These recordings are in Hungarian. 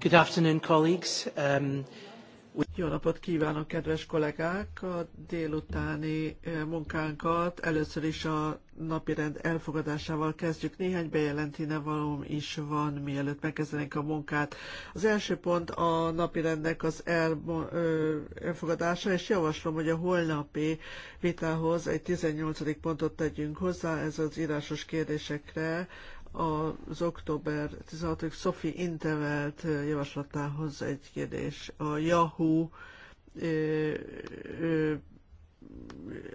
Good afternoon, colleagues. Um, jó napot kívánok, kedves kollégák! A délutáni munkánkat először is a napirend elfogadásával kezdjük. Néhány bejelentine valóm is van, mielőtt megkezdenénk a munkát. Az első pont a napirendnek az el, ö, elfogadása, és javaslom, hogy a holnapi vitához egy 18. pontot tegyünk hozzá, ez az írásos kérdésekre az október 16 Sophie Intevelt javaslatához egy kérdés. A Yahoo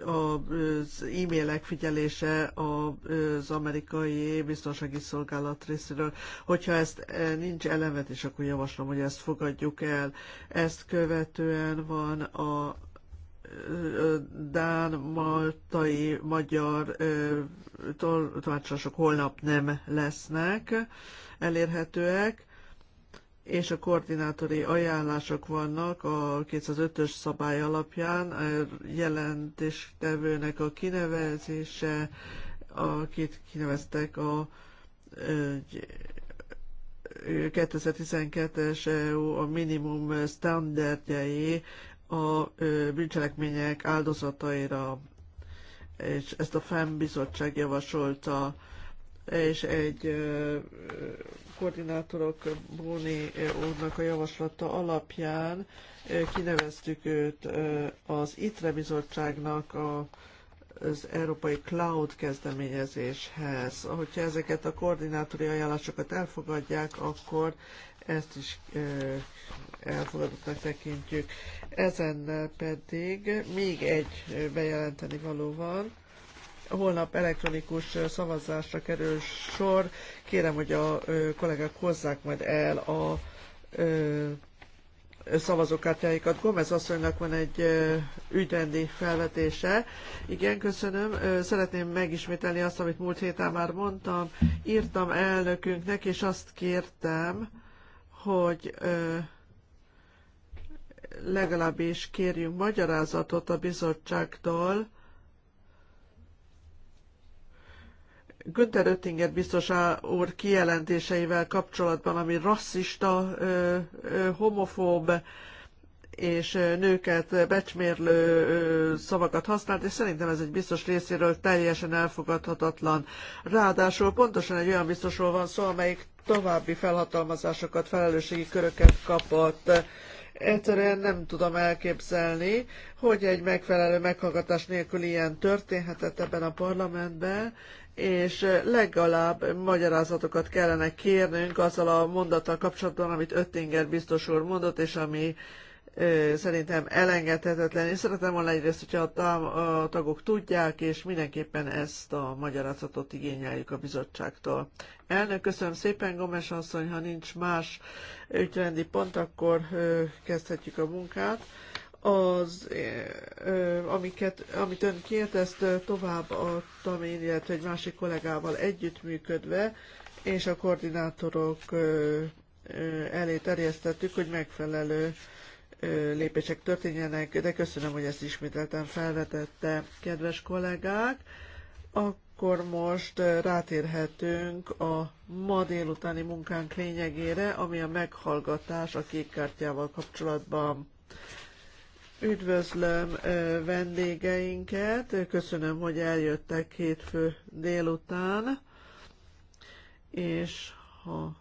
az e-mailek figyelése az amerikai biztonsági szolgálat részéről. Hogyha ezt nincs elemet, és akkor javaslom, hogy ezt fogadjuk el. Ezt követően van a Dán, Maltai, Magyar tanácsosok holnap nem lesznek elérhetőek, és a koordinátori ajánlások vannak a 205-ös szabály alapján, jelentéstevőnek a kinevezése, akit kineveztek a 2012-es EU a minimum standardjai a bűncselekmények áldozataira, és ezt a FEM bizottság javasolta, és egy koordinátorok Bóni úrnak a javaslata alapján kineveztük őt az ITRE bizottságnak a az Európai Cloud kezdeményezéshez. Hogyha ezeket a koordinátori ajánlásokat elfogadják, akkor ezt is elfogadottnak tekintjük. Ezennel pedig még egy bejelenteni való van. Holnap elektronikus szavazásra kerül sor. Kérem, hogy a kollégák hozzák majd el a szavazókártyáikat. Gomez asszonynak van egy ügyrendi felvetése. Igen, köszönöm. Szeretném megismételni azt, amit múlt héten már mondtam. Írtam elnökünknek, és azt kértem, hogy legalábbis kérjünk magyarázatot a bizottságtól. Günther Öttinger biztos úr kijelentéseivel kapcsolatban, ami rasszista, homofób és nőket becsmérlő szavakat használt, és szerintem ez egy biztos részéről teljesen elfogadhatatlan. Ráadásul pontosan egy olyan biztosról van szó, amelyik további felhatalmazásokat, felelősségi köröket kapott Egyszerűen nem tudom elképzelni, hogy egy megfelelő meghallgatás nélkül ilyen történhetett ebben a parlamentben, és legalább magyarázatokat kellene kérnünk azzal a mondattal kapcsolatban, amit Öttinger biztos úr mondott, és ami szerintem elengedhetetlen, és szeretem volna egyrészt, hogyha a tagok tudják, és mindenképpen ezt a magyarázatot igényeljük a bizottságtól. Elnök, köszönöm szépen, Gomes asszony, ha nincs más ügyrendi pont, akkor kezdhetjük a munkát. Az, amiket, amit ön kért, ezt tovább adtam én, illetve egy másik kollégával együttműködve, és a koordinátorok elé terjesztettük, hogy megfelelő lépések történjenek, de köszönöm, hogy ezt ismételten felvetette, kedves kollégák. Akkor most rátérhetünk a ma délutáni munkánk lényegére, ami a meghallgatás a kékkártyával kapcsolatban. Üdvözlöm vendégeinket, köszönöm, hogy eljöttek hétfő délután, és ha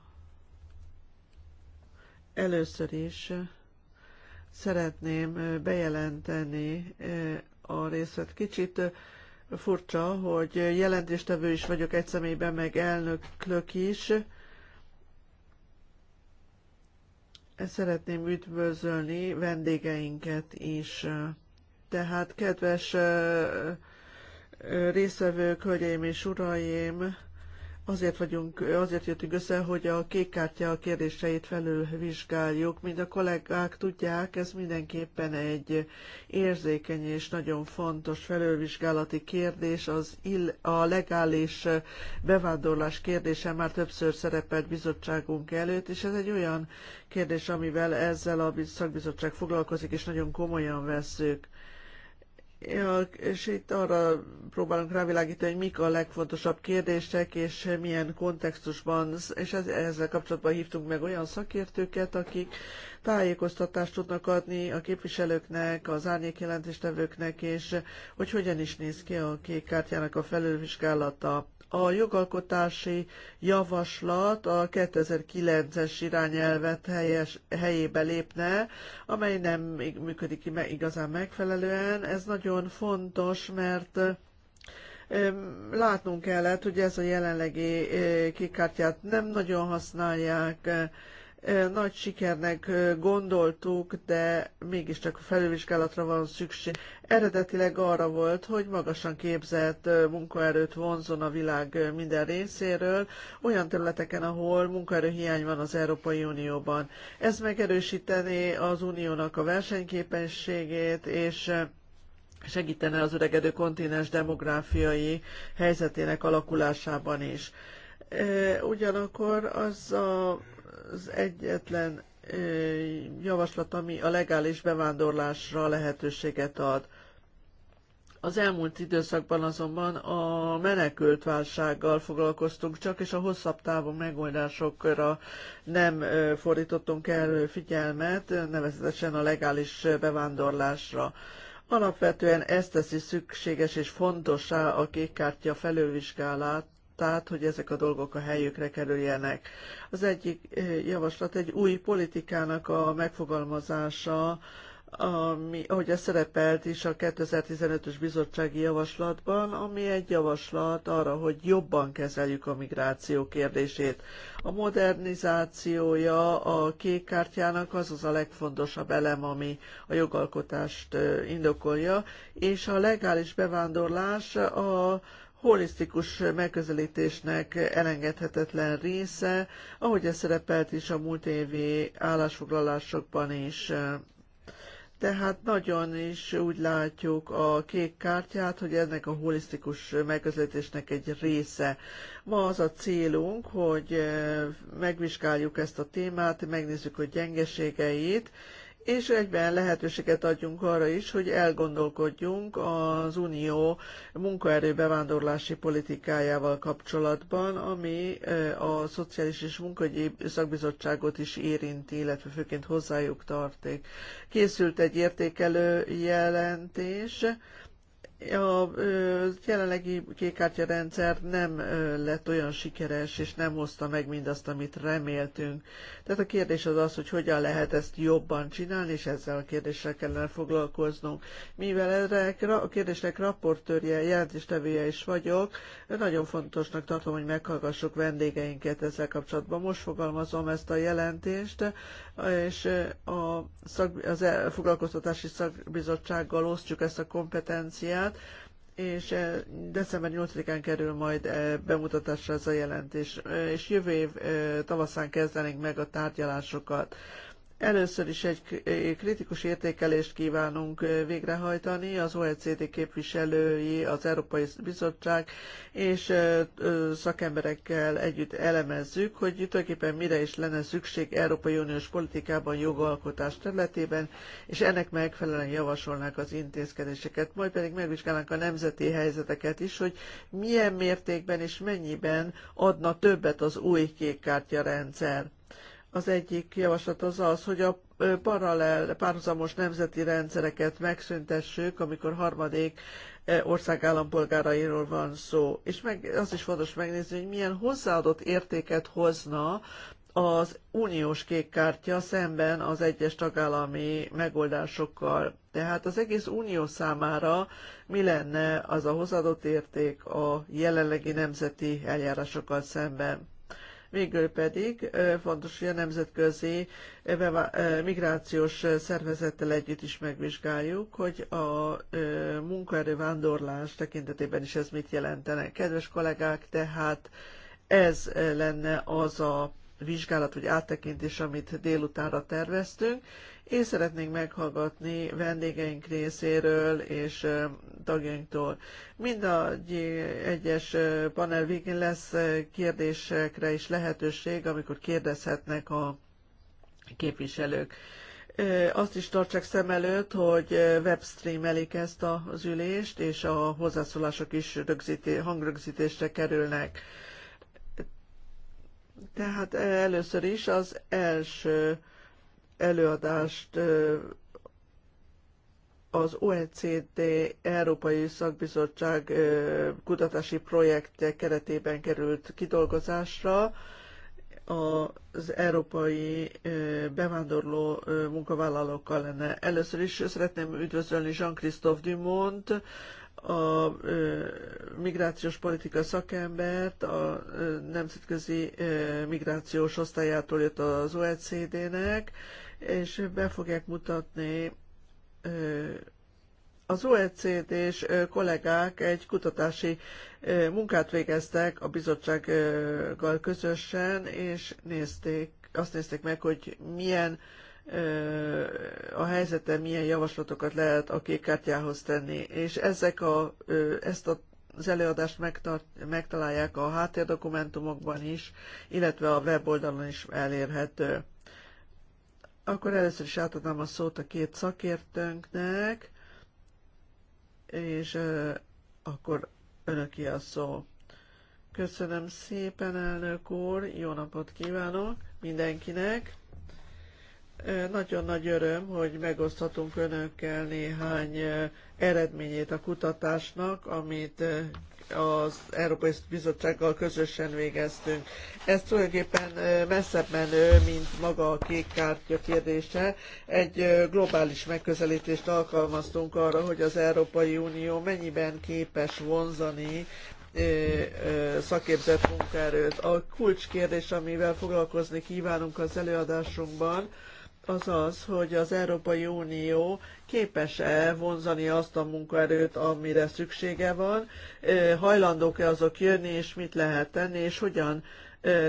először is szeretném bejelenteni a részlet. Kicsit furcsa, hogy jelentéstevő is vagyok egy személyben, meg elnöklök is. Szeretném üdvözölni vendégeinket is. Tehát, kedves részvevők, hölgyeim és uraim, Azért vagyunk, azért jöttünk össze, hogy a kék kártya kérdéseit felülvizsgáljuk. Mint a kollégák tudják, ez mindenképpen egy érzékeny és nagyon fontos felülvizsgálati kérdés. Az ill, a legális bevándorlás kérdése már többször szerepelt bizottságunk előtt, és ez egy olyan kérdés, amivel ezzel a szakbizottság foglalkozik, és nagyon komolyan veszük és itt arra próbálunk rávilágítani, hogy mik a legfontosabb kérdések, és milyen kontextusban, és ezzel kapcsolatban hívtunk meg olyan szakértőket, akik tájékoztatást tudnak adni a képviselőknek, az árnyékjelentéstevőknek, és hogy hogyan is néz ki a kék kártyának a felülvizsgálata a jogalkotási javaslat a 2009-es irányelvet helyes, helyébe lépne, amely nem működik ki igazán megfelelően. Ez nagyon fontos, mert látnunk kellett, hogy ez a jelenlegi eh, kikártyát nem nagyon használják, eh, nagy sikernek gondoltuk, de mégiscsak felülvizsgálatra van szükség. Eredetileg arra volt, hogy magasan képzett munkaerőt vonzon a világ minden részéről, olyan területeken, ahol munkaerőhiány van az Európai Unióban. Ez megerősítené az uniónak a versenyképességét, és segítene az öregedő kontinens demográfiai helyzetének alakulásában is ugyanakkor az a az egyetlen javaslat, ami a legális bevándorlásra lehetőséget ad. Az elmúlt időszakban azonban a menekültválsággal foglalkoztunk csak, és a hosszabb távú megoldásokra nem fordítottunk el figyelmet, nevezetesen a legális bevándorlásra. Alapvetően ezt teszi szükséges és fontosá a kékkártya felülvizsgálát, tehát, hogy ezek a dolgok a helyükre kerüljenek. Az egyik javaslat egy új politikának a megfogalmazása, ami, ahogy ez szerepelt is a 2015-ös bizottsági javaslatban, ami egy javaslat arra, hogy jobban kezeljük a migráció kérdését. A modernizációja a kék kártyának az az a legfontosabb elem, ami a jogalkotást indokolja, és a legális bevándorlás a holisztikus megközelítésnek elengedhetetlen része, ahogy ez szerepelt is a múlt évi állásfoglalásokban is. Tehát nagyon is úgy látjuk a kék kártyát, hogy ennek a holisztikus megközelítésnek egy része. Ma az a célunk, hogy megvizsgáljuk ezt a témát, megnézzük a gyengeségeit, és egyben lehetőséget adjunk arra is, hogy elgondolkodjunk az Unió munkaerő bevándorlási politikájával kapcsolatban, ami a Szociális és Munkahogyi Szakbizottságot is érinti, illetve főként hozzájuk tarték. Készült egy értékelő jelentés, a jelenlegi kékkártya rendszer nem lett olyan sikeres, és nem hozta meg mindazt, amit reméltünk. Tehát a kérdés az az, hogy hogyan lehet ezt jobban csinálni, és ezzel a kérdéssel kellene foglalkoznunk. Mivel erre a kérdésnek raportőrje, jelentéstevője is vagyok, nagyon fontosnak tartom, hogy meghallgassuk vendégeinket ezzel kapcsolatban. Most fogalmazom ezt a jelentést, és a szak, az foglalkoztatási szakbizottsággal osztjuk ezt a kompetenciát, munkát, és eh, december 8-án kerül majd eh, bemutatásra ez a jelentés, eh, és jövő év tavaszán kezdenénk meg a tárgyalásokat. Először is egy kritikus értékelést kívánunk végrehajtani. Az OECD képviselői, az Európai Bizottság és szakemberekkel együtt elemezzük, hogy tulajdonképpen mire is lenne szükség Európai Uniós politikában, jogalkotás területében, és ennek megfelelően javasolnák az intézkedéseket. Majd pedig megvizsgálnánk a nemzeti helyzeteket is, hogy milyen mértékben és mennyiben adna többet az új kékkártya rendszer az egyik javaslat az az, hogy a paralel, párhuzamos nemzeti rendszereket megszüntessük, amikor harmadik ország állampolgárairól van szó. És meg, az is fontos megnézni, hogy milyen hozzáadott értéket hozna az uniós kékkártya szemben az egyes tagállami megoldásokkal. Tehát az egész unió számára mi lenne az a hozzáadott érték a jelenlegi nemzeti eljárásokkal szemben? Végül pedig fontos, hogy a nemzetközi migrációs szervezettel együtt is megvizsgáljuk, hogy a munkaerő vándorlás tekintetében is ez mit jelentene. Kedves kollégák, tehát ez lenne az a vizsgálat vagy áttekintés, amit délutánra terveztünk, és szeretnénk meghallgatni vendégeink részéről és tagjainktól. Mind a egyes panel végén lesz kérdésekre is lehetőség, amikor kérdezhetnek a képviselők. Azt is tartsák szem előtt, hogy webstreamelik ezt az ülést, és a hozzászólások is rögzíté, hangrögzítésre kerülnek. Tehát először is az első előadást az OECD Európai Szakbizottság kutatási projektje keretében került kidolgozásra az európai bevándorló munkavállalókkal lenne. Először is szeretném üdvözölni Jean-Christophe Dumont, a migrációs politika szakembert, a nemzetközi migrációs osztályától jött az OECD-nek, és be fogják mutatni az OECD-s kollégák egy kutatási munkát végeztek a bizottsággal közösen, és nézték, azt nézték meg, hogy milyen a helyzete, milyen javaslatokat lehet a kék kártyához tenni. És ezek a, ezt a az előadást megtart, megtalálják a háttérdokumentumokban is, illetve a weboldalon is elérhető. Akkor először is átadnám a szót a két szakértőnknek, és akkor önöki a szó. Köszönöm szépen, elnök úr, jó napot kívánok mindenkinek! Nagyon nagy öröm, hogy megoszthatunk önökkel néhány eredményét a kutatásnak, amit az Európai Bizottsággal közösen végeztünk. Ez tulajdonképpen messzebb menő, mint maga a kék kártya kérdése. Egy globális megközelítést alkalmaztunk arra, hogy az Európai Unió mennyiben képes vonzani szakképzett munkaerőt. A kulcskérdés, amivel foglalkozni kívánunk az előadásunkban, az az, hogy az Európai Unió képes-e vonzani azt a munkaerőt, amire szüksége van, hajlandók-e azok jönni, és mit lehet tenni, és hogyan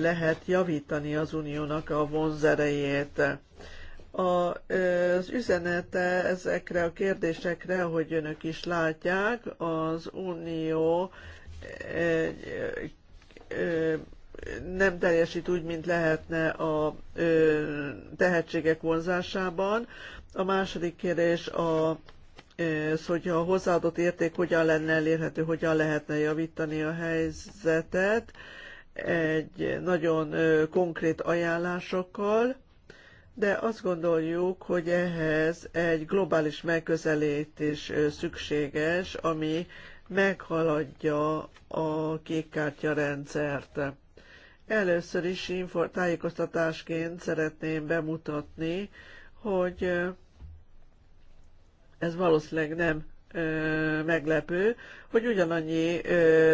lehet javítani az uniónak a vonzerejét. A, az üzenete ezekre a kérdésekre, hogy önök is látják, az unió nem teljesít úgy, mint lehetne a ö, tehetségek vonzásában. A második kérdés a ez, hogy a hozzáadott érték hogyan lenne elérhető, hogyan lehetne javítani a helyzetet egy nagyon konkrét ajánlásokkal, de azt gondoljuk, hogy ehhez egy globális megközelítés szükséges, ami meghaladja a kékkártya rendszert Először is infor, tájékoztatásként szeretném bemutatni, hogy ez valószínűleg nem meglepő, hogy ugyanannyi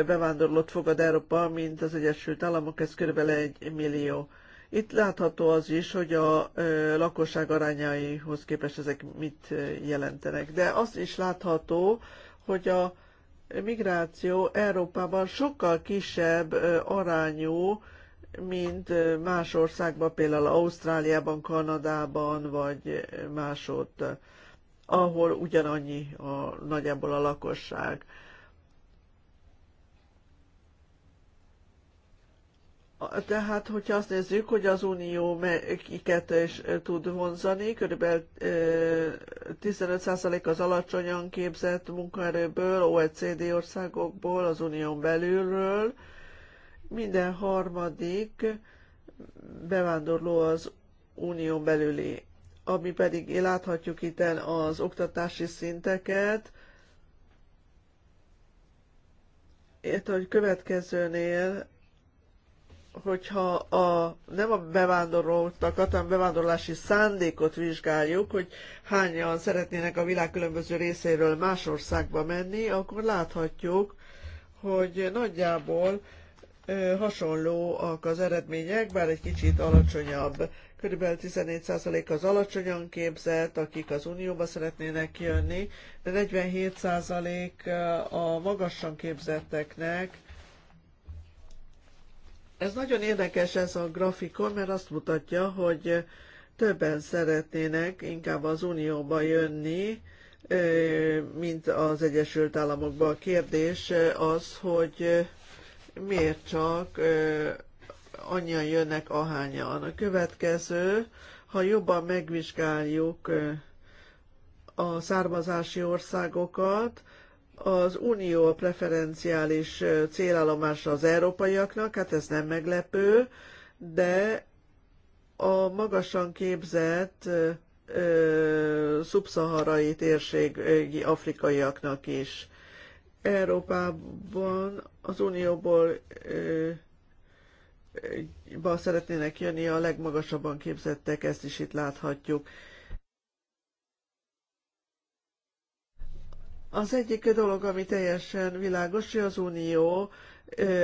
bevándorlót fogad Európa, mint az Egyesült Államok, ez kb. egy millió. Itt látható az is, hogy a lakosság arányaihoz képest ezek mit jelentenek. De az is látható, hogy a migráció Európában sokkal kisebb arányú, mint más országban, például Ausztráliában, Kanadában, vagy másod, ahol ugyanannyi a, nagyjából a lakosság. Tehát, hogyha azt nézzük, hogy az Unió melyiket is tud vonzani, körülbelül 15% az alacsonyan képzett munkaerőből, OECD országokból, az Unión belülről, minden harmadik bevándorló az unión belüli. Ami pedig láthatjuk itt az oktatási szinteket, Ért, hogy következőnél, hogyha a, nem a bevándorlókat, hanem a bevándorlási szándékot vizsgáljuk, hogy hányan szeretnének a világ különböző részéről más országba menni, akkor láthatjuk, hogy nagyjából hasonlóak az eredmények, bár egy kicsit alacsonyabb. Körülbelül 14% az alacsonyan képzett, akik az Unióba szeretnének jönni, de 47% a magasan képzetteknek. Ez nagyon érdekes ez a grafikon, mert azt mutatja, hogy többen szeretnének inkább az Unióba jönni, mint az Egyesült Államokba. A kérdés az, hogy miért csak annyian jönnek ahányan. A következő, ha jobban megvizsgáljuk a származási országokat, az unió a preferenciális célállomása az európaiaknak, hát ez nem meglepő, de a magasan képzett szubszaharai térségi afrikaiaknak is. Európában, az Unióból ba szeretnének jönni a legmagasabban képzettek, ezt is itt láthatjuk. Az egyik dolog, ami teljesen világos, hogy az Unió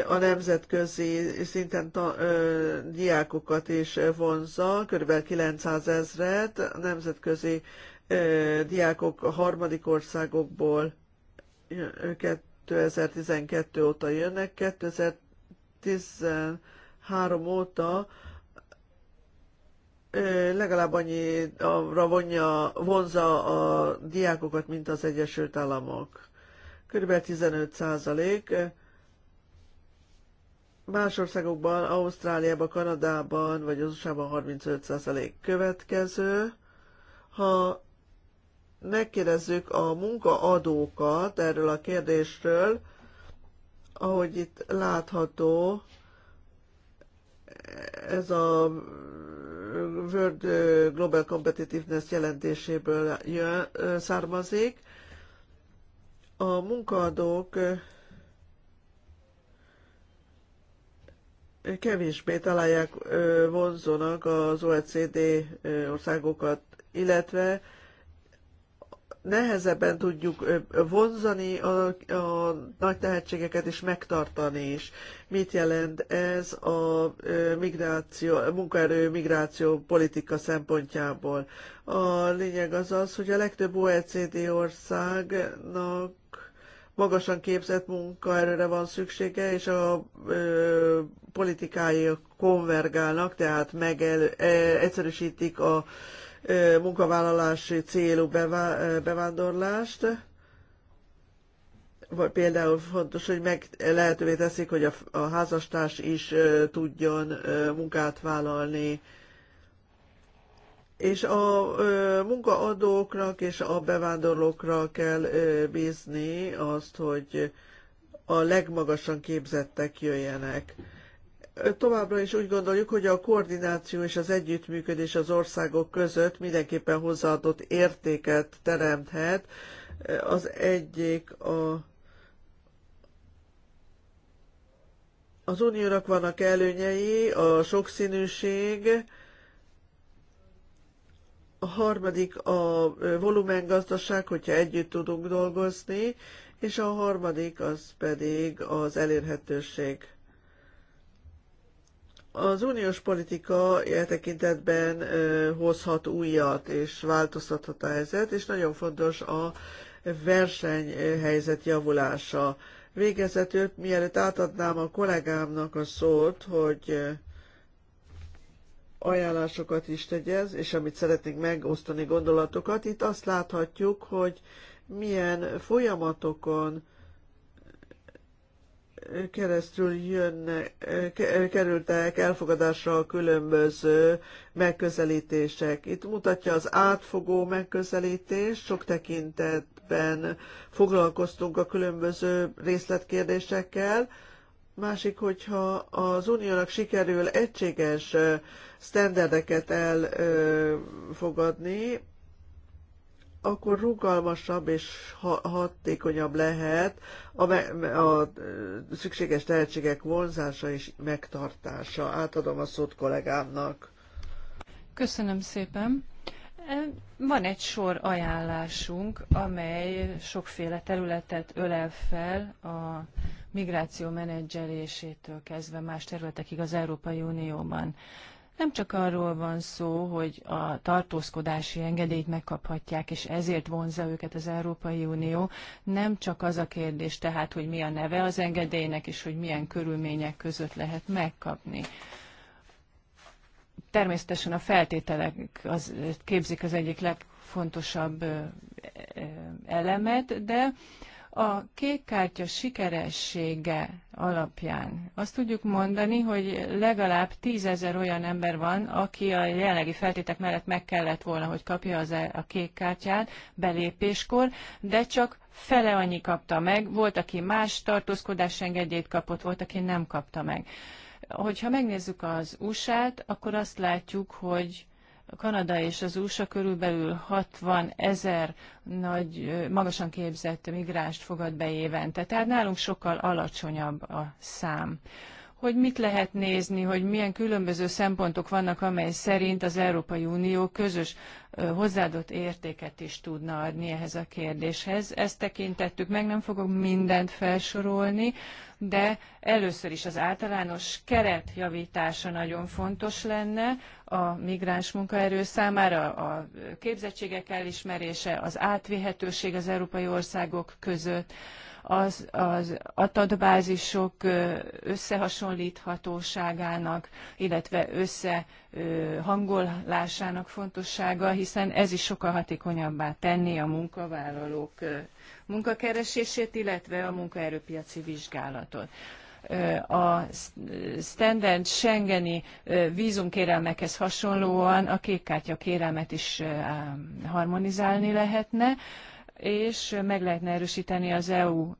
a nemzetközi szinten ta, ö, diákokat is vonza, kb. 900 ezret, nemzetközi ö, diákok a harmadik országokból 2012 óta jönnek, 2013 óta legalább annyira vonja, vonza a diákokat, mint az Egyesült Államok. Körülbelül 15 százalék. Más országokban, Ausztráliában, Kanadában, vagy az USA-ban 35 százalék következő. Ha megkérdezzük a munkaadókat erről a kérdésről, ahogy itt látható, ez a World Global Competitiveness jelentéséből jön, származik. A munkaadók kevésbé találják vonzónak az OECD országokat, illetve nehezebben tudjuk vonzani a, a nagy tehetségeket és megtartani is. Mit jelent ez a migráció, munkaerő migráció politika szempontjából? A lényeg az az, hogy a legtöbb OECD országnak magasan képzett munkaerőre van szüksége, és a ö, politikái konvergálnak, tehát megel, ö, egyszerűsítik a ö, munkavállalási célú bevándorlást, vagy például fontos, hogy meg lehetővé teszik, hogy a, a házastárs is tudjon munkát vállalni, és a munkaadóknak és a bevándorlókra kell bízni azt, hogy a legmagasan képzettek jöjjenek. Továbbra is úgy gondoljuk, hogy a koordináció és az együttműködés az országok között mindenképpen hozzáadott értéket teremthet. Az egyik a az uniónak vannak előnyei, a sokszínűség, a harmadik a volumengazdaság, hogyha együtt tudunk dolgozni, és a harmadik az pedig az elérhetőség. Az uniós politika e tekintetben hozhat újat és változtathat a helyzet, és nagyon fontos a versenyhelyzet javulása. Végezetül, mielőtt átadnám a kollégámnak a szót, hogy ajánlásokat is tegyez, és amit szeretnénk megosztani gondolatokat, itt azt láthatjuk, hogy milyen folyamatokon keresztül jönnek, kerültek elfogadásra a különböző megközelítések. Itt mutatja az átfogó megközelítés, sok tekintetben foglalkoztunk a különböző részletkérdésekkel, másik, hogyha az uniónak sikerül egységes sztenderdeket elfogadni, akkor rugalmasabb és hatékonyabb lehet a, a szükséges tehetségek vonzása és megtartása. Átadom a szót kollégámnak. Köszönöm szépen. E, van egy sor ajánlásunk, amely sokféle területet ölel fel a migráció menedzselésétől kezdve más területekig az Európai Unióban. Nem csak arról van szó, hogy a tartózkodási engedélyt megkaphatják, és ezért vonza őket az Európai Unió. Nem csak az a kérdés tehát, hogy mi a neve az engedélynek, és hogy milyen körülmények között lehet megkapni természetesen a feltételek az, képzik az egyik legfontosabb elemet, de a kék kártya sikeressége alapján azt tudjuk mondani, hogy legalább tízezer olyan ember van, aki a jelenlegi feltétek mellett meg kellett volna, hogy kapja az e- a kék kártyát belépéskor, de csak fele annyi kapta meg, volt, aki más tartózkodás engedélyt kapott, volt, aki nem kapta meg. Hogyha megnézzük az USA-t, akkor azt látjuk, hogy Kanada és az USA körülbelül 60 ezer nagy, magasan képzett migrást fogad be évente, tehát nálunk sokkal alacsonyabb a szám hogy mit lehet nézni, hogy milyen különböző szempontok vannak, amely szerint az Európai Unió közös hozzáadott értéket is tudna adni ehhez a kérdéshez. Ezt tekintettük meg, nem fogok mindent felsorolni, de először is az általános keret nagyon fontos lenne a migráns munkaerő számára, a képzettségek elismerése, az átvihetőség az európai országok között, az, az adatbázisok összehasonlíthatóságának, illetve összehangolásának fontossága, hiszen ez is sokkal hatékonyabbá tenni a munkavállalók munkakeresését, illetve a munkaerőpiaci vizsgálatot a standard Schengeni vízumkérelmekhez hasonlóan a kékkártya kérelmet is harmonizálni lehetne és meg lehetne erősíteni az EU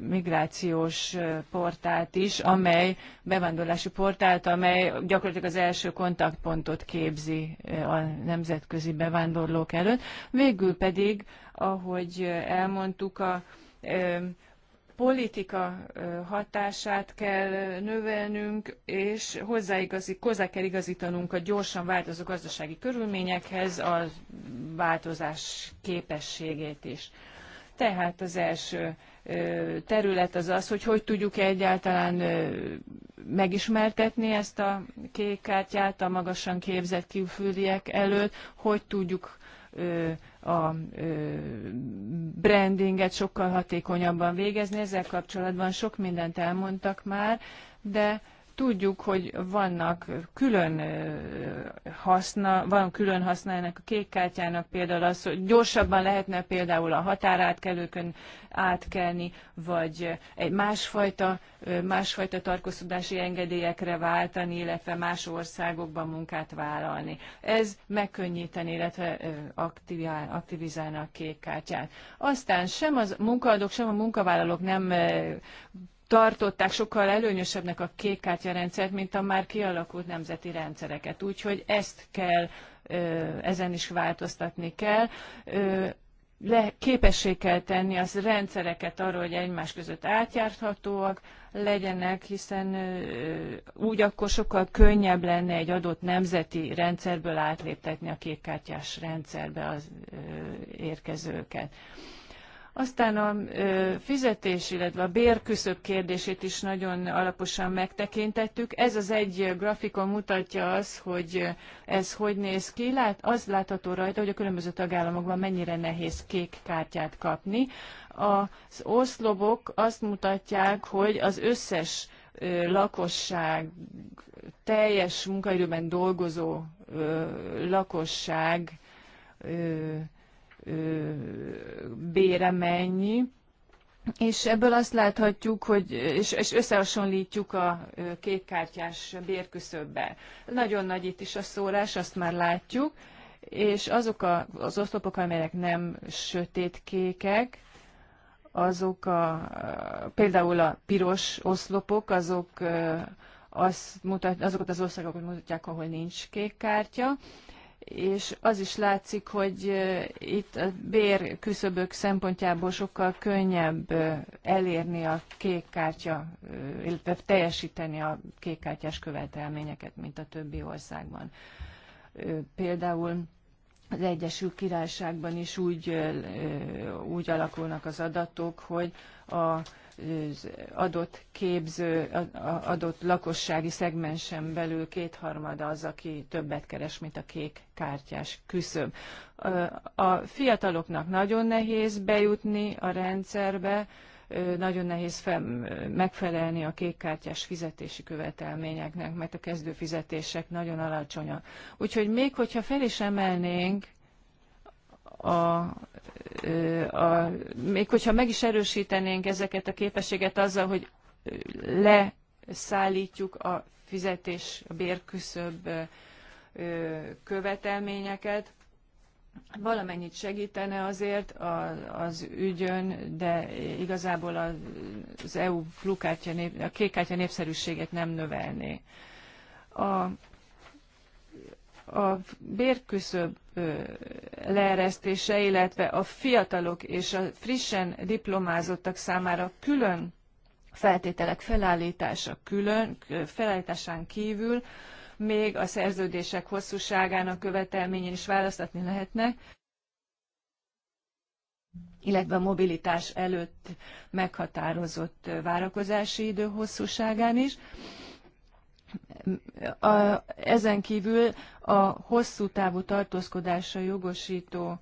migrációs portált is, amely bevándorlási portált, amely gyakorlatilag az első kontaktpontot képzi a nemzetközi bevándorlók előtt. Végül pedig, ahogy elmondtuk, a politika hatását kell növelnünk, és hozzáigazi, hozzá kell igazítanunk a gyorsan változó gazdasági körülményekhez a változás képességét is. Tehát az első terület az az, hogy hogy tudjuk -e egyáltalán megismertetni ezt a kék kártyát a magasan képzett külföldiek előtt, hogy tudjuk a brandinget sokkal hatékonyabban végezni. Ezzel kapcsolatban sok mindent elmondtak már, de Tudjuk, hogy vannak külön haszna, van külön haszna ennek a kék kártyának, például az, hogy gyorsabban lehetne például a határátkelőkön átkelni, vagy egy másfajta, másfajta tartózkodási engedélyekre váltani, illetve más országokban munkát vállalni. Ez megkönnyíteni, illetve aktivizálna a kék kártyát. Aztán sem az munkaadók, sem a munkavállalók nem tartották sokkal előnyösebbnek a kékkártyarendszert, mint a már kialakult nemzeti rendszereket. Úgyhogy ezt kell, ezen is változtatni kell. Le, képessé kell tenni az rendszereket arra, hogy egymás között átjárthatóak legyenek, hiszen úgy akkor sokkal könnyebb lenne egy adott nemzeti rendszerből átléptetni a kékkártyás rendszerbe az érkezőket. Ö, aztán a fizetés, illetve a bérküszöb kérdését is nagyon alaposan megtekintettük. Ez az egy grafikon mutatja az, hogy ez hogy néz ki. Lát, az látható rajta, hogy a különböző tagállamokban mennyire nehéz kék kártyát kapni. Az oszlopok azt mutatják, hogy az összes lakosság, teljes munkaidőben dolgozó lakosság bére mennyi, és ebből azt láthatjuk, hogy, és, és összehasonlítjuk a kékkártyás bérküszöbbel. Nagyon nagy itt is a szórás, azt már látjuk, és azok a, az oszlopok, amelyek nem sötétkékek, azok a, például a piros oszlopok, azok azt mutat, azokat az országokat mutatják, ahol nincs kék kártya, és az is látszik, hogy itt a bér küszöbök szempontjából sokkal könnyebb elérni a kék kártya, illetve teljesíteni a kék kártyás követelményeket, mint a többi országban. Például az Egyesült Királyságban is úgy, úgy alakulnak az adatok, hogy a az adott képző, adott lakossági szegmensen belül kétharmada az, aki többet keres, mint a kék kártyás küszöb. A fiataloknak nagyon nehéz bejutni a rendszerbe, nagyon nehéz fel, megfelelni a kékkártyás fizetési követelményeknek, mert a kezdő fizetések nagyon alacsonyak. Úgyhogy még hogyha fel is emelnénk a, a, még hogyha meg is erősítenénk ezeket a képességet azzal, hogy leszállítjuk a fizetés, a bérküszöbb követelményeket, valamennyit segítene azért az ügyön, de igazából az EU blukártya, a kékkártya népszerűségét nem növelné. A, a bérküszöb leeresztése, illetve a fiatalok és a frissen diplomázottak számára külön feltételek felállítása külön, felállításán kívül még a szerződések hosszúságának követelményén is választatni lehetne, illetve a mobilitás előtt meghatározott várakozási idő hosszúságán is. A, ezen kívül a hosszú távú tartózkodásra jogosító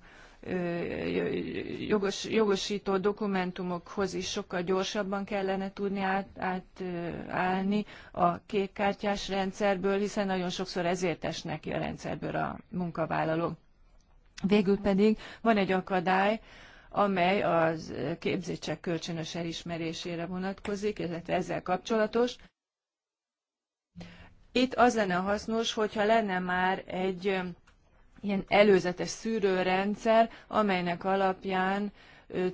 jogos, jogosító dokumentumokhoz is sokkal gyorsabban kellene tudni át, átállni a kékkártyás rendszerből, hiszen nagyon sokszor ezért esnek ki a rendszerből a munkavállalók. Végül pedig van egy akadály, amely a képzések kölcsönös elismerésére vonatkozik, illetve ezzel kapcsolatos. Itt az lenne hasznos, hogyha lenne már egy ilyen előzetes szűrőrendszer, amelynek alapján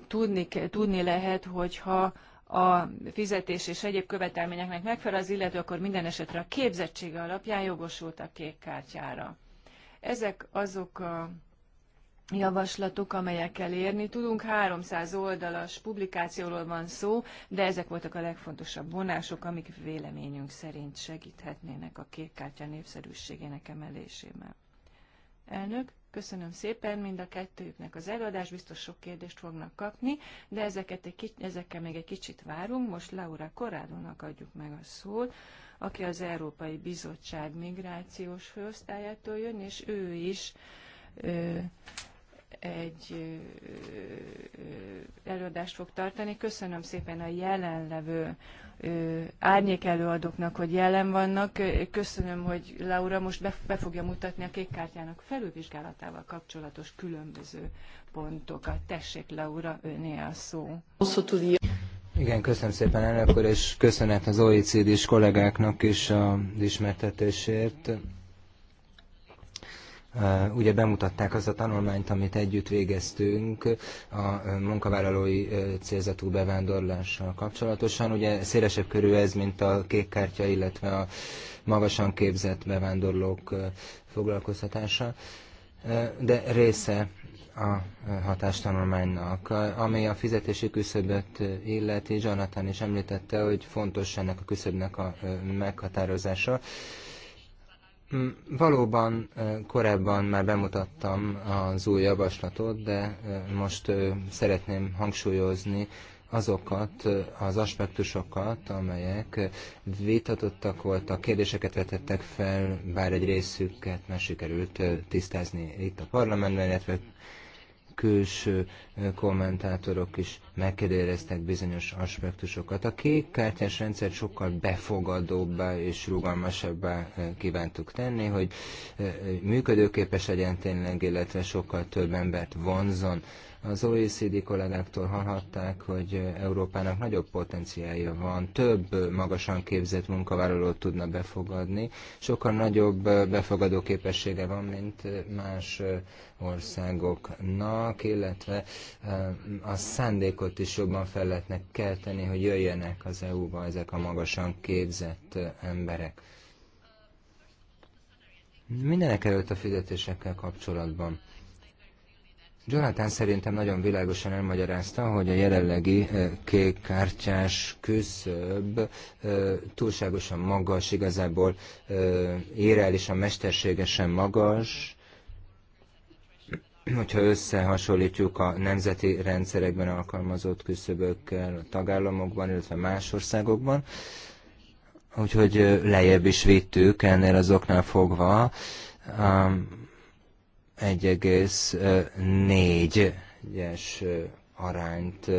tudni, tudni lehet, hogyha a fizetés és egyéb követelményeknek megfelel az illető, akkor minden esetre a képzettsége alapján jogosult a kék kártyára. Ezek azok a javaslatok, amelyekkel érni tudunk. 300 oldalas publikációról van szó, de ezek voltak a legfontosabb vonások, amik véleményünk szerint segíthetnének a kékkártya népszerűségének emelésében. Elnök, köszönöm szépen mind a kettőjüknek az előadás, biztos sok kérdést fognak kapni, de ezeket egy kicsit, ezekkel még egy kicsit várunk. Most Laura Korádónak adjuk meg a szót, aki az Európai Bizottság migrációs főosztályától jön, és ő is ö, egy előadást fog tartani. Köszönöm szépen a jelenlevő árnyék előadóknak, hogy jelen vannak. Köszönöm, hogy Laura most be, fogja mutatni a kékkártyának felülvizsgálatával kapcsolatos különböző pontokat. Tessék, Laura, öné a szó. Igen, köszönöm szépen elnök és köszönet az OECD-s kollégáknak is a ismertetésért. Ugye bemutatták az a tanulmányt, amit együtt végeztünk a munkavállalói célzatú bevándorlással kapcsolatosan. Ugye szélesebb körű ez, mint a kék kártya, illetve a magasan képzett bevándorlók foglalkoztatása, de része a hatástanulmánynak. Ami a fizetési küszöböt illeti, Jonathan is említette, hogy fontos ennek a küszöbnek a meghatározása. Mm, valóban eh, korábban már bemutattam az új javaslatot, de eh, most eh, szeretném hangsúlyozni azokat az aspektusokat, amelyek vitatottak voltak, kérdéseket vetettek fel, bár egy részüket már sikerült tisztázni itt a parlamentben, illetve külső kommentátorok is megkérdeztek bizonyos aspektusokat. A kék kártyás rendszer sokkal befogadóbbá és rugalmasabbá kívántuk tenni, hogy működőképes legyen tényleg, illetve sokkal több embert vonzon az OECD kollégáktól hallhatták, hogy Európának nagyobb potenciálja van, több magasan képzett munkavállalót tudna befogadni, sokkal nagyobb befogadó képessége van, mint más országoknak, illetve eh, a szándékot is jobban fel lehetne kelteni, hogy jöjjenek az EU-ba ezek a magasan képzett emberek. Mindenek előtt a fizetésekkel kapcsolatban Jonathan szerintem nagyon világosan elmagyarázta, hogy a jelenlegi eh, kékkártyás küszöb eh, túlságosan magas, igazából eh, a mesterségesen magas, hogyha összehasonlítjuk a nemzeti rendszerekben alkalmazott küszöbökkel a tagállamokban, illetve más országokban, úgyhogy lejjebb is vittük ennél azoknál fogva 1,4-es arányt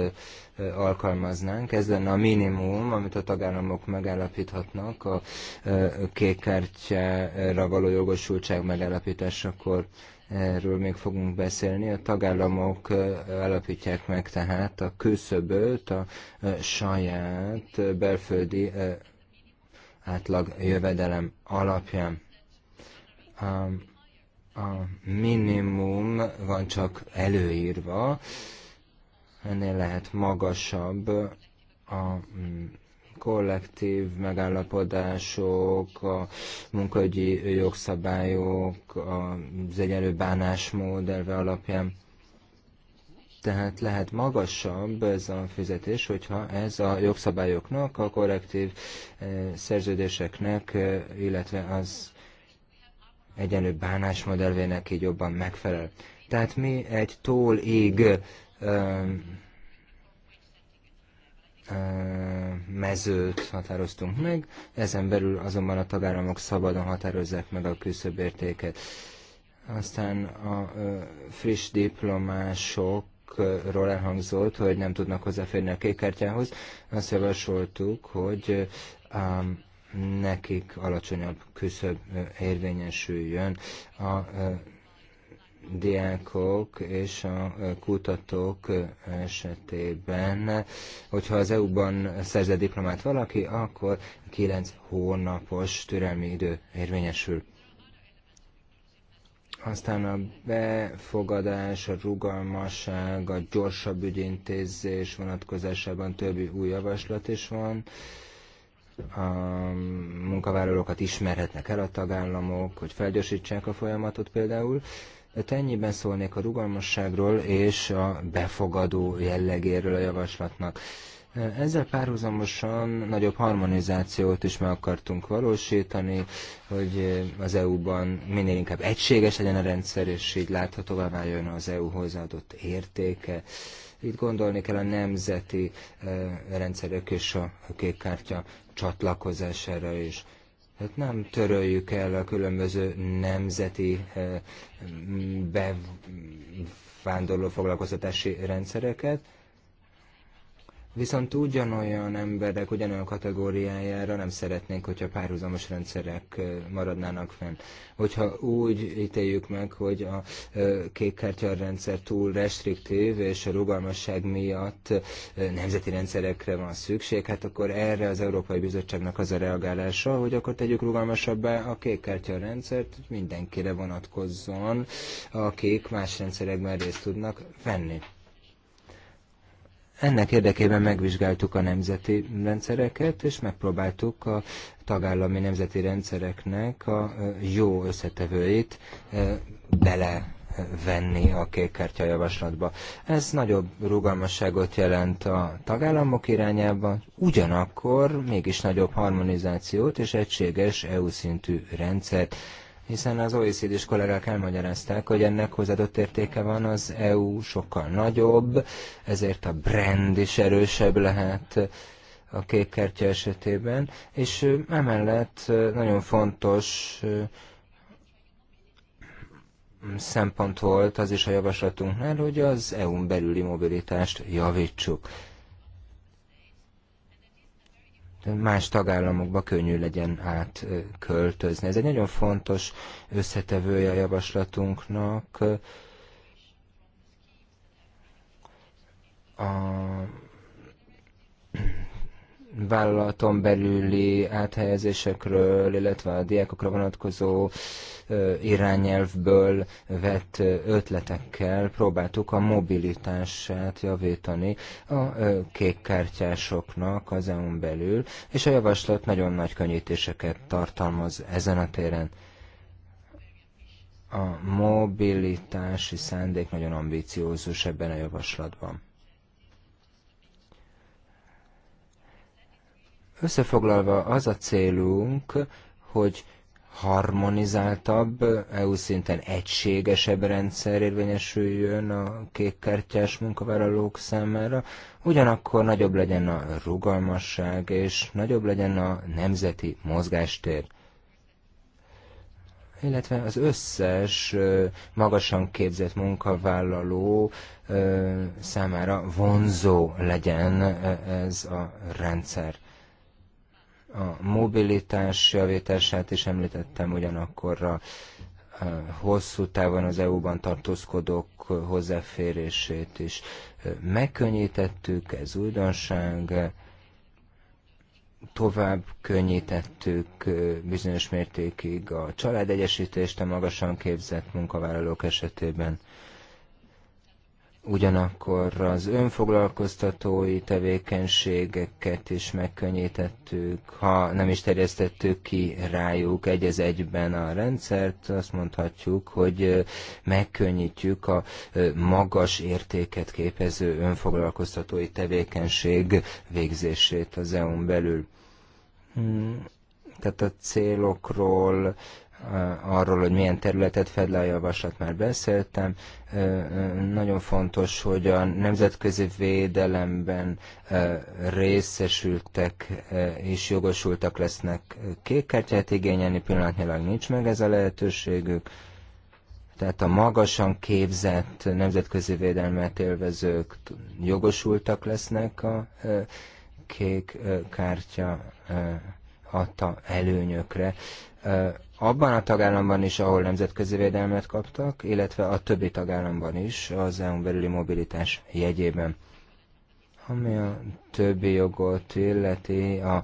alkalmaznánk. Ez lenne a minimum, amit a tagállamok megállapíthatnak a kékkártyára való jogosultság megállapításakor. Erről még fogunk beszélni. A tagállamok alapítják meg tehát a küszöböt a saját belföldi átlag jövedelem alapján. Um, a minimum van csak előírva, ennél lehet magasabb a mm, kollektív megállapodások, a munkahogyi jogszabályok, az egyenlő bánásmód elve alapján. Tehát lehet magasabb ez a fizetés, hogyha ez a jogszabályoknak, a kollektív eh, szerződéseknek, eh, illetve az egyenlő bánásmód elvének így jobban megfelel. Tehát mi egy tól ég ö, ö, mezőt határoztunk meg, ezen belül azonban a tagállamok szabadon határozzák meg a küszöbértéket. Aztán a ö, friss diplomások ról elhangzott, hogy nem tudnak hozzáférni a kék Azt javasoltuk, hogy nekik alacsonyabb küszöb érvényesüljön. A diákok és a kutatók esetében, hogyha az EU-ban szerzett diplomát valaki, akkor 9 hónapos türelmi idő érvényesül. Aztán a befogadás, a rugalmasság, a gyorsabb ügyintézés vonatkozásában többi új javaslat is van a munkavállalókat ismerhetnek el a tagállamok, hogy felgyorsítsák a folyamatot például. Tehát ennyiben szólnék a rugalmasságról és a befogadó jellegéről a javaslatnak. Ezzel párhuzamosan nagyobb harmonizációt is meg akartunk valósítani, hogy az EU-ban minél inkább egységes legyen a rendszer, és így láthatóvá váljon az EU hozzáadott értéke. Itt gondolni kell a nemzeti eh, rendszerek és a kékkártya csatlakozására is. Hát nem töröljük el a különböző nemzeti eh, bevándorló foglalkoztatási rendszereket, Viszont ugyanolyan emberek, ugyanolyan kategóriájára nem szeretnénk, hogyha párhuzamos rendszerek maradnának fenn. Hogyha úgy ítéljük meg, hogy a kékkártya rendszer túl restriktív, és a rugalmasság miatt nemzeti rendszerekre van szükség, hát akkor erre az Európai Bizottságnak az a reagálása, hogy akkor tegyük rugalmasabbá a kékkártya rendszert, hogy mindenkire vonatkozzon, akik más rendszerekben részt tudnak venni. Ennek érdekében megvizsgáltuk a nemzeti rendszereket, és megpróbáltuk a tagállami nemzeti rendszereknek a jó összetevőit bele venni a kékkártya javaslatba. Ez nagyobb rugalmasságot jelent a tagállamok irányába, ugyanakkor mégis nagyobb harmonizációt és egységes EU szintű rendszert hiszen az OECD-s kollégák elmagyarázták, hogy ennek hozzáadott értéke van, az EU sokkal nagyobb, ezért a brand is erősebb lehet a kék kártya esetében, és emellett nagyon fontos szempont volt az is a javaslatunknál, hogy az EU-n belüli mobilitást javítsuk más tagállamokba könnyű legyen átköltözni. Ez egy nagyon fontos összetevője a javaslatunknak. A vállalaton belüli áthelyezésekről, illetve a diákokra vonatkozó irányelvből vett ötletekkel próbáltuk a mobilitását javítani a kékkártyásoknak az EU-n belül, és a javaslat nagyon nagy könnyítéseket tartalmaz ezen a téren a mobilitási szándék nagyon ambiciózus ebben a javaslatban. Összefoglalva az a célunk, hogy harmonizáltabb, EU szinten egységesebb rendszer érvényesüljön a kékkártyás munkavállalók számára, ugyanakkor nagyobb legyen a rugalmasság, és nagyobb legyen a nemzeti mozgástér illetve az összes magasan képzett munkavállaló számára vonzó legyen ez a rendszer a mobilitás javítását is említettem, ugyanakkor a hosszú távon az EU-ban tartózkodók hozzáférését is megkönnyítettük, ez újdonság, tovább könnyítettük bizonyos mértékig a családegyesítést a magasan képzett munkavállalók esetében ugyanakkor az önfoglalkoztatói tevékenységeket is megkönnyítettük, ha nem is terjesztettük ki rájuk egy az egyben a rendszert, azt mondhatjuk, hogy megkönnyítjük a magas értéket képező önfoglalkoztatói tevékenység végzését az EU-n belül. Hmm, tehát a célokról, Eh, arról, hogy milyen területet fed le a javaslat, már beszéltem. Eh, eh, nagyon fontos, hogy a nemzetközi védelemben részesültek és jogosultak lesznek kékkártyát igényelni, pillanatnyilag nincs meg ez a lehetőségük. Tehát a magasan képzett nemzetközi védelmet élvezők jogosultak lesznek a kék kártya adta előnyökre abban a tagállamban is, ahol nemzetközi védelmet kaptak, illetve a többi tagállamban is az EU-n belüli mobilitás jegyében. Ami a többi jogot illeti, a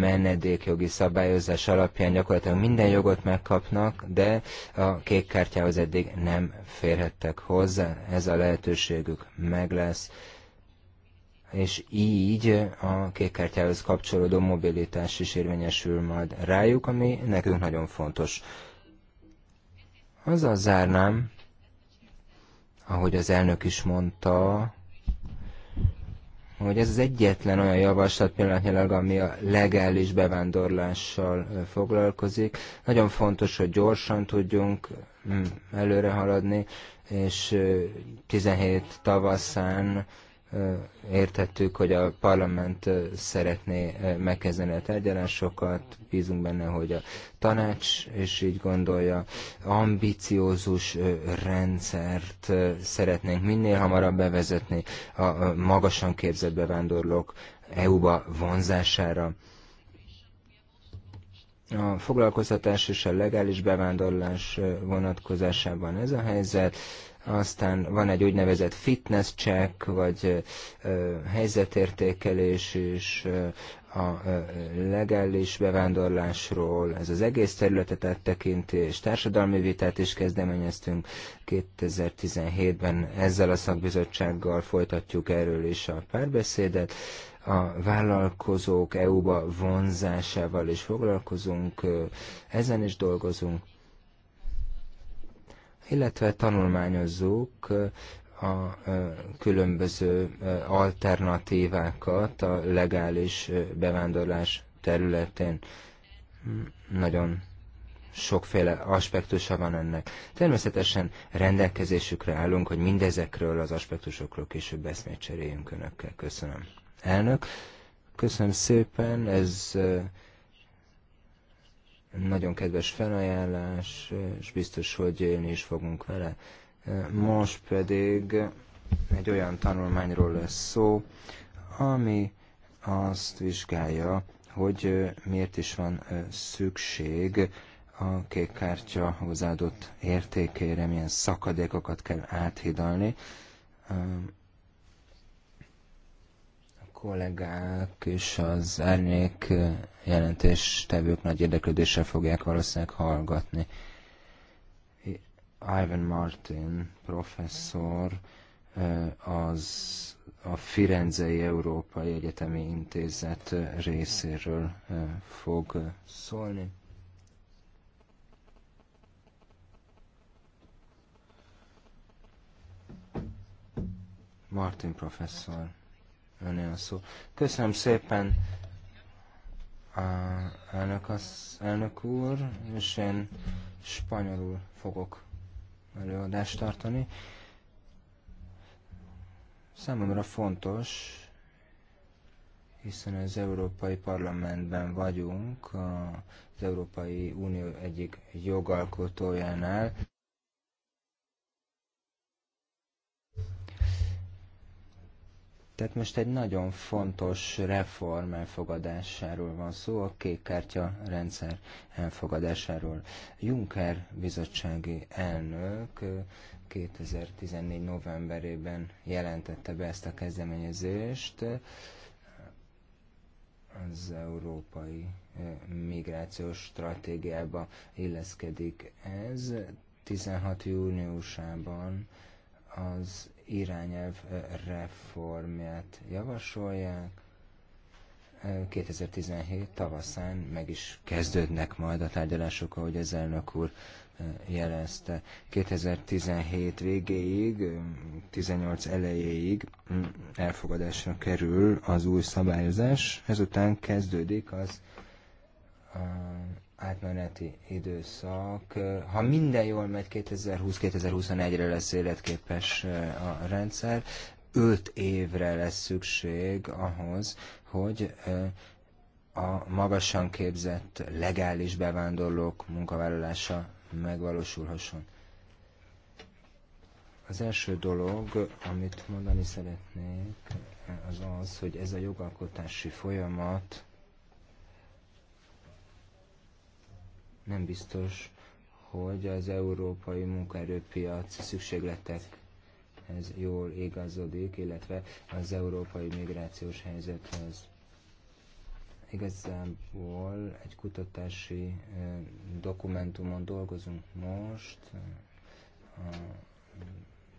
menedékjogi szabályozás alapján gyakorlatilag minden jogot megkapnak, de a kék kártyához eddig nem férhettek hozzá, ez a lehetőségük meg lesz és így a kékkártyához kapcsolódó mobilitás is érvényesül majd rájuk, ami nekünk nagyon fontos. Azzal zárnám, ahogy az elnök is mondta, hogy ez az egyetlen olyan javaslat pillanatnyilag, ami a legális bevándorlással foglalkozik. Nagyon fontos, hogy gyorsan tudjunk mm, előre haladni, és 17 tavaszán értettük, hogy a parlament szeretné megkezdeni a tárgyalásokat, bízunk benne, hogy a tanács, és így gondolja, ambiciózus rendszert szeretnénk minél hamarabb bevezetni a magasan képzett bevándorlók EU-ba vonzására. A foglalkoztatás és a legális bevándorlás vonatkozásában ez a helyzet. Aztán van egy úgynevezett fitness check, vagy helyzetértékelés is a legális bevándorlásról, ez az egész területet és társadalmi vitát is kezdeményeztünk 2017-ben, ezzel a szakbizottsággal folytatjuk erről is a párbeszédet, a vállalkozók EU-ba vonzásával is foglalkozunk, ezen is dolgozunk illetve tanulmányozzuk eh, a eh, különböző eh, alternatívákat a legális bevándorlás területén. Nagyon sokféle aspektusa van ennek. Természetesen rendelkezésükre állunk, hogy mindezekről az aspektusokról később eszmét cseréljünk önökkel. Köszönöm. Elnök, köszönöm szépen, ez nagyon kedves felajánlás, és biztos, hogy élni is fogunk vele. Most pedig egy olyan tanulmányról lesz szó, ami azt vizsgálja, hogy miért is van szükség a kék kártya hozzáadott értékére, milyen szakadékokat kell áthidalni kollégák és az árnyék jelentéstevők nagy érdeklődéssel fogják valószínűleg hallgatni. Ivan Martin professzor az a Firenzei Európai Egyetemi Intézet részéről fog szólni. Martin professzor öné a szó. Köszönöm szépen, a elnök, az, elnök úr, és én spanyolul fogok előadást tartani. Számomra fontos, hiszen az Európai Parlamentben vagyunk, az Európai Unió egyik jogalkotójánál. Tehát most egy nagyon fontos reform elfogadásáról van szó, a kékkártya rendszer elfogadásáról. Juncker bizottsági elnök 2014. novemberében jelentette be ezt a kezdeményezést az európai migrációs stratégiába illeszkedik ez. 16. júniusában az irányelv reformját javasolják. 2017 tavaszán meg is kezdődnek majd a tárgyalások, ahogy az elnök úr jelezte. 2017 végéig, 18 elejéig mm, elfogadásra kerül az új szabályozás, ezután kezdődik az átmeneti időszak. Ha minden jól megy, 2020-2021-re lesz életképes eh, a rendszer. 5 évre lesz szükség ahhoz, hogy eh, a magasan képzett legális bevándorlók munkavállalása megvalósulhasson. Az első dolog, amit mondani szeretnék, eh, az az, hogy ez a jogalkotási folyamat nem biztos, hogy az európai munkaerőpiac szükségletekhez jól igazodik, illetve az európai migrációs helyzethez. Igazából egy kutatási dokumentumon dolgozunk most.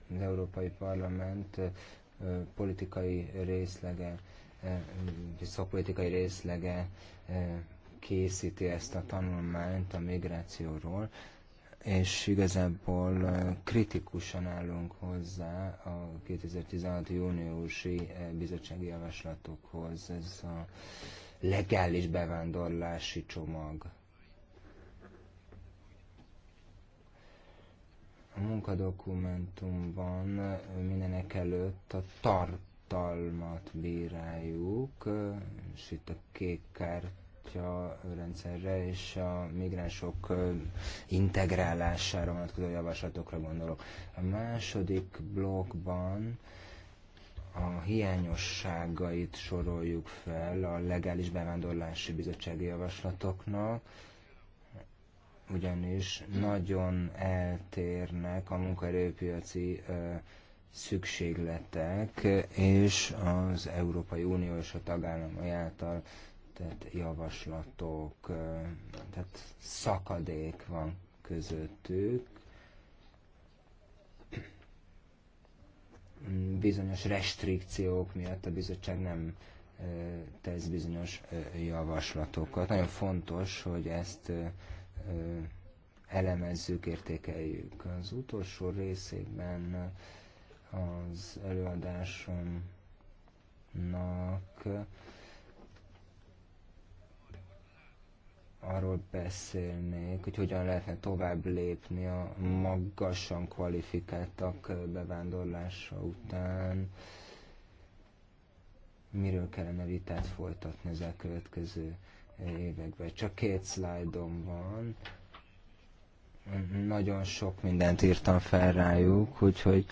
Az Európai Parlament politikai részlege, szakpolitikai részlege készíti ezt a tanulmányt a migrációról, és igazából kritikusan állunk hozzá a 2016 júniusi bizottsági javaslatokhoz. Ez a legális bevándorlási csomag. A munkadokumentumban mindenek előtt a tartalmat bíráljuk, és itt a kék kárt kvóta rendszerre és a migránsok integrálására vonatkozó javaslatokra gondolok. A második blokkban a hiányosságait soroljuk fel a legális bevándorlási bizottsági javaslatoknak, ugyanis nagyon eltérnek a munkaerőpiaci szükségletek és az Európai Unió és a tagállamai által tett javaslatok, tehát szakadék van közöttük, bizonyos restrikciók miatt a bizottság nem tesz bizonyos javaslatokat. Nagyon fontos, hogy ezt elemezzük, értékeljük. Az utolsó részében az előadásomnak arról beszélnék, hogy hogyan lehetne tovább lépni a magasan kvalifikáltak bevándorlása után, miről kellene vitát folytatni az elkövetkező években. Csak két szlájdom van, nagyon sok mindent írtam fel rájuk, úgyhogy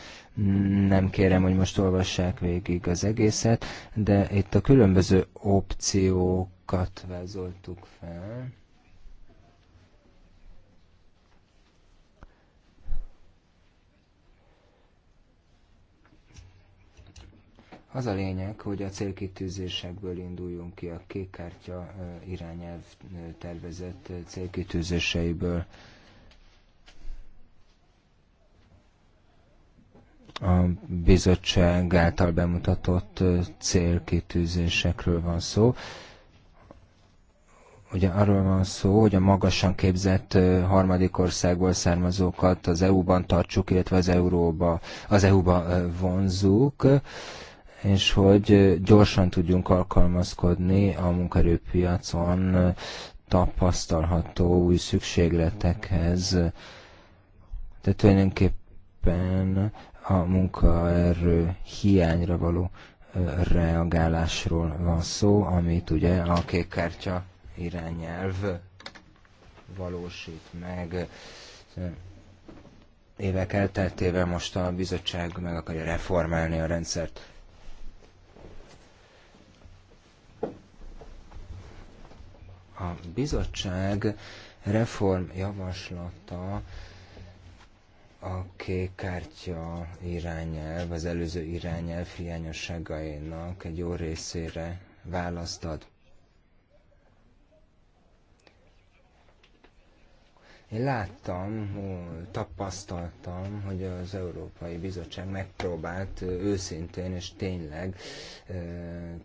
nem kérem, hogy most olvassák végig az egészet, de itt a különböző opciókat vázoltuk fel. Az a lényeg, hogy a célkitűzésekből induljunk ki, a kék kártya irányelv tervezett célkitűzéseiből. a bizottság által bemutatott célkitűzésekről van szó. Ugye arról van szó, hogy a magasan képzett harmadik országból származókat az EU-ban tartsuk, illetve az, euróba, az EU-ba vonzuk, és hogy gyorsan tudjunk alkalmazkodni a munkaerőpiacon tapasztalható új szükségletekhez. Tehát tulajdonképpen a munkaerő hiányra való reagálásról van szó, amit ugye a kékkártya irányelv valósít meg. Évek elteltével most a bizottság meg akarja reformálni a rendszert. A bizottság reformjavaslata javaslata a kék kártya irányelv, az előző irányelv hiányosságainak egy jó részére választ ad. Én láttam, tapasztaltam, hogy az Európai Bizottság megpróbált őszintén és tényleg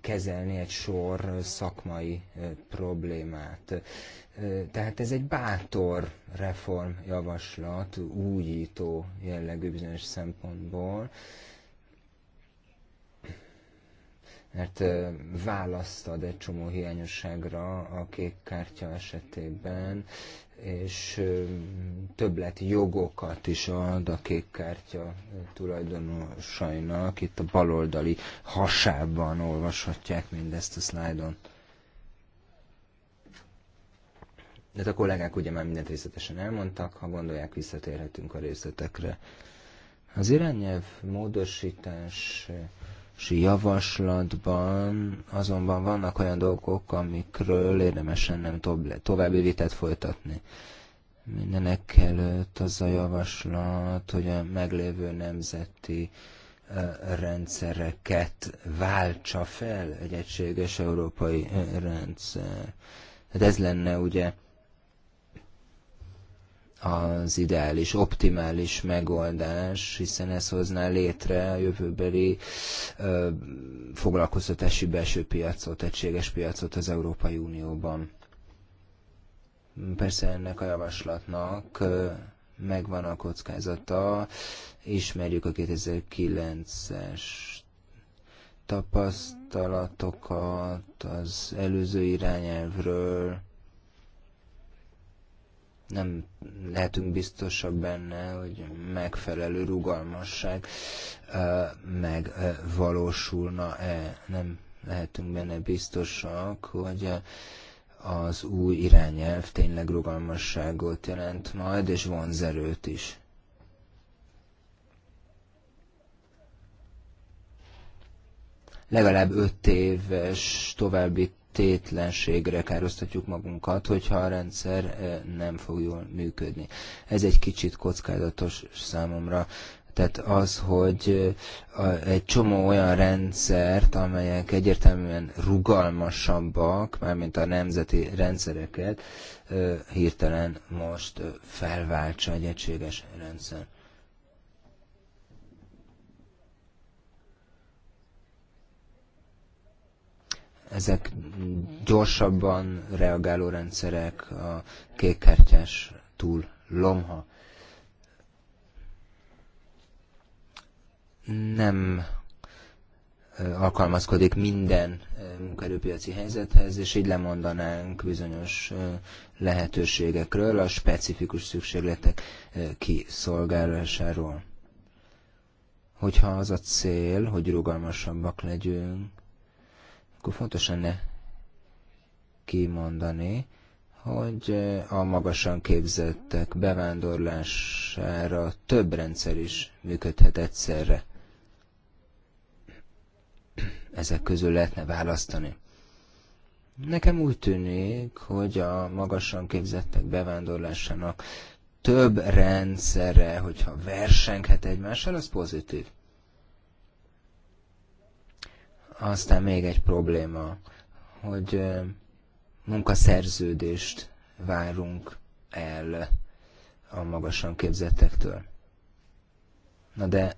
kezelni egy sor szakmai problémát. Tehát ez egy bátor reformjavaslat, újító jellegű bizonyos szempontból, mert választ ad egy csomó hiányosságra a kék kártya esetében, és többlet jogokat is ad a kék kártya tulajdonosainak. Itt a baloldali hasában olvashatják mindezt a szlájdon. De hát a kollégák ugye már mindent részletesen elmondtak, ha gondolják, visszatérhetünk a részletekre. Az irányelv módosítás javaslatban azonban vannak olyan dolgok, amikről érdemesen nem további vitát folytatni. Mindenek előtt az a javaslat, hogy a meglévő nemzeti rendszereket váltsa fel egy egységes európai rendszer. Hát ez lenne ugye az ideális, optimális megoldás, hiszen ez hozná létre a jövőbeli ö, foglalkoztatási belső piacot, egységes piacot az Európai Unióban. Persze ennek a javaslatnak ö, megvan a kockázata, ismerjük a 2009-es tapasztalatokat az előző irányelvről, nem lehetünk biztosak benne, hogy megfelelő rugalmasság megvalósulna-e. Nem lehetünk benne biztosak, hogy az új irányelv tényleg rugalmasságot jelent majd, és vonzerőt is. Legalább öt éves további tétlenségre károsztatjuk magunkat, hogyha a rendszer eh, nem fog jól működni. Ez egy kicsit kockázatos számomra. Tehát az, hogy eh, egy csomó olyan rendszert, amelyek egyértelműen rugalmasabbak, mármint a nemzeti rendszereket, eh, hirtelen most felváltsa egy egységes rendszer. Ezek gyorsabban reagáló rendszerek, a kékkártyás túl lomha. Nem alkalmazkodik minden munkerőpiaci helyzethez, és így lemondanánk bizonyos lehetőségekről, a specifikus szükségletek kiszolgálásáról. Hogyha az a cél, hogy rugalmasabbak legyünk, akkor fontos lenne kimondani, hogy eh, a magasan képzettek bevándorlására több rendszer is működhet egyszerre. Ezek közül lehetne választani. Nekem úgy tűnik, hogy a magasan képzettek bevándorlásának több rendszere, hogyha versenghet egymással, az pozitív. Aztán még egy probléma, hogy munkaszerződést várunk el a magasan képzettektől. Na de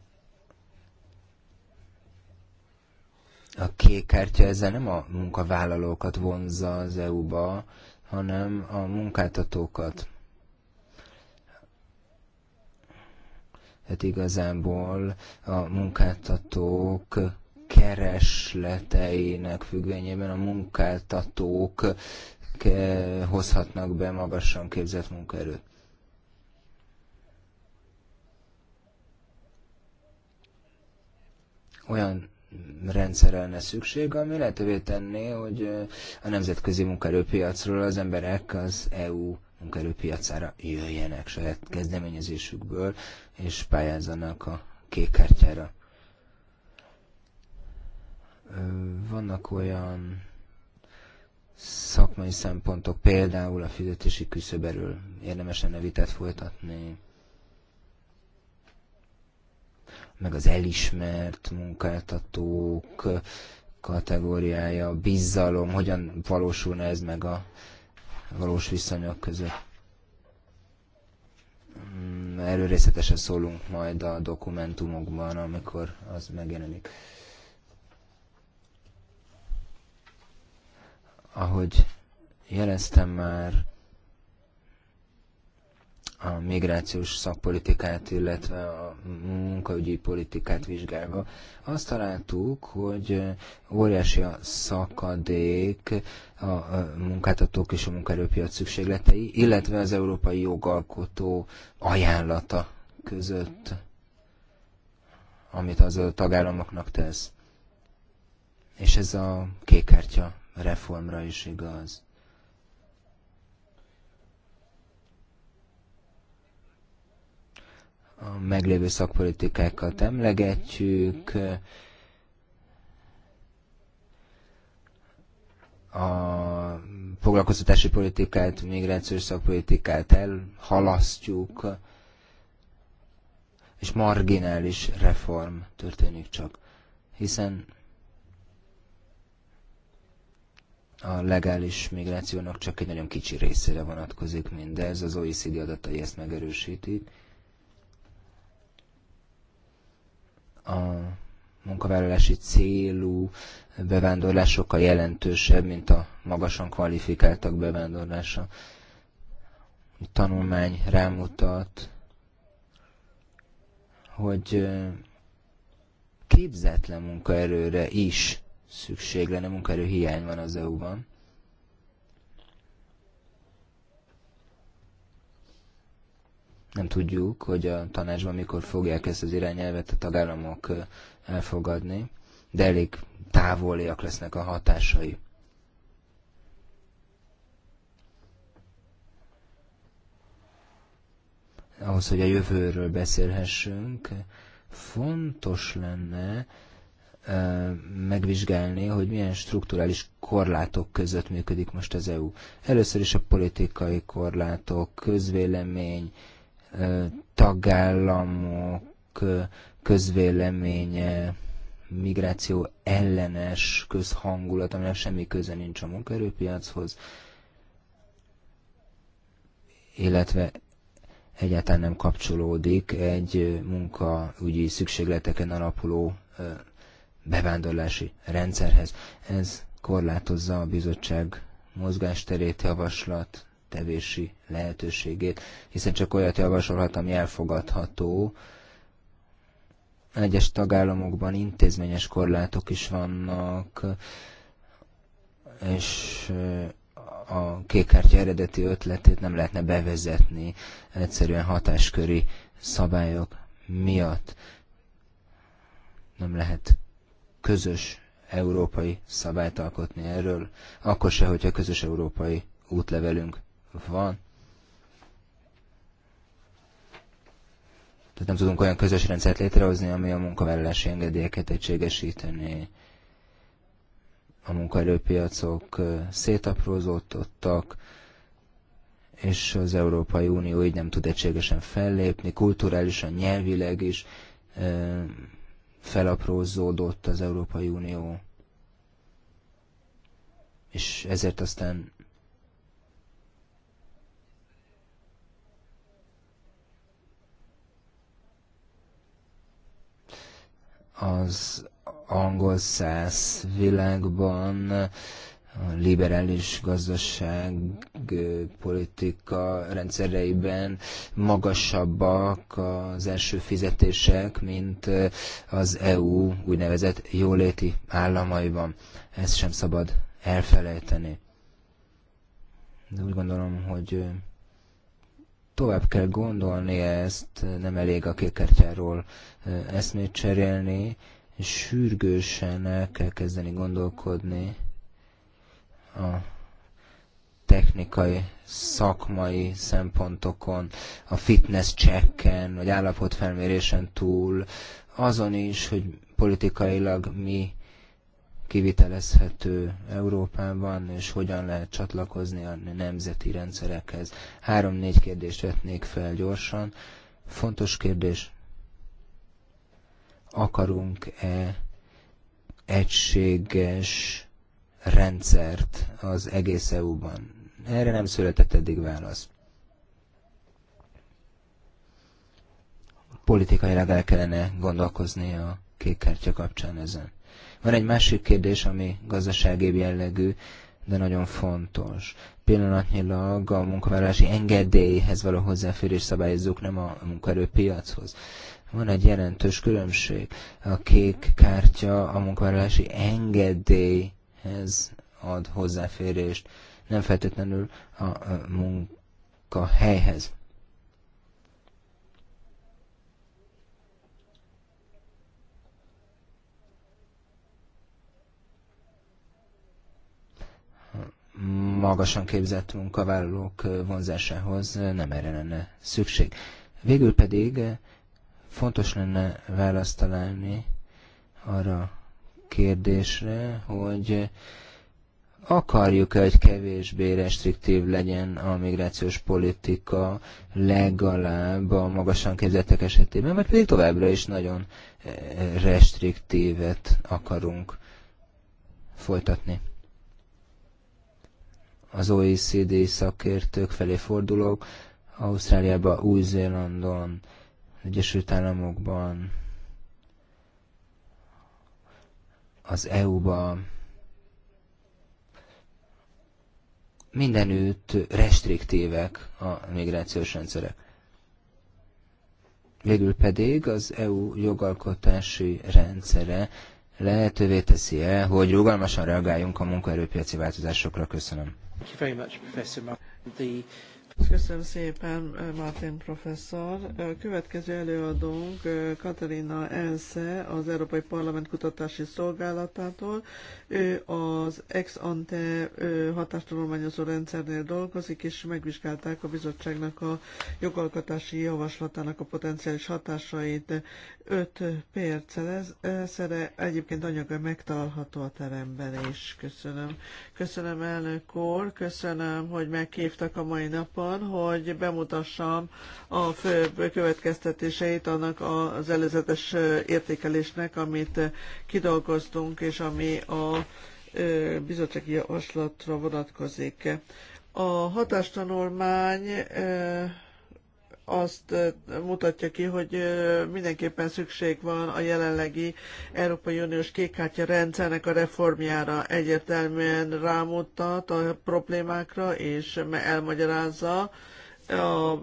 a kék kártya ezzel nem a munkavállalókat vonzza az EU-ba, hanem a munkáltatókat. Hát igazából a munkáltatók keresleteinek függvényében a munkáltatók hozhatnak be magasan képzett munkaerőt. Olyan rendszer lenne szükség, ami lehetővé tenné, hogy a nemzetközi munkaerőpiacról az emberek az EU munkaerőpiacára jöjjenek saját kezdeményezésükből, és pályázzanak a kék kártyára vannak olyan szakmai szempontok, például a fizetési küszöberül érdemesen lenne vitát folytatni, meg az elismert munkáltatók kategóriája, a bizalom, hogyan valósulna ez meg a valós viszonyok között. Mm, erről részletesen szólunk majd a dokumentumokban, amikor az megjelenik. Ahogy jeleztem már, a migrációs szakpolitikát, illetve a munkaügyi politikát vizsgálva, azt találtuk, hogy óriási a szakadék a munkáltatók és a munkaerőpiac szükségletei, illetve az európai jogalkotó ajánlata között, amit az a tagállamoknak tesz. És ez a kékkártya reformra is igaz. A meglévő szakpolitikákat emlegetjük, a foglalkoztatási politikát, migrációs szakpolitikát elhalasztjuk, és marginális reform történik csak. Hiszen a legális migrációnak csak egy nagyon kicsi részére vonatkozik mindez, az OECD adatai ezt megerősítik. A munkavállalási célú bevándorlás sokkal jelentősebb, mint a magasan kvalifikáltak bevándorlása. A tanulmány rámutat, hogy képzetlen munkaerőre is szükség lenne, munkaerő hiány van az EU-ban. Nem tudjuk, hogy a tanácsban mikor fogják ezt az irányelvet a tagállamok elfogadni, de elég távoliak lesznek a hatásai. Ahhoz, hogy a jövőről beszélhessünk, fontos lenne, megvizsgálni, hogy milyen strukturális korlátok között működik most az EU. Először is a politikai korlátok, közvélemény, tagállamok, közvéleménye, migráció ellenes közhangulat, aminek semmi köze nincs a munkaerőpiachoz, illetve egyáltalán nem kapcsolódik egy munkaügyi szükségleteken alapuló bevándorlási rendszerhez. Ez korlátozza a bizottság mozgásterét, javaslat, tevési lehetőségét, hiszen csak olyat javasolhat, ami elfogadható. Egyes tagállamokban intézményes korlátok is vannak, és a kékkártya eredeti ötletét nem lehetne bevezetni egyszerűen hatásköri szabályok miatt. Nem lehet közös európai szabályt alkotni erről, akkor se, hogyha közös európai útlevelünk van. Tehát nem tudunk olyan közös rendszert létrehozni, ami a munkavállalási engedélyeket egységesíteni. A munkaerőpiacok szétaprózottak, és az Európai Unió így nem tud egységesen fellépni, kulturálisan, nyelvileg is felaprózódott az Európai Unió. És ezért aztán az angol száz világban a liberális gazdaság politika rendszereiben magasabbak az első fizetések, mint az EU úgynevezett jóléti államaiban. Ezt sem szabad elfelejteni. De úgy gondolom, hogy tovább kell gondolni ezt, nem elég a kékkártyáról eszmét cserélni, és sürgősen el kell kezdeni gondolkodni a technikai, szakmai szempontokon, a fitness checken, vagy állapotfelmérésen túl, azon is, hogy politikailag mi kivitelezhető Európában, és hogyan lehet csatlakozni a nemzeti rendszerekhez. Három-négy kérdést vetnék fel gyorsan. Fontos kérdés, akarunk-e egységes rendszert az egész EU-ban? Erre nem született eddig válasz. Politikailag el kellene gondolkozni a kék kártya kapcsán ezen. Van egy másik kérdés, ami gazdasági jellegű, de nagyon fontos. Pillanatnyilag a munkavállalási engedélyhez való hozzáférés szabályozzuk, nem a munkaerőpiachoz. Van egy jelentős különbség. A kék kártya a munkavállalási engedély ez ad hozzáférést, nem feltétlenül a, a munkahelyhez. magasan képzett munkavállalók vonzásához nem erre lenne szükség. Végül pedig fontos lenne választ találni arra kérdésre, hogy akarjuk-e, hogy kevésbé restriktív legyen a migrációs politika legalább a magasan képzettek esetében, Mert pedig továbbra is nagyon eh, restriktívet akarunk folytatni. Az OECD szakértők felé fordulok, Ausztráliában, Új-Zélandon, Egyesült Államokban, az EU-ba mindenütt restriktívek a migrációs rendszerek. Végül pedig az EU jogalkotási rendszere lehetővé teszi el, hogy rugalmasan reagáljunk a munkaerőpiaci változásokra. Köszönöm. Köszönöm szépen, eh, Martin professzor. A eh, következő előadónk eh, Katarina Else az Európai Parlament Kutatási Szolgálatától. Ő az ex-ante hatástanulmányozó rendszernél dolgozik, és megvizsgálták a bizottságnak a jogalkotási javaslatának a potenciális hatásait. 5 percre, egyébként anyaga megtalálható a teremben is. Köszönöm. Köszönöm elnök úr, köszönöm, hogy meghívtak a mai napon abban, hogy bemutassam a fő következtetéseit annak az előzetes értékelésnek, amit kidolgoztunk, és ami a bizottsági javaslatra vonatkozik. A hatástanulmány azt mutatja ki, hogy mindenképpen szükség van a jelenlegi Európai Uniós kékkártya rendszernek a reformjára. Egyértelműen rámutat a problémákra és elmagyarázza a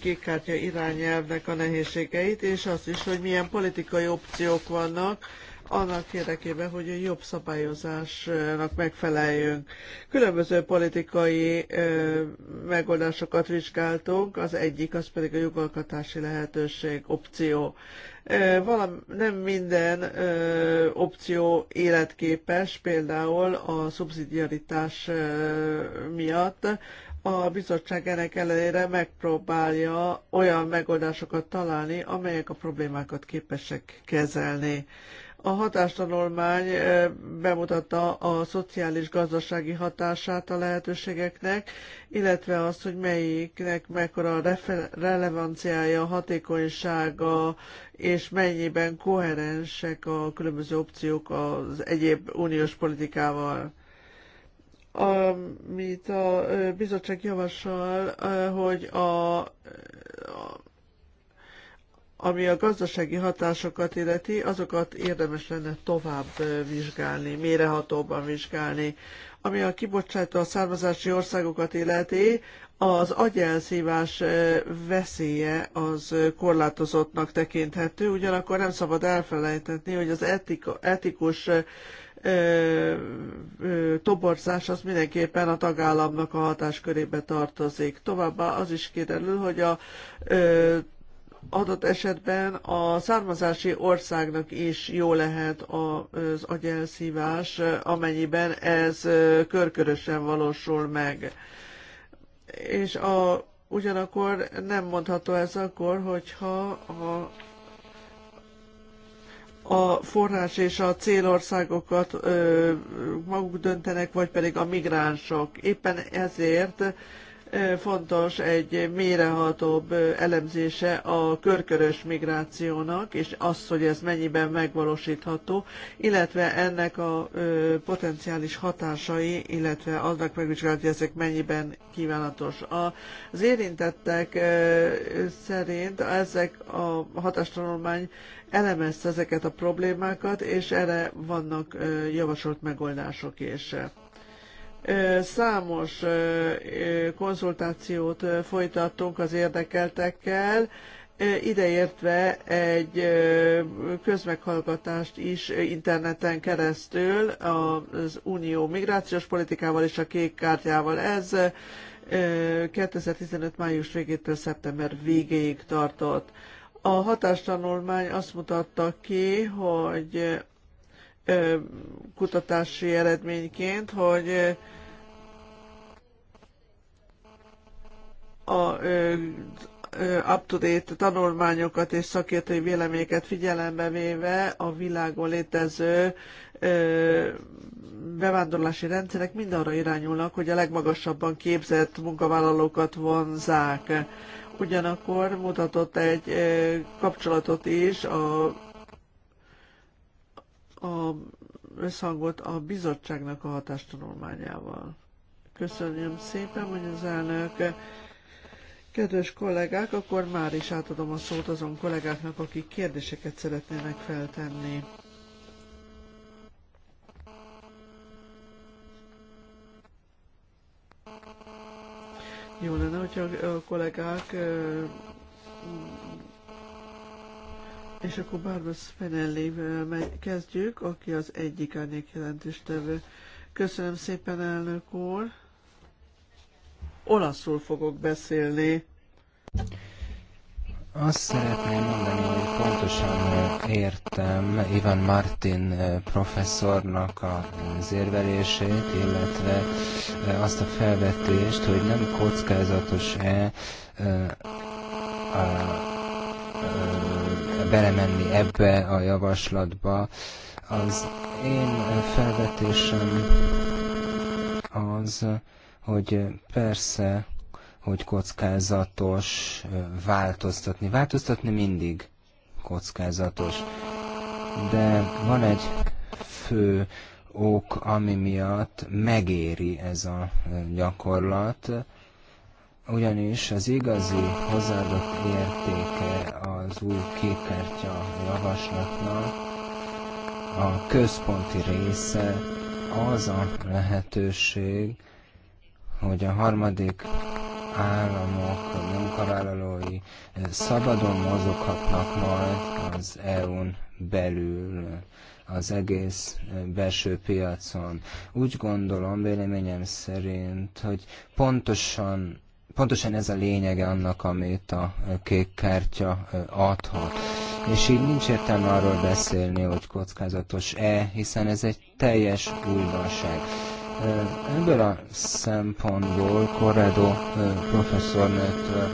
kékkártya irányelvnek a nehézségeit, és azt is, hogy milyen politikai opciók vannak, annak érdekében, hogy a jobb szabályozásnak megfeleljünk. Különböző politikai ö, megoldásokat vizsgáltunk, az egyik az pedig a jogalkatási lehetőség opció. Ö, valami, nem minden ö, opció életképes, például a szubszidiaritás ö, miatt, a bizottság ennek ellenére megpróbálja olyan megoldásokat találni, amelyek a problémákat képesek kezelni. A hatástanulmány eh, bemutatta a szociális-gazdasági hatását a lehetőségeknek, illetve azt, hogy melyiknek mekkora a relevanciája, hatékonysága, és mennyiben koherensek a különböző opciók az egyéb uniós politikával amit a eh, bizottság javasol, eh, hogy a, a ami a gazdasági hatásokat illeti, azokat érdemes lenne tovább vizsgálni, mérehatóban vizsgálni. Ami a kibocsátó a származási országokat illeti, az agyelszívás veszélye az korlátozottnak tekinthető, ugyanakkor nem szabad elfelejtetni, hogy az etika, etikus ö, ö, toborzás az mindenképpen a tagállamnak a hatáskörébe tartozik. Továbbá az is kiderül, hogy a ö, adott esetben a származási országnak is jó lehet az agyelszívás, amennyiben ez körkörösen valósul meg. És a, ugyanakkor nem mondható ez akkor, hogyha a, a forrás és a célországokat ö, maguk döntenek, vagy pedig a migránsok. Éppen ezért fontos egy mérehatóbb elemzése a körkörös migrációnak, és az, hogy ez mennyiben megvalósítható, illetve ennek a potenciális hatásai, illetve aznak megvizsgálni, hogy ezek mennyiben kívánatos. Az érintettek szerint ezek a hatástanulmány elemezte ezeket a problémákat, és erre vannak javasolt megoldások is. Számos konzultációt folytattunk az érdekeltekkel, ideértve egy közmeghallgatást is interneten keresztül az unió migrációs politikával és a kék kártyával. Ez 2015. május végétől szeptember végéig tartott. A hatástanulmány azt mutatta ki, hogy kutatási eredményként, hogy a up-to-date tanulmányokat és szakértői véleményeket figyelembe véve a világon létező bevándorlási rendszerek mind arra irányulnak, hogy a legmagasabban képzett munkavállalókat vonzák. Ugyanakkor mutatott egy kapcsolatot is a a összhangot a bizottságnak a hatástanulmányával. Köszönöm szépen, hogy az elnök. Kedves kollégák, akkor már is átadom a szót azon kollégáknak, akik kérdéseket szeretnének feltenni. Jó lenne, hogyha a kollégák és akkor Barbara spinelli kezdjük, aki az egyik árnyék jelentéstevő. Köszönöm szépen, elnök úr. Olaszul fogok beszélni. Azt szeretném mondani, hogy pontosan eh, értem Ivan Martin eh, professzornak az érvelését, illetve eh, azt a felvetést, hogy nem kockázatos-e belemenni ebbe a javaslatba. Az én felvetésem az, hogy persze, hogy kockázatos változtatni. Változtatni mindig kockázatos. De van egy fő ok, ami miatt megéri ez a gyakorlat, ugyanis az igazi hozzáadott értéke az új kékkártya javaslatnak a központi része az a lehetőség, hogy a harmadik államok a munkavállalói szabadon mozoghatnak majd az EU-n belül az egész belső piacon. Úgy gondolom, véleményem szerint, hogy pontosan Pontosan ez a lényege annak, amit a kék kártya adhat. És így nincs értelme arról beszélni, hogy kockázatos-e, hiszen ez egy teljes újdonság. Ebből a szempontból Corrado professzornőtől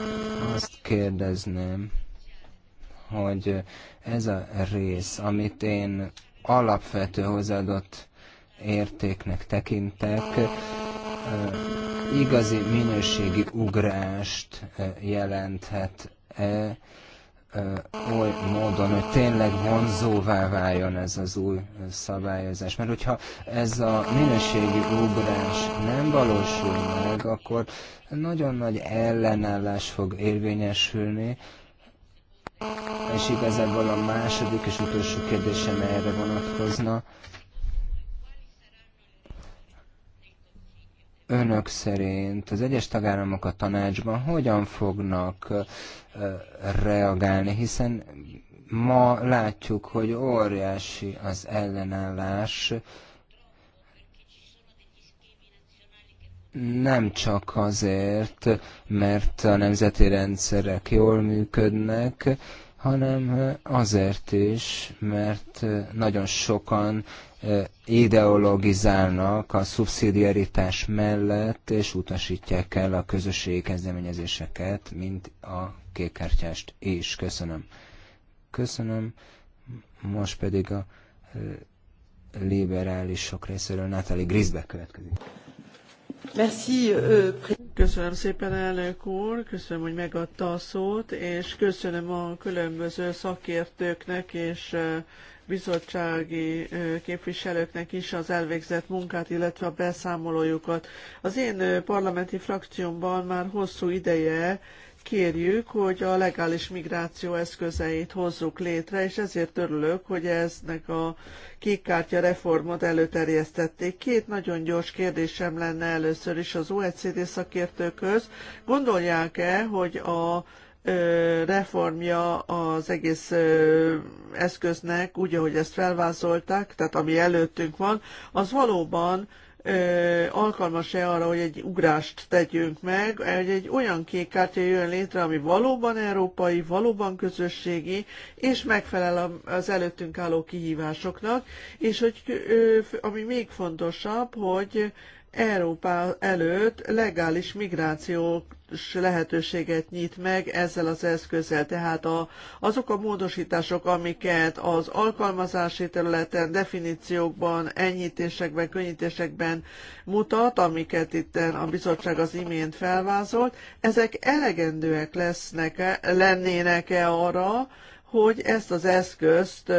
azt kérdezném, hogy ez a rész, amit én alapvető hozzáadott értéknek tekintek, igazi minőségi ugrást jelenthet-e oly módon, hogy tényleg vonzóvá váljon ez az új szabályozás. Mert hogyha ez a minőségi ugrás nem valósul meg, akkor nagyon nagy ellenállás fog érvényesülni, és igazából a második és utolsó kérdésem erre vonatkozna, önök szerint az egyes tagállamok a tanácsban hogyan fognak reagálni, hiszen ma látjuk, hogy óriási az ellenállás, nem csak azért, mert a nemzeti rendszerek jól működnek, hanem azért is, mert nagyon sokan ideologizálnak a szubszidiaritás mellett, és utasítják el a közösségi kezdeményezéseket, mint a kékkártyást is. Köszönöm. Köszönöm. Most pedig a liberálisok részéről Natalie Grisbe következik. Merci, köszönöm szépen, elnök úr, köszönöm, hogy megadta a szót, és köszönöm a különböző szakértőknek és bizottsági képviselőknek is az elvégzett munkát, illetve a beszámolójukat. Az én parlamenti frakciómban már hosszú ideje kérjük, hogy a legális migráció eszközeit hozzuk létre, és ezért örülök, hogy eznek a kékkártya reformot előterjesztették. Két nagyon gyors kérdésem lenne először is az OECD szakértőköz. Gondolják-e, hogy a reformja az egész eszköznek, úgy, ahogy ezt felvázolták, tehát ami előttünk van, az valóban alkalmas-e arra, hogy egy ugrást tegyünk meg, hogy egy olyan kék kártya jön létre, ami valóban európai, valóban közösségi, és megfelel az előttünk álló kihívásoknak, és hogy ami még fontosabb, hogy Európa előtt legális migrációs lehetőséget nyit meg ezzel az eszközzel. Tehát a, azok a módosítások, amiket az alkalmazási területen, definíciókban, enyhítésekben, könnyítésekben mutat, amiket itt a bizottság az imént felvázolt, ezek elegendőek lesznek -e, lennének-e arra, hogy ezt az eszközt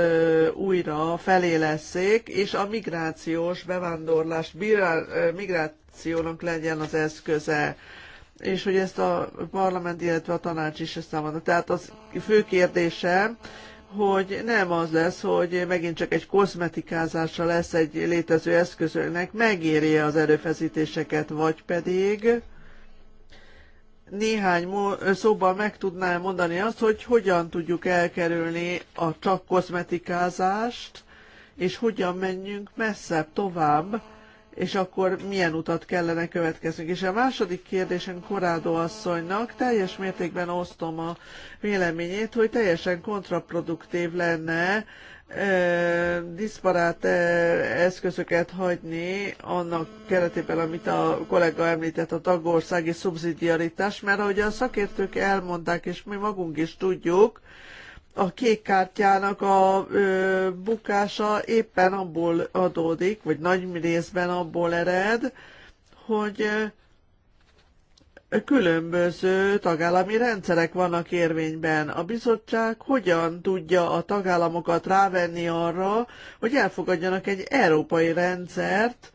újra felélesszék, és a migrációs bevándorlás, migrációnak legyen az eszköze és hogy ezt a parlament, illetve a tanács is ezt elmondta. Tehát az fő kérdése, hogy nem az lesz, hogy megint csak egy kozmetikázása lesz egy létező eszközölnek, megéri az erőfeszítéseket, vagy pedig néhány szóban meg tudnál mondani azt, hogy hogyan tudjuk elkerülni a csak kozmetikázást, és hogyan menjünk messzebb tovább, és akkor milyen utat kellene következni, És a második kérdésen Korádó asszonynak teljes mértékben osztom a véleményét, hogy teljesen kontraproduktív lenne diszparát eszközöket hagyni annak keretében, amit a kollega említett, a tagországi szubszidiaritás, mert ahogy a szakértők elmondták, és mi magunk is tudjuk, a kék kártyának a ö, bukása éppen abból adódik, vagy nagy részben abból ered, hogy ö, különböző tagállami rendszerek vannak érvényben. A bizottság hogyan tudja a tagállamokat rávenni arra, hogy elfogadjanak egy európai rendszert,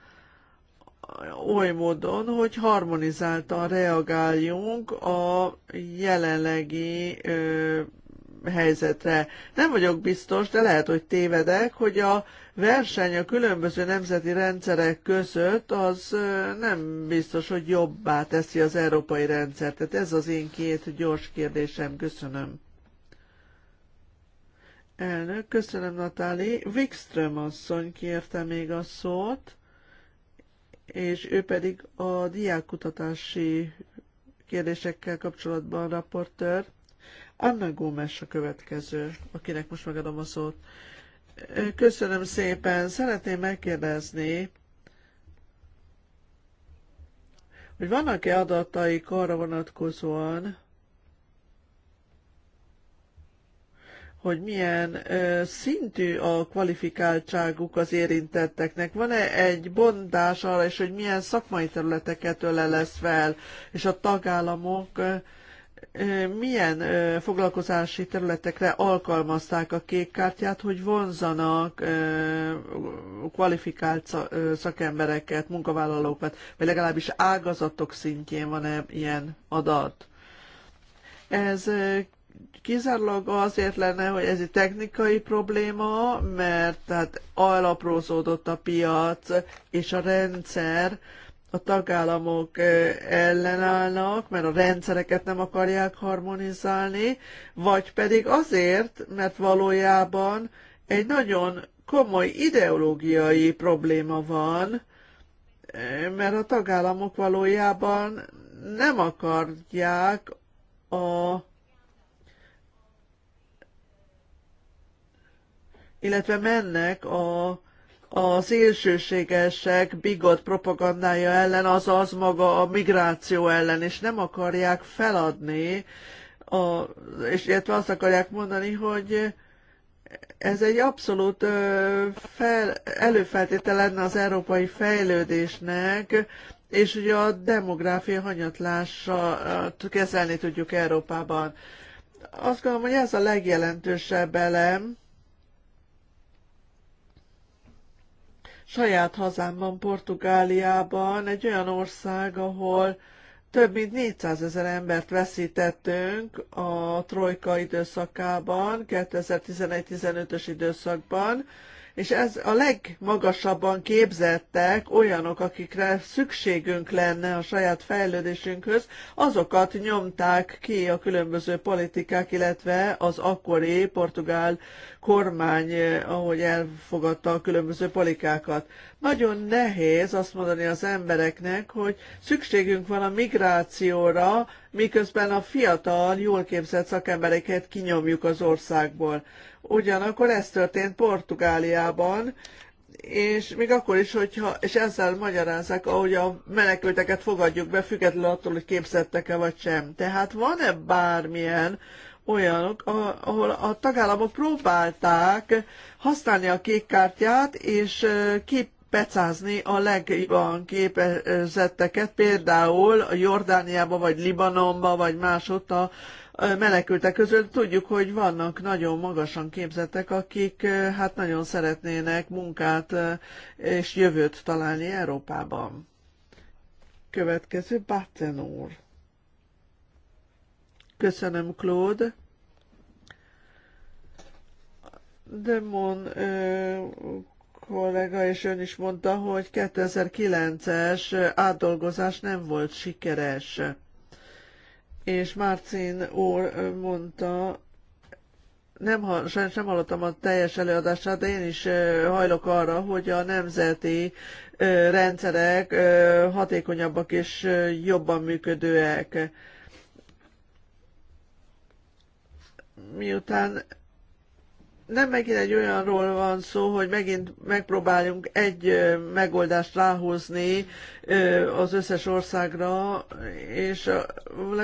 oly módon, hogy harmonizáltan reagáljunk a jelenlegi ö, helyzetre. Nem vagyok biztos, de lehet, hogy tévedek, hogy a verseny a különböző nemzeti rendszerek között az nem biztos, hogy jobbá teszi az európai rendszert. Tehát ez az én két gyors kérdésem. Köszönöm. Elnök, köszönöm Natáli. Wikström asszony kérte még a szót, és ő pedig a diákkutatási kérdésekkel kapcsolatban raportőr. Anna Gómez a következő, akinek most megadom a szót. Köszönöm szépen. Szeretném megkérdezni, hogy vannak-e adataik arra vonatkozóan, hogy milyen ö, szintű a kvalifikáltságuk az érintetteknek. Van-e egy bontás arra is, hogy milyen szakmai területeket ölel lesz fel, és a tagállamok ö, milyen foglalkozási területekre alkalmazták a kék kártyát, hogy vonzanak kvalifikált szakembereket, munkavállalókat, vagy legalábbis ágazatok szintjén van-e ilyen adat? Ez kizárólag azért lenne, hogy ez egy technikai probléma, mert tehát alaprózódott a piac és a rendszer, a tagállamok ellenállnak, mert a rendszereket nem akarják harmonizálni, vagy pedig azért, mert valójában egy nagyon komoly ideológiai probléma van, mert a tagállamok valójában nem akarják a illetve mennek a a szélsőségesek bigot propagandája ellen, azaz maga a migráció ellen, és nem akarják feladni, a, és illetve azt akarják mondani, hogy ez egy abszolút fel, előfeltétel lenne az európai fejlődésnek, és ugye a demográfia hanyatlásra kezelni tudjuk Európában. Azt gondolom, hogy ez a legjelentősebb elem, saját hazámban, Portugáliában, egy olyan ország, ahol több mint 400 ezer embert veszítettünk a trojka időszakában, 2011-15-ös időszakban, és ez a legmagasabban képzettek olyanok, akikre szükségünk lenne a saját fejlődésünkhöz, azokat nyomták ki a különböző politikák, illetve az akkori portugál kormány, ahogy elfogadta a különböző politikákat. Nagyon nehéz azt mondani az embereknek, hogy szükségünk van a migrációra, miközben a fiatal, jól képzett szakembereket kinyomjuk az országból. Ugyanakkor ez történt Portugáliában, és még akkor is, hogyha, és ezzel magyarázzák, ahogy a menekülteket fogadjuk be, függetlenül attól, hogy képzettek-e vagy sem. Tehát van-e bármilyen olyanok, ahol a tagállamok próbálták használni a kék kártyát, és kép pecázni a legjobban képezetteket, például a Jordániába, vagy Libanonba, vagy másodt a menekültek közül. Tudjuk, hogy vannak nagyon magasan képzettek, akik hát nagyon szeretnének munkát és jövőt találni Európában. Következő Batten úr. Köszönöm, Claude. Demon kollega és ön is mondta, hogy 2009-es átdolgozás nem volt sikeres. És Márcin úr mondta, nem, sem, sem hallottam a teljes előadását, de én is hajlok arra, hogy a nemzeti rendszerek hatékonyabbak és jobban működőek. Miután nem megint egy olyanról van szó, hogy megint megpróbáljunk egy megoldást ráhozni az összes országra, és a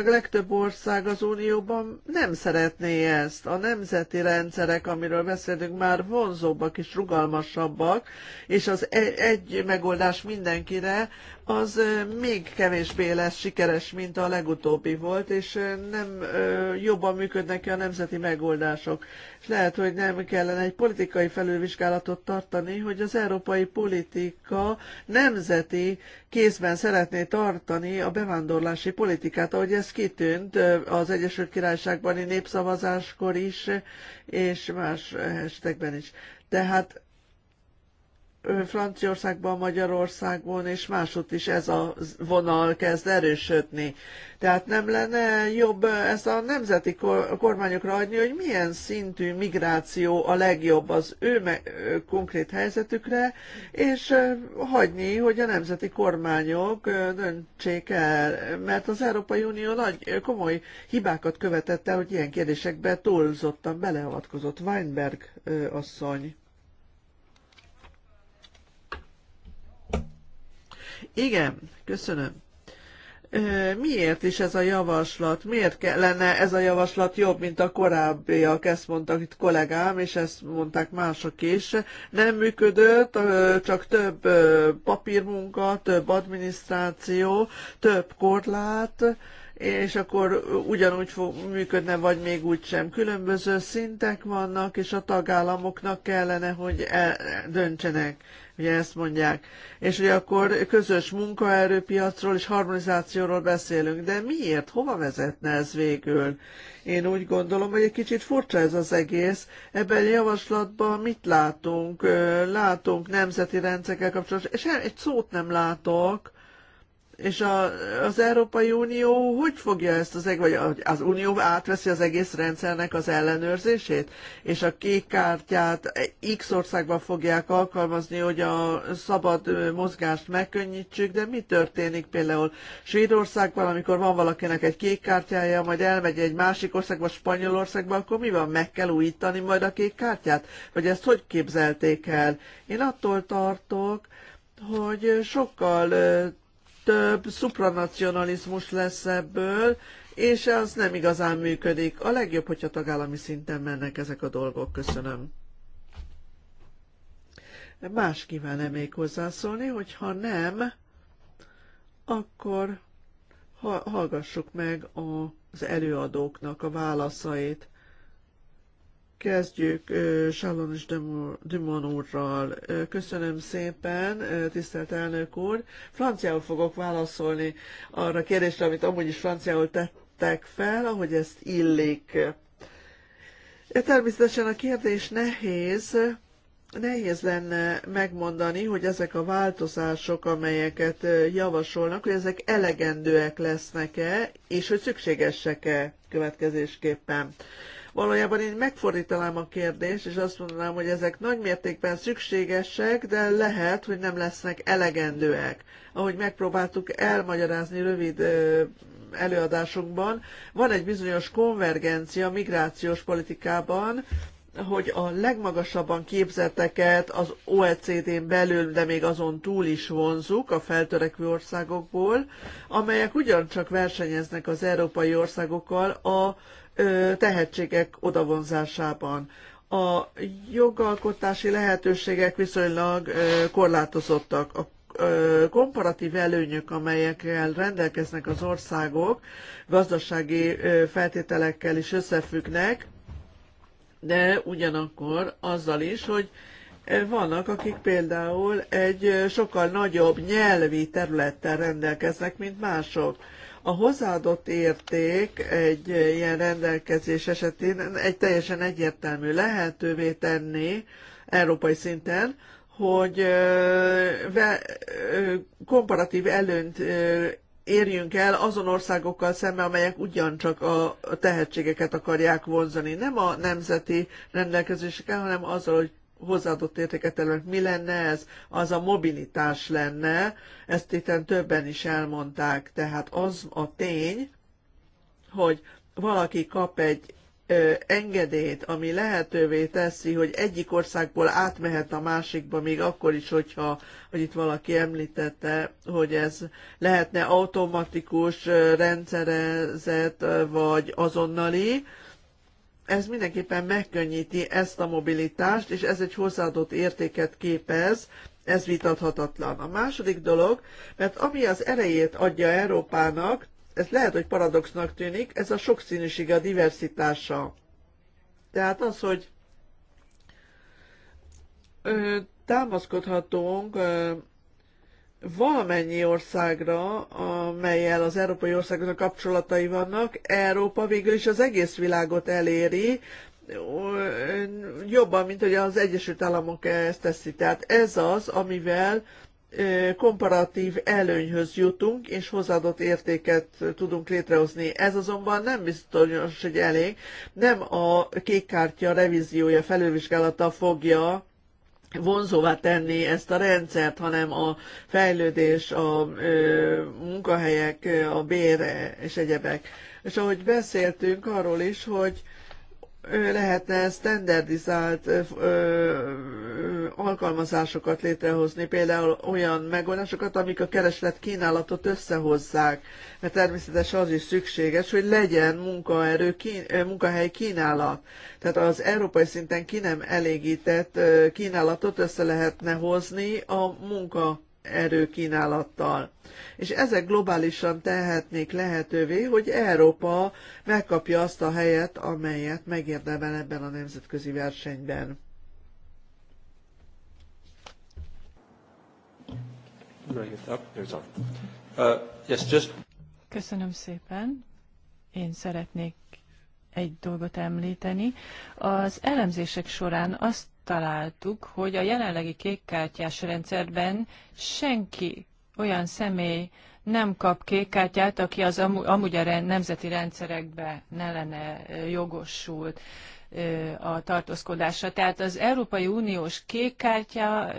legtöbb ország az Unióban nem szeretné ezt. A nemzeti rendszerek, amiről beszélünk, már vonzóbbak és rugalmasabbak, és az e-, egy megoldás mindenkire az még kevésbé lesz sikeres, mint a legutóbbi volt, és nem jobban működnek ki a nemzeti megoldások. És lehet, hogy nem kellene egy politikai felülvizsgálatot tartani, hogy az európai politika nemzeti kézben szeretné tartani a bevándorlási politikát, ahogy ez kitűnt az Egyesült Királyságbani népszavazáskor is, és más hashtagben is. Tehát Franciaországban, Magyarországon és máshogy is ez a vonal kezd erősödni. Tehát nem lenne jobb ezt a nemzeti kormányokra adni, hogy milyen szintű migráció a legjobb az ő konkrét helyzetükre, és hagyni, hogy a nemzeti kormányok döntsék el, mert az Európai Unió nagy komoly hibákat követett el, hogy ilyen kérdésekbe túlzottan beleavatkozott Weinberg asszony. Igen, köszönöm. Miért is ez a javaslat? Miért lenne ez a javaslat jobb, mint a korábbiak? Ezt mondtak itt kollégám, és ezt mondták mások is. Nem működött, csak több papírmunka, több adminisztráció, több korlát, és akkor ugyanúgy fog, működne, vagy még úgy sem. Különböző szintek vannak, és a tagállamoknak kellene, hogy e, döntsenek Ugye ezt mondják. És ugye akkor közös munkaerőpiacról és harmonizációról beszélünk, de miért? Hova vezetne ez végül? Én úgy gondolom, hogy egy kicsit furcsa ez az egész. Ebben a javaslatban mit látunk? Látunk nemzeti rendszerekkel kapcsolatban, és egy szót nem látok és a, az Európai Unió hogy fogja ezt az vagy az Unió átveszi az egész rendszernek az ellenőrzését, és a kék kártyát X országban fogják alkalmazni, hogy a szabad mozgást megkönnyítsük, de mi történik például Svédországban, amikor van valakinek egy kék kártyája, majd elmegy egy másik országba, Spanyolországba, akkor mi van, meg kell újítani majd a kék kártyát? Vagy ezt hogy képzelték el? Én attól tartok, hogy sokkal több szupranacionalizmus lesz ebből, és az nem igazán működik. A legjobb, hogyha tagállami szinten mennek ezek a dolgok. Köszönöm. Más kíván-e még hozzászólni, hogyha nem, akkor ha hallgassuk meg az előadóknak a válaszait. Kezdjük Salonis Dumon úrral. Köszönöm szépen, tisztelt elnök úr. Franciául fogok válaszolni arra a kérdésre, amit amúgy is franciául tettek fel, ahogy ezt illik. Természetesen a kérdés nehéz, nehéz lenne megmondani, hogy ezek a változások, amelyeket javasolnak, hogy ezek elegendőek lesznek-e, és hogy szükségesek-e következésképpen. Valójában én megfordítanám a kérdést, és azt mondanám, hogy ezek nagy mértékben szükségesek, de lehet, hogy nem lesznek elegendőek. Ahogy megpróbáltuk elmagyarázni rövid előadásunkban, van egy bizonyos konvergencia migrációs politikában, hogy a legmagasabban képzetteket az OECD-n belül, de még azon túl is vonzuk a feltörekvő országokból, amelyek ugyancsak versenyeznek az európai országokkal a tehetségek odavonzásában. A jogalkotási lehetőségek viszonylag korlátozottak. A komparatív előnyök, amelyekkel rendelkeznek az országok, gazdasági feltételekkel is összefüggnek, de ugyanakkor azzal is, hogy vannak, akik például egy sokkal nagyobb nyelvi területtel rendelkeznek, mint mások. A hozzáadott érték egy ilyen rendelkezés esetén egy teljesen egyértelmű lehetővé tenni európai szinten, hogy komparatív előnyt érjünk el azon országokkal szemben, amelyek ugyancsak a tehetségeket akarják vonzani. Nem a nemzeti rendelkezéseken, hanem azzal, hogy hozzáadott értéket előtt, Mi lenne ez? Az a mobilitás lenne, ezt itt többen is elmondták. Tehát az a tény, hogy valaki kap egy engedélyt, ami lehetővé teszi, hogy egyik országból átmehet a másikba, még akkor is, hogyha, hogy itt valaki említette, hogy ez lehetne automatikus, rendszerezett vagy azonnali, ez mindenképpen megkönnyíti ezt a mobilitást, és ez egy hozzáadott értéket képez, ez vitathatatlan. A második dolog, mert ami az erejét adja Európának, ez lehet, hogy paradoxnak tűnik, ez a sokszínűség, a diversitása. Tehát az, hogy támaszkodhatunk valamennyi országra, amelyel az európai országoknak kapcsolatai vannak, Európa végül is az egész világot eléri, jobban, mint hogy az Egyesült Államok ezt teszi. Tehát ez az, amivel komparatív előnyhöz jutunk, és hozzáadott értéket tudunk létrehozni. Ez azonban nem biztos, hogy elég. Nem a kártya revíziója, felülvizsgálata fogja vonzóvá tenni ezt a rendszert, hanem a fejlődés, a ö, munkahelyek, a bére és egyebek. És ahogy beszéltünk arról is, hogy lehetne standardizált alkalmazásokat létrehozni, például olyan megoldásokat, amik a kereslet kínálatot összehozzák, mert természetesen az is szükséges, hogy legyen munkaerő, munkahely kínálat. Tehát az európai szinten ki nem elégített kínálatot össze lehetne hozni a munka erőkínálattal. És ezek globálisan tehetnék lehetővé, hogy Európa megkapja azt a helyet, amelyet megérdemel ebben a nemzetközi versenyben. Uh, Köszönöm szépen. Én szeretnék egy dolgot említeni. Az elemzések során azt találtuk, hogy a jelenlegi kékkártyás rendszerben senki olyan személy nem kap kékkártyát, aki az amúgy a nemzeti rendszerekbe ne lenne jogosult a tartózkodásra. Tehát az Európai Uniós kék kártya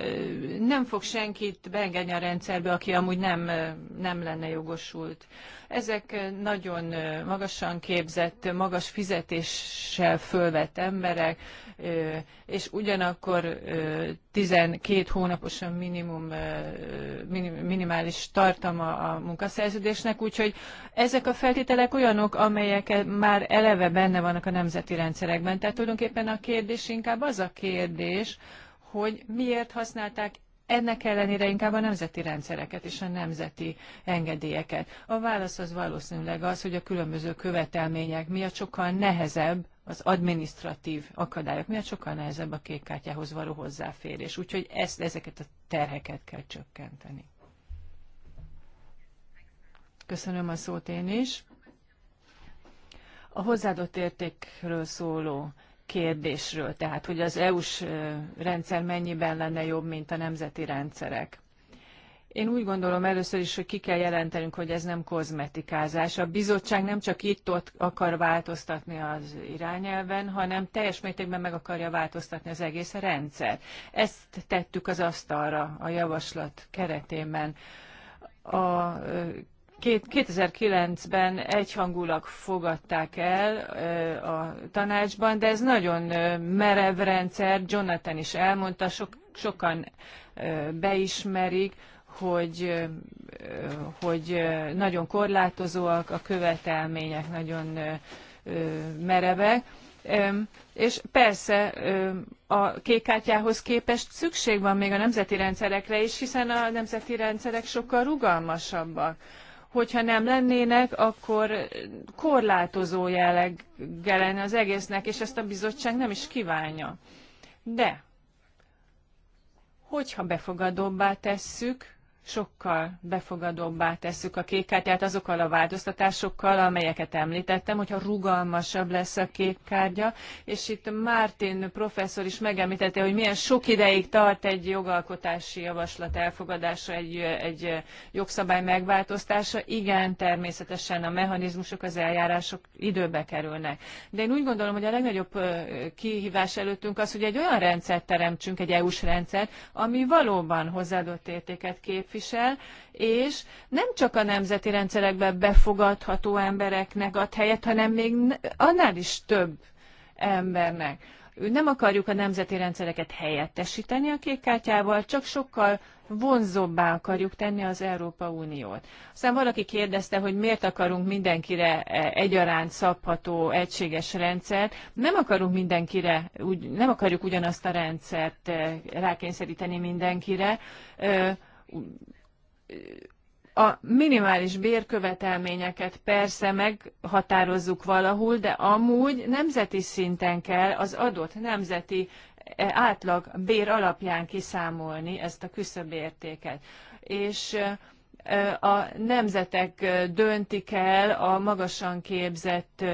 nem fog senkit beengedni a rendszerbe, aki amúgy nem, nem lenne jogosult. Ezek nagyon magasan képzett, magas fizetéssel fölvett emberek, és ugyanakkor 12 hónaposan minimum, minimális tartama a munkaszerződésnek, úgyhogy ezek a feltételek olyanok, amelyek már eleve benne vannak a nemzeti rendszerekben. Tehát tulajdonképpen a kérdés inkább az a kérdés, hogy miért használták ennek ellenére inkább a nemzeti rendszereket és a nemzeti engedélyeket. A válasz az valószínűleg az, hogy a különböző követelmények miatt sokkal nehezebb az administratív akadályok miatt sokkal nehezebb a kékkártyához való hozzáférés. Úgyhogy ezt, ezeket a terheket kell csökkenteni. Köszönöm a szót én is a hozzáadott értékről szóló kérdésről, tehát hogy az EU-s rendszer mennyiben lenne jobb, mint a nemzeti rendszerek. Én úgy gondolom először is, hogy ki kell jelentenünk, hogy ez nem kozmetikázás. A bizottság nem csak itt-ott akar változtatni az irányelven, hanem teljes mértékben meg akarja változtatni az egész rendszer. Ezt tettük az asztalra a javaslat keretében. A 2009-ben egyhangulag fogadták el a tanácsban, de ez nagyon merev rendszer, Jonathan is elmondta, sok, sokan beismerik, hogy, hogy nagyon korlátozóak, a követelmények nagyon merevek. És persze a kékkártyához képest szükség van még a nemzeti rendszerekre is, hiszen a nemzeti rendszerek sokkal rugalmasabbak Hogyha nem lennének, akkor korlátozó jelleg lenne az egésznek, és ezt a bizottság nem is kívánja. De, hogyha befogadóbbá tesszük, sokkal befogadóbbá tesszük a kékkártyát azokkal a változtatásokkal, amelyeket említettem, hogyha rugalmasabb lesz a kékkártya. És itt Mártin professzor is megemlítette, hogy milyen sok ideig tart egy jogalkotási javaslat elfogadása, egy, egy jogszabály megváltoztása. Igen, természetesen a mechanizmusok, az eljárások időbe kerülnek. De én úgy gondolom, hogy a legnagyobb kihívás előttünk az, hogy egy olyan rendszert teremtsünk, egy EU-s rendszert, ami valóban hozzáadott értéket kép képvisel, és nem csak a nemzeti rendszerekbe befogadható embereknek ad helyet, hanem még annál is több embernek. Nem akarjuk a nemzeti rendszereket helyettesíteni a kékkártyával, csak sokkal vonzóbbá akarjuk tenni az Európa Uniót. Aztán valaki kérdezte, hogy miért akarunk mindenkire e, egyaránt szabható, egységes rendszert. Nem akarunk mindenkire, nem akarjuk ugyanazt a rendszert e, rákényszeríteni mindenkire a minimális bérkövetelményeket persze meghatározzuk valahol, de amúgy nemzeti szinten kell az adott nemzeti e, átlag bér alapján kiszámolni ezt a küszöbértéket. És a nemzetek döntik el a magasan képzett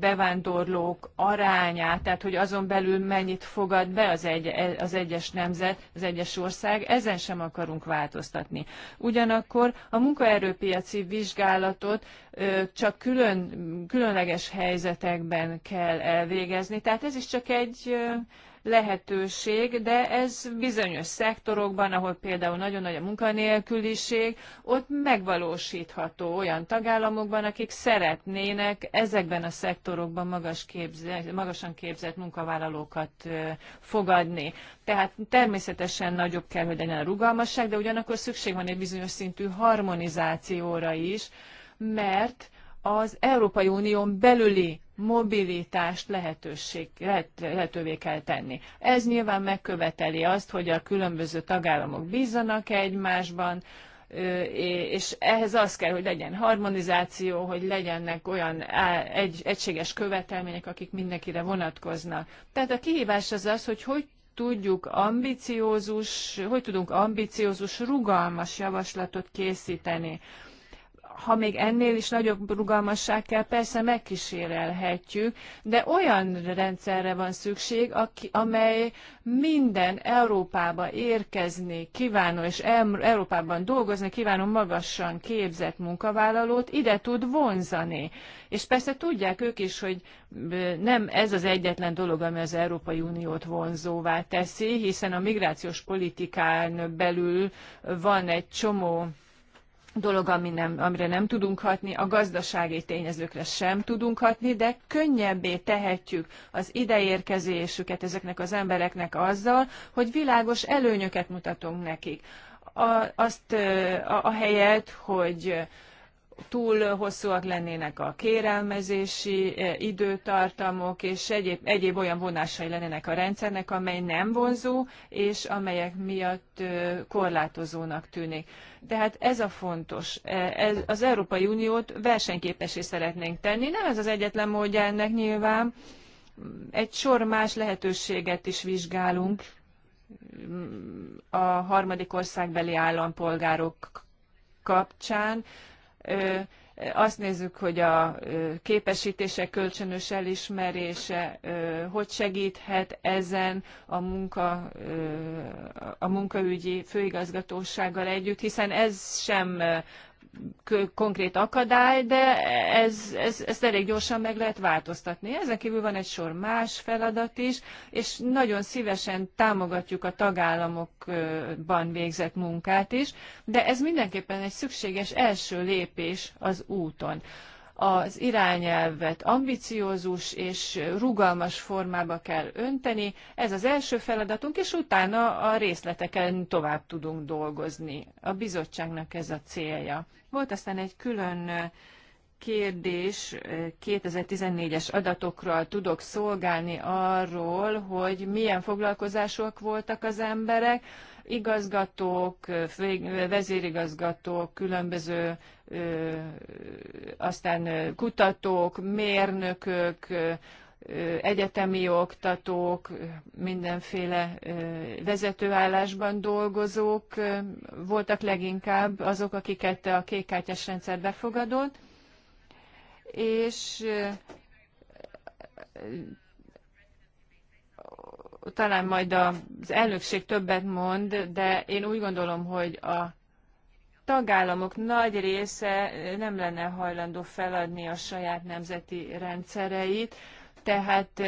bevándorlók arányát, tehát hogy azon belül mennyit fogad be az, egy, e, az egyes nemzet, az egyes ország, ezen sem akarunk változtatni. Ugyanakkor a munkaerőpiaci vizsgálatot csak külön, különleges helyzetekben kell elvégezni, tehát ez is csak egy lehetőség, de ez bizonyos szektorokban, ahol például nagyon nagy a munkanélküliség, ott megvalósítható olyan tagállamokban, akik szeretnének ezekben a szektorokban magas képzett, magasan képzett munkavállalókat fogadni. Tehát természetesen nagyobb kell, hogy legyen a rugalmasság, de ugyanakkor szükség van egy bizonyos szintű harmonizációra is, mert az Európai Unión belüli mobilitást lehetőség, lehet, lehetővé kell tenni. Ez nyilván megköveteli azt, hogy a különböző tagállamok bízzanak egymásban, és ehhez az kell, hogy legyen harmonizáció, hogy legyenek olyan egy, egységes követelmények, akik mindenkire vonatkoznak. Tehát a kihívás az az, hogy hogy tudjuk ambiciózus, hogy tudunk ambiciózus, rugalmas javaslatot készíteni ha még ennél is nagyobb rugalmasság kell, persze megkísérelhetjük, de olyan rendszerre van szükség, aki, amely minden Európába érkezni kívánó és Európában dolgozni kívánó magasan képzett munkavállalót ide tud vonzani. És persze tudják ők is, hogy nem ez az egyetlen dolog, ami az Európai Uniót vonzóvá teszi, hiszen a migrációs politikán belül van egy csomó dolog, ami nem, amire nem tudunk hatni, a gazdasági tényezőkre sem tudunk hatni, de könnyebbé tehetjük az ideérkezésüket ezeknek az embereknek azzal, hogy világos előnyöket mutatunk nekik. A, azt a, a helyet, hogy túl hosszúak lennének a kérelmezési eh, időtartamok, és egyéb, egyéb olyan vonásai lennének a rendszernek, amely nem vonzó, és amelyek miatt eh, korlátozónak tűnik. Tehát ez a fontos. Eh, ez, az Európai Uniót versenyképesé szeretnénk tenni. Nem ez az egyetlen módja ennek nyilván. Egy sor más lehetőséget is vizsgálunk mm, a harmadik országbeli állampolgárok kapcsán azt nézzük, hogy a képesítések kölcsönös elismerése hogy segíthet ezen a, munka, a munkaügyi főigazgatósággal együtt, hiszen ez sem konkrét akadály, de ez, ez, ezt elég gyorsan meg lehet változtatni. Ezen kívül van egy sor más feladat is, és nagyon szívesen támogatjuk a tagállamokban végzett munkát is, de ez mindenképpen egy szükséges első lépés az úton az irányelvet ambiciózus és rugalmas formába kell önteni. Ez az első feladatunk, és utána a részleteken tovább tudunk dolgozni. A bizottságnak ez a célja. Volt aztán egy külön kérdés, 2014-es adatokról tudok szolgálni arról, hogy milyen foglalkozások voltak az emberek, igazgatók, vezérigazgatók, különböző aztán kutatók, mérnökök, egyetemi oktatók, mindenféle vezetőállásban dolgozók voltak leginkább azok, akiket a kékkártyás rendszer befogadott, és talán majd az elnökség többet mond, de én úgy gondolom, hogy a tagállamok nagy része nem lenne hajlandó feladni a saját nemzeti rendszereit, tehát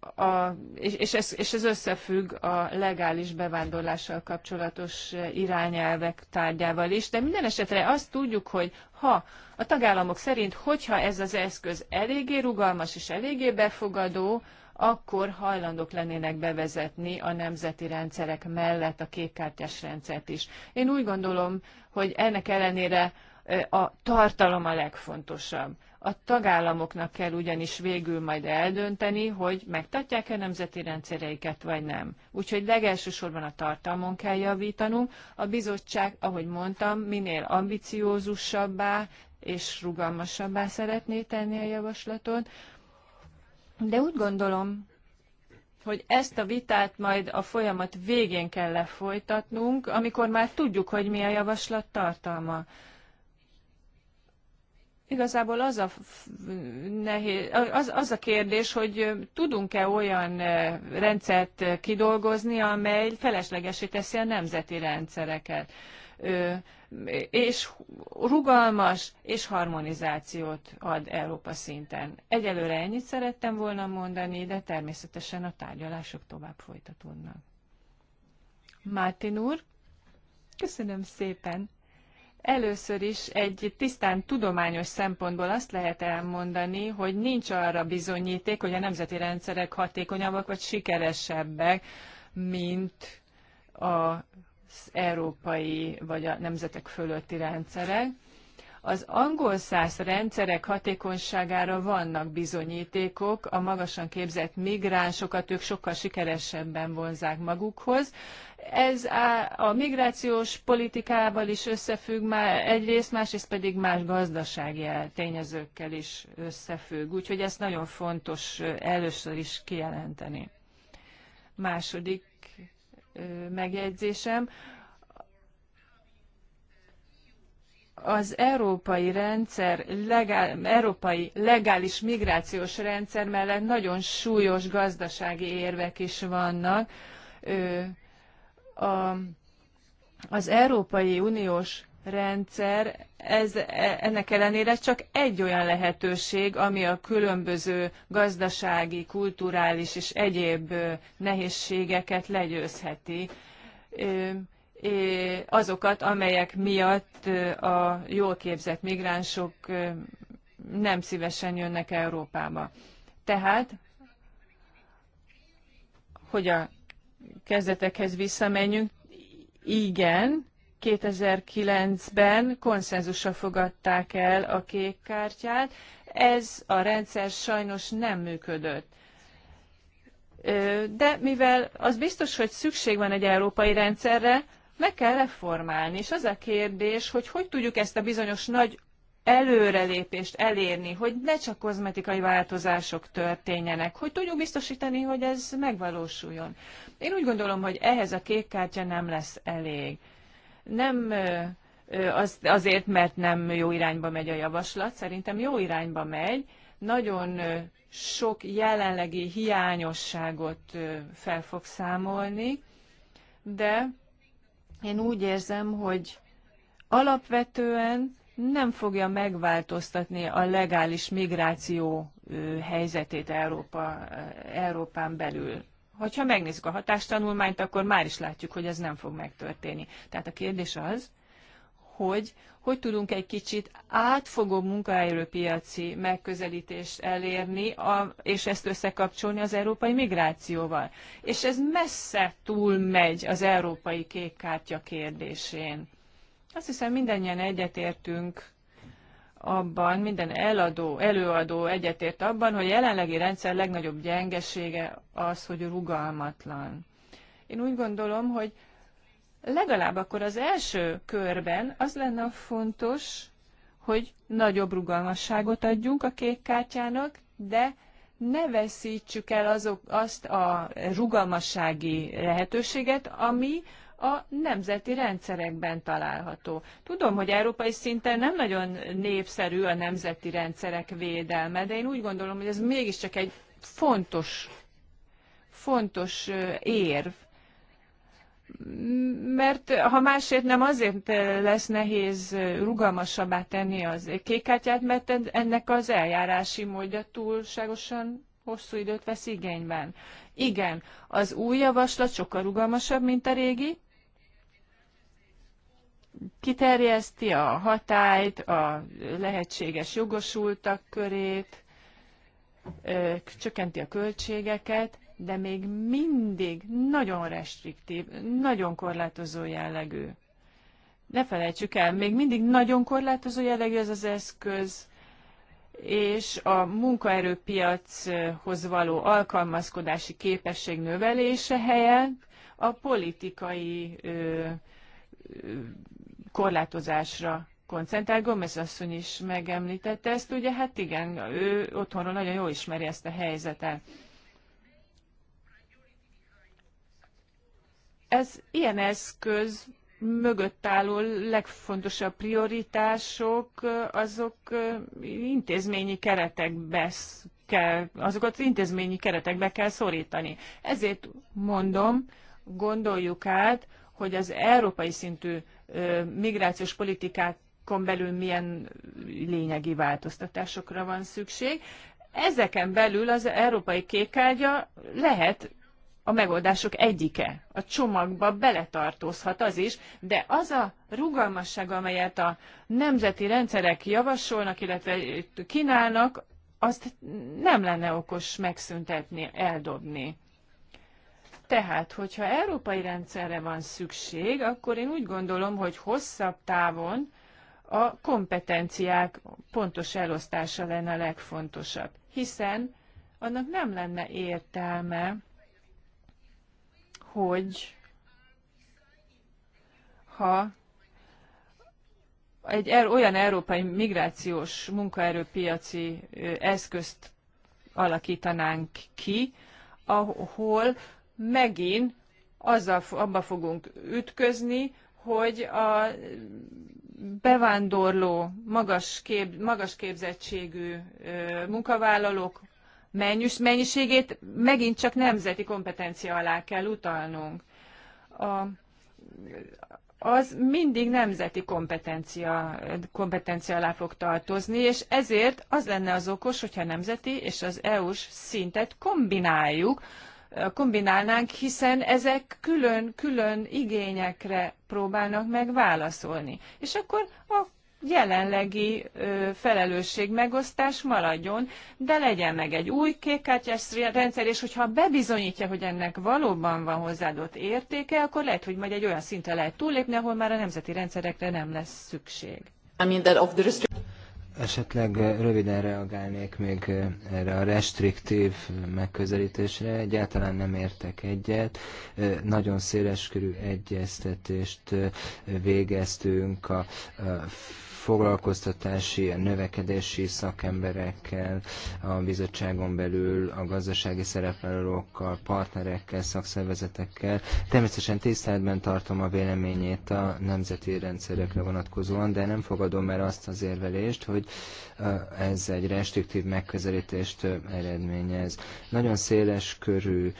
a, és, és, ez, és ez összefügg a legális bevándorlással kapcsolatos irányelvek tárgyával is, de minden esetre azt tudjuk, hogy ha a tagállamok szerint, hogyha ez az eszköz eléggé rugalmas és eléggé befogadó, akkor hajlandók lennének bevezetni a nemzeti rendszerek mellett a kékkártyás rendszert is. Én úgy gondolom, hogy ennek ellenére a tartalom a legfontosabb. A tagállamoknak kell ugyanis végül majd eldönteni, hogy megtartják-e nemzeti rendszereiket, vagy nem. Úgyhogy legelsősorban a tartalmon kell javítanunk. A bizottság, ahogy mondtam, minél ambiciózusabbá és rugalmasabbá szeretné tenni a javaslatot, de úgy gondolom, hogy ezt a vitát majd a folyamat végén kell lefolytatnunk, amikor már tudjuk, hogy mi a javaslat tartalma. Igazából az a, nehéz, az, az a kérdés, hogy tudunk-e olyan rendszert kidolgozni, amely feleslegesé teszi a nemzeti rendszereket, és rugalmas és harmonizációt ad Európa szinten. Egyelőre ennyit szerettem volna mondani, de természetesen a tárgyalások tovább folytatódnak. Mártin úr, köszönöm szépen! Először is egy tisztán tudományos szempontból azt lehet elmondani, hogy nincs arra bizonyíték, hogy a nemzeti rendszerek hatékonyabbak vagy sikeresebbek, mint az európai vagy a nemzetek fölötti rendszerek az angol száz rendszerek hatékonyságára vannak bizonyítékok, a magasan képzett migránsokat ők sokkal sikeresebben vonzák magukhoz. Ez a, migrációs politikával is összefügg már egyrészt, másrészt pedig más gazdasági tényezőkkel is összefügg. Úgyhogy ezt nagyon fontos először is kijelenteni. Második megjegyzésem az európai rendszer, legál, európai legális migrációs rendszer mellett nagyon súlyos gazdasági érvek is vannak. a, az Európai Uniós rendszer, ez, e, ennek ellenére csak egy olyan lehetőség, ami a különböző gazdasági, kulturális és egyéb nehézségeket legyőzheti. Ö, azokat, amelyek miatt a jól képzett migránsok nem szívesen jönnek Európába. Tehát, hogy a kezdetekhez visszamenjünk, igen, 2009-ben konszenzusra fogadták el a kék kártyát. Ez a rendszer sajnos nem működött. De mivel az biztos, hogy szükség van egy európai rendszerre, meg kell reformálni. És az a kérdés, hogy hogy tudjuk ezt a bizonyos nagy előrelépést elérni, hogy ne csak kozmetikai változások történjenek, hogy tudjuk biztosítani, hogy ez megvalósuljon. Én úgy gondolom, hogy ehhez a kék kártya nem lesz elég. Nem az, azért, mert nem jó irányba megy a javaslat, szerintem jó irányba megy, nagyon sok jelenlegi hiányosságot fel fog számolni, de én úgy érzem, hogy alapvetően nem fogja megváltoztatni a legális migráció helyzetét Európa, Európán belül. Hogyha megnézzük a hatástanulmányt, akkor már is látjuk, hogy ez nem fog megtörténni. Tehát a kérdés az, hogy hogy tudunk egy kicsit átfogó munkaerőpiaci megközelítést elérni, a, és ezt összekapcsolni az európai migrációval. És ez messze túl megy az európai kékkártya kérdésén. Azt hiszem mindannyian egyetértünk abban, minden eladó, előadó egyetért abban, hogy a jelenlegi rendszer legnagyobb gyengesége az, hogy rugalmatlan. Én úgy gondolom, hogy legalább akkor az első körben az lenne a fontos, hogy nagyobb rugalmasságot adjunk a kék kártyának, de ne veszítsük el azok, azt a rugalmassági lehetőséget, ami a nemzeti rendszerekben található. Tudom, hogy európai szinten nem nagyon népszerű a nemzeti rendszerek védelme, de én úgy gondolom, hogy ez mégiscsak egy fontos, fontos érv, mert ha másért nem azért lesz nehéz rugalmasabbá tenni az kékkártyát, mert ennek az eljárási módja túlságosan hosszú időt vesz igényben. Igen, az új javaslat sokkal rugalmasabb, mint a régi, kiterjeszti a hatályt, a lehetséges jogosultak körét, csökkenti a költségeket, de még mindig nagyon restriktív, nagyon korlátozó jellegű. Ne felejtsük el, még mindig nagyon korlátozó jellegű ez az eszköz, és a munkaerőpiachoz való alkalmazkodási képesség növelése helyett a politikai ö, ö, korlátozásra koncentrál. Gomez asszony is megemlítette ezt, ugye hát igen, ő otthonról nagyon jól ismeri ezt a helyzetet. Ez ilyen eszköz mögött álló legfontosabb prioritások, azok intézményi keretekbe kell, azokat intézményi keretekbe kell szorítani. Ezért mondom, gondoljuk át, hogy az európai szintű migrációs politikákon belül milyen lényegi változtatásokra van szükség. Ezeken belül az európai kékágya lehet a megoldások egyike. A csomagba beletartózhat az is, de az a rugalmasság, amelyet a nemzeti rendszerek javasolnak, illetve kínálnak, azt nem lenne okos megszüntetni, eldobni. Tehát, hogyha európai rendszerre van szükség, akkor én úgy gondolom, hogy hosszabb távon a kompetenciák pontos elosztása lenne a legfontosabb, hiszen annak nem lenne értelme, hogy ha egy er, olyan európai migrációs munkaerőpiaci eszközt alakítanánk ki, ahol megint azzal, abba fogunk ütközni, hogy a bevándorló, magas, kép, magas képzettségű munkavállalók mennyiségét megint csak nemzeti kompetencia alá kell utalnunk. A, az mindig nemzeti kompetencia, kompetencia alá fog tartozni, és ezért az lenne az okos, hogyha nemzeti és az EU-s szintet kombináljuk, kombinálnánk, hiszen ezek külön-külön igényekre próbálnak megválaszolni. És akkor a jelenlegi ö, felelősség megosztás maradjon, de legyen meg egy új kékkártyás rendszer, és hogyha bebizonyítja, hogy ennek valóban van hozzáadott értéke, akkor lehet, hogy majd egy olyan szintre lehet túllépni, ahol már a nemzeti rendszerekre nem lesz szükség. I mean that of the Esetleg röviden reagálnék még erre a restriktív megközelítésre. Egyáltalán nem értek egyet. Nagyon széleskörű egyeztetést végeztünk a foglalkoztatási, a növekedési szakemberekkel, a bizottságon belül, a gazdasági szereplőkkel, partnerekkel, szakszervezetekkel. Természetesen tiszteletben tartom a véleményét a nemzeti rendszerekre vonatkozóan, de nem fogadom el azt az érvelést, hogy ez egy restriktív megközelítést eredményez. Nagyon széles körű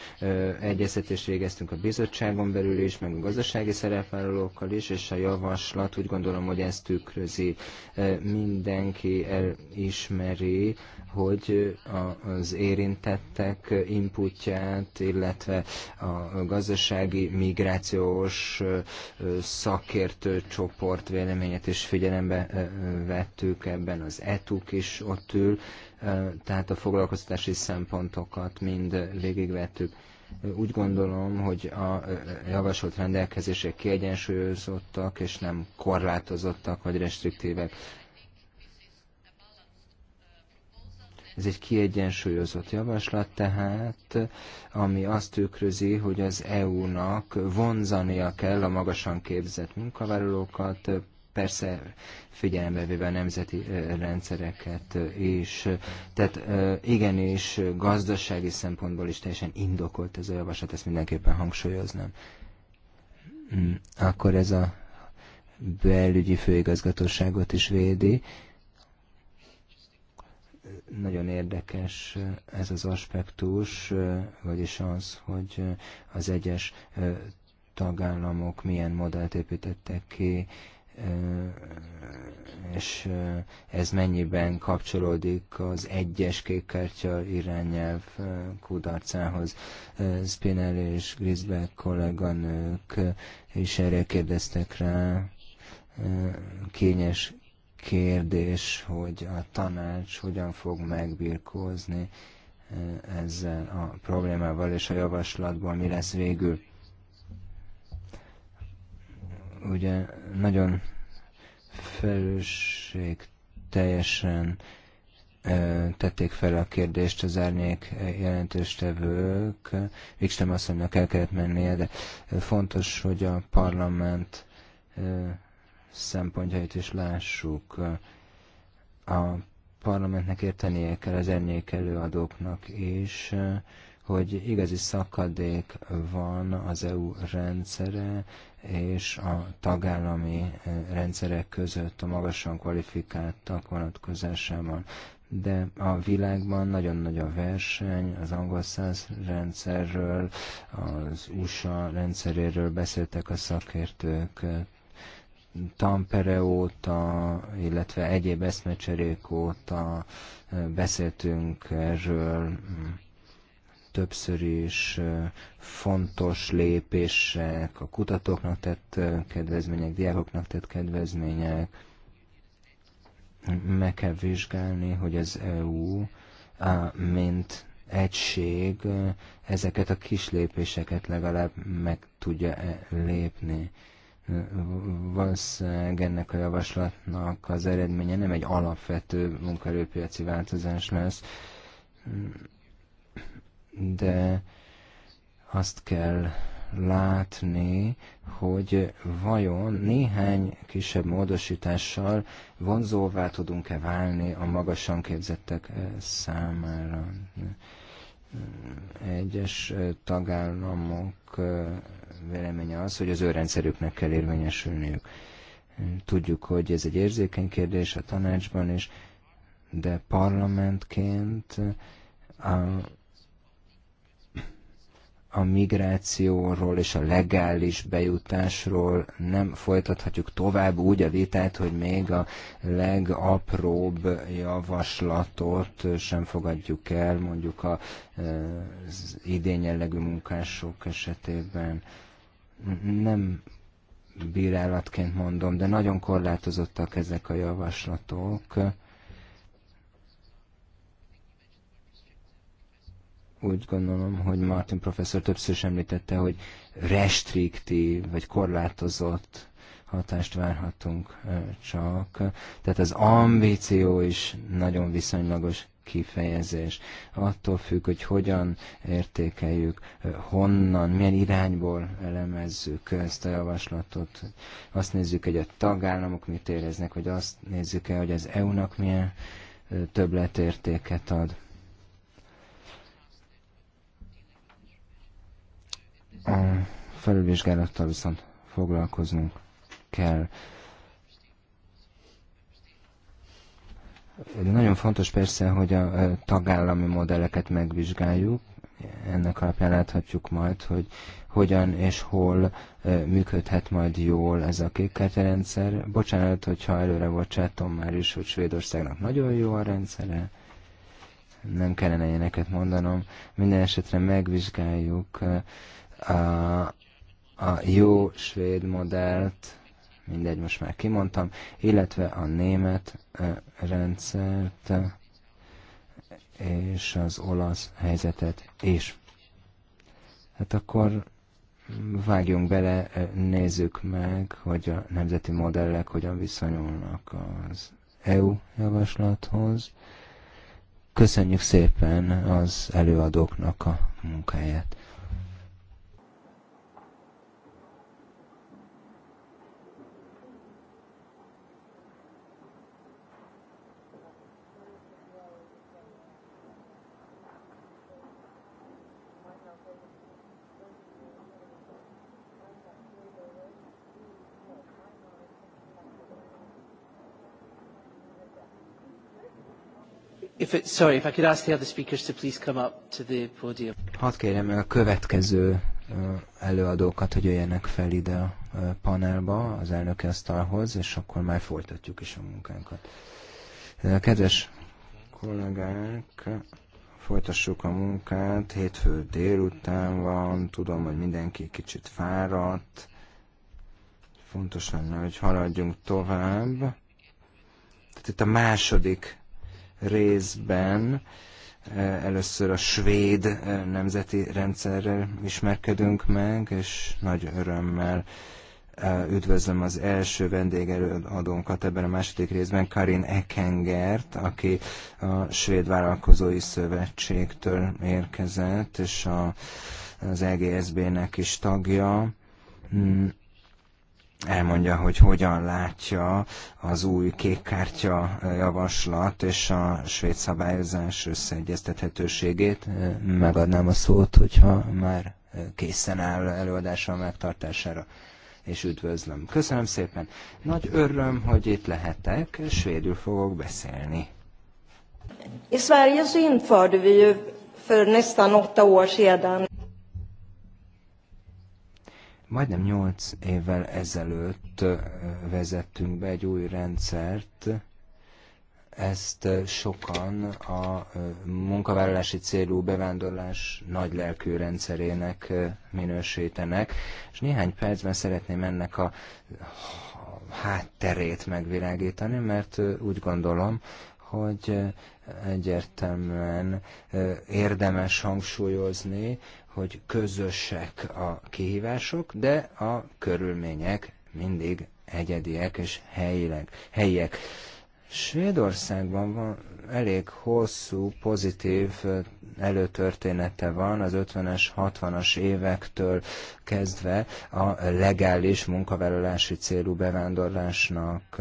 egyeztetést végeztünk a bizottságon belül is, meg a gazdasági szerepvállalókkal is, és a javaslat úgy gondolom, hogy ezt tükrözi. Mindenki elismeri, hogy az érintettek inputját, illetve a gazdasági migrációs szakértő csoport véleményét is figyelembe vettük, ebben az etuk is ott ül, tehát a foglalkoztatási szempontokat mind végigvettük úgy gondolom, hogy a javasolt rendelkezések kiegyensúlyozottak és nem korlátozottak vagy restriktívek. Ez egy kiegyensúlyozott javaslat tehát, ami azt tükrözi, hogy az EU-nak vonzania kell a magasan képzett munkavállalókat, persze figyelembe véve a nemzeti rendszereket is. Tehát igenis gazdasági szempontból is teljesen indokolt ez a javaslat, ezt mindenképpen hangsúlyoznám. Hm, akkor ez a belügyi főigazgatóságot is védi. Nagyon érdekes ez az aspektus, vagyis az, hogy az egyes tagállamok milyen modellt építettek ki, és ez mennyiben kapcsolódik az egyes kékkártya irányelv kudarcához. Spinelli és Grisbeck kolléganők is erre kérdeztek rá kényes kérdés, hogy a tanács hogyan fog megbirkózni e, ezzel a problémával, és a javaslatból mi lesz végül. Ugye nagyon felülség teljesen e, tették fel a kérdést az árnyék jelentéstevők. Wikström asszonynak el kellett mennie, de fontos, hogy a parlament e, szempontjait is lássuk. A parlamentnek értenie kell az ennék előadóknak is, hogy igazi szakadék van az EU rendszere és a tagállami eh, rendszerek között a magasan kvalifikáltak vonatkozásában. De a világban nagyon nagy a verseny, az angol száz rendszerről, az USA rendszeréről beszéltek a szakértők, Tampere óta, illetve egyéb eszmecserék óta beszéltünk erről többször is fontos lépések, a kutatóknak tett kedvezmények, diákoknak tett kedvezmények. Meg kell vizsgálni, hogy az EU, mint egység, ezeket a kis lépéseket legalább meg tudja -e lépni valószínűleg ennek a javaslatnak az eredménye nem egy alapvető munkaerőpiaci változás lesz, de azt kell látni, hogy vajon néhány kisebb módosítással vonzóvá tudunk-e válni a magasan képzettek számára. Egyes tagállamok véleménye az, hogy az ő rendszerüknek kell érvényesülniük. Tudjuk, hogy ez egy érzékeny kérdés a tanácsban is, de parlamentként a a migrációról és a legális bejutásról nem folytathatjuk tovább úgy a vitát, hogy még a legapróbb javaslatot sem fogadjuk el, mondjuk az idén jellegű munkások esetében. Nem bírálatként mondom, de nagyon korlátozottak ezek a javaslatok úgy gondolom, hogy Martin professzor többször is említette, hogy restriktív vagy korlátozott hatást várhatunk csak. Tehát az ambíció is nagyon viszonylagos kifejezés. Attól függ, hogy hogyan értékeljük, honnan, milyen irányból elemezzük ezt a javaslatot. Azt nézzük, hogy a tagállamok mit éreznek, vagy azt nézzük el, hogy az EU-nak milyen többletértéket ad. A felülvizsgálattal viszont foglalkoznunk kell. De nagyon fontos persze, hogy a e, tagállami modelleket megvizsgáljuk. Ennek alapján láthatjuk majd, hogy hogyan és hol e, működhet majd jól ez a kékkártyarendszer. Bocsánat, hogyha előre bocsátom már is, hogy Svédországnak nagyon jó a rendszere. Nem kellene ilyeneket mondanom. Minden esetre megvizsgáljuk e, a, a jó svéd modellt, mindegy, most már kimondtam, illetve a német rendszert és az olasz helyzetet is. Hát akkor vágjunk bele, nézzük meg, hogy a nemzeti modellek hogyan viszonyulnak az EU javaslathoz. Köszönjük szépen az előadóknak a munkáját. If it, sorry, if I could ask the other speakers to please come up to the podium. kérem a következő előadókat, hogy jöjjenek fel ide a panelba, az elnöki asztalhoz, és akkor már folytatjuk is a munkánkat. Kedves kollégák, folytassuk a munkát, hétfő délután van, tudom, hogy mindenki kicsit fáradt, fontos lenne, hogy haladjunk tovább. Tehát itt a második részben. Eh, először a svéd eh, nemzeti rendszerrel ismerkedünk meg, és nagy örömmel eh, üdvözlöm az első vendégelőadónkat ebben a második részben, Karin Ekengert, aki a Svéd Vállalkozói Szövetségtől érkezett, és a, az EGSB-nek is tagja mm, elmondja, hogy hogyan látja az új kékkártya javaslat és a svéd szabályozás összeegyeztethetőségét. Megadnám a szót, hogyha már készen áll előadása megtartására és üdvözlöm. Köszönöm szépen. Nagy öröm, hogy itt lehetek, svédül fogok beszélni. I Sverige så införde vi ju för nästan åtta år sedan Majdnem 8 évvel ezelőtt vezettünk be egy új rendszert, ezt sokan a munkavállalási célú bevándorlás nagy lelkű rendszerének minősítenek, és néhány percben szeretném ennek a hátterét megvilágítani, mert úgy gondolom, hogy egyértelműen érdemes hangsúlyozni, hogy közösek a kihívások, de a körülmények mindig egyediek és helyileg, helyiek. Svédországban van elég hosszú, pozitív előtörténete van az 50-es, 60-as évektől kezdve a legális munkavállalási célú bevándorlásnak.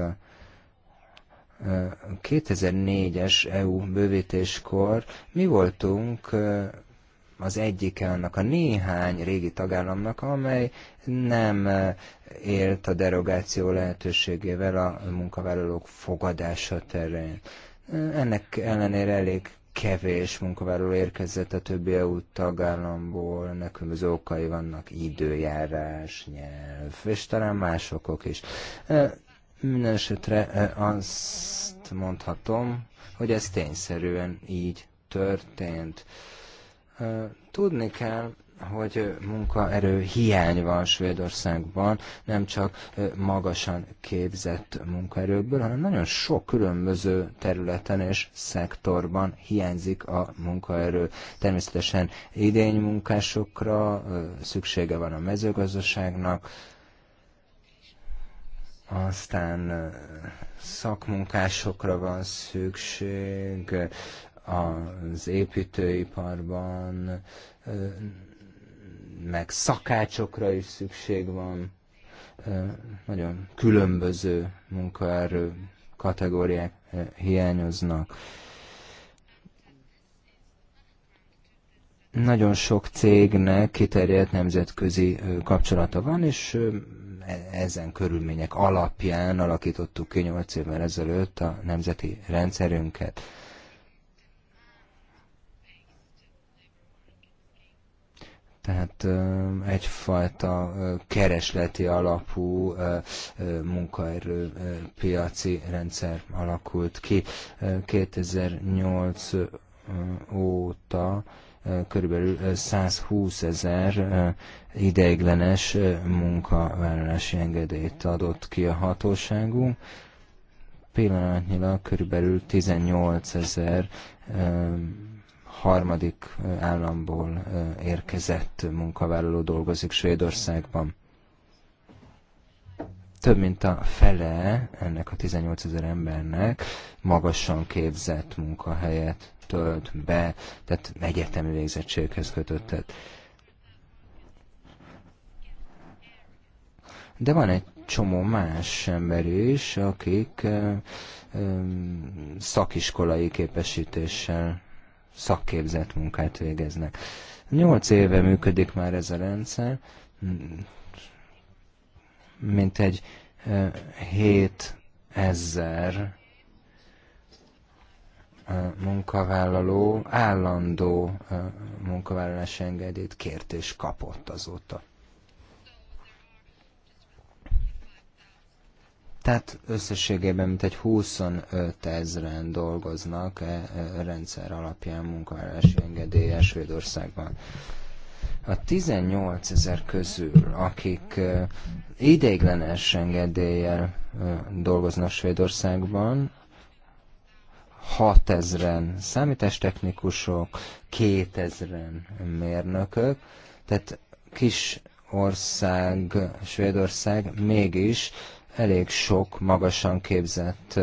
2004-es EU bővítéskor mi voltunk az egyike annak a néhány régi tagállamnak, amely nem eh, élt a derogáció lehetőségével a munkavállalók fogadása terén. Eh, ennek ellenére elég kevés munkavállaló érkezett a többi EU tagállamból, ennek különböző okai vannak, időjárás, nyelv, és talán más okok is. Eh, minden esetre azt mondhatom, hogy ez tényszerűen így történt. Tudni kell, hogy munkaerő hiány van Svédországban, nem csak magasan képzett munkaerőkből, hanem nagyon sok különböző területen és szektorban hiányzik a munkaerő. Természetesen munkásokra szüksége van a mezőgazdaságnak, aztán szakmunkásokra van szükség, az építőiparban, meg szakácsokra is szükség van, nagyon különböző munkaerő kategóriák hiányoznak. Nagyon sok cégnek kiterjedt nemzetközi kapcsolata van, és e, ezen körülmények alapján alakítottuk ki 8 évvel ezelőtt a nemzeti rendszerünket. Tehát egyfajta keresleti alapú munkaerőpiaci rendszer alakult ki. 2008 óta körülbelül 120 ezer ideiglenes munkavállalási engedélyt adott ki a hatóságunk. Pillanatnyilag körülbelül 18 ezer harmadik államból érkezett munkavállaló dolgozik Svédországban. Több mint a fele ennek a 18 ezer embernek magasan képzett munkahelyet tölt be, tehát egyetemi végzettséghez kötöttet. De van egy csomó más ember is, akik szakiskolai képesítéssel szakképzett munkát végeznek. Nyolc éve működik már ez a rendszer, mint egy 7000 munkavállaló állandó munkavállalási engedélyt kért és kapott azóta. Tehát összességében mintegy 25 ezeren dolgoznak e, e rendszer alapján munkavállalási engedélye Svédországban. A 18 ezer közül, akik e, ideiglenes engedéllyel e, dolgoznak Svédországban, 6 ezeren számítástechnikusok, 2 ezeren mérnökök, tehát kis ország, Svédország mégis elég sok magasan képzett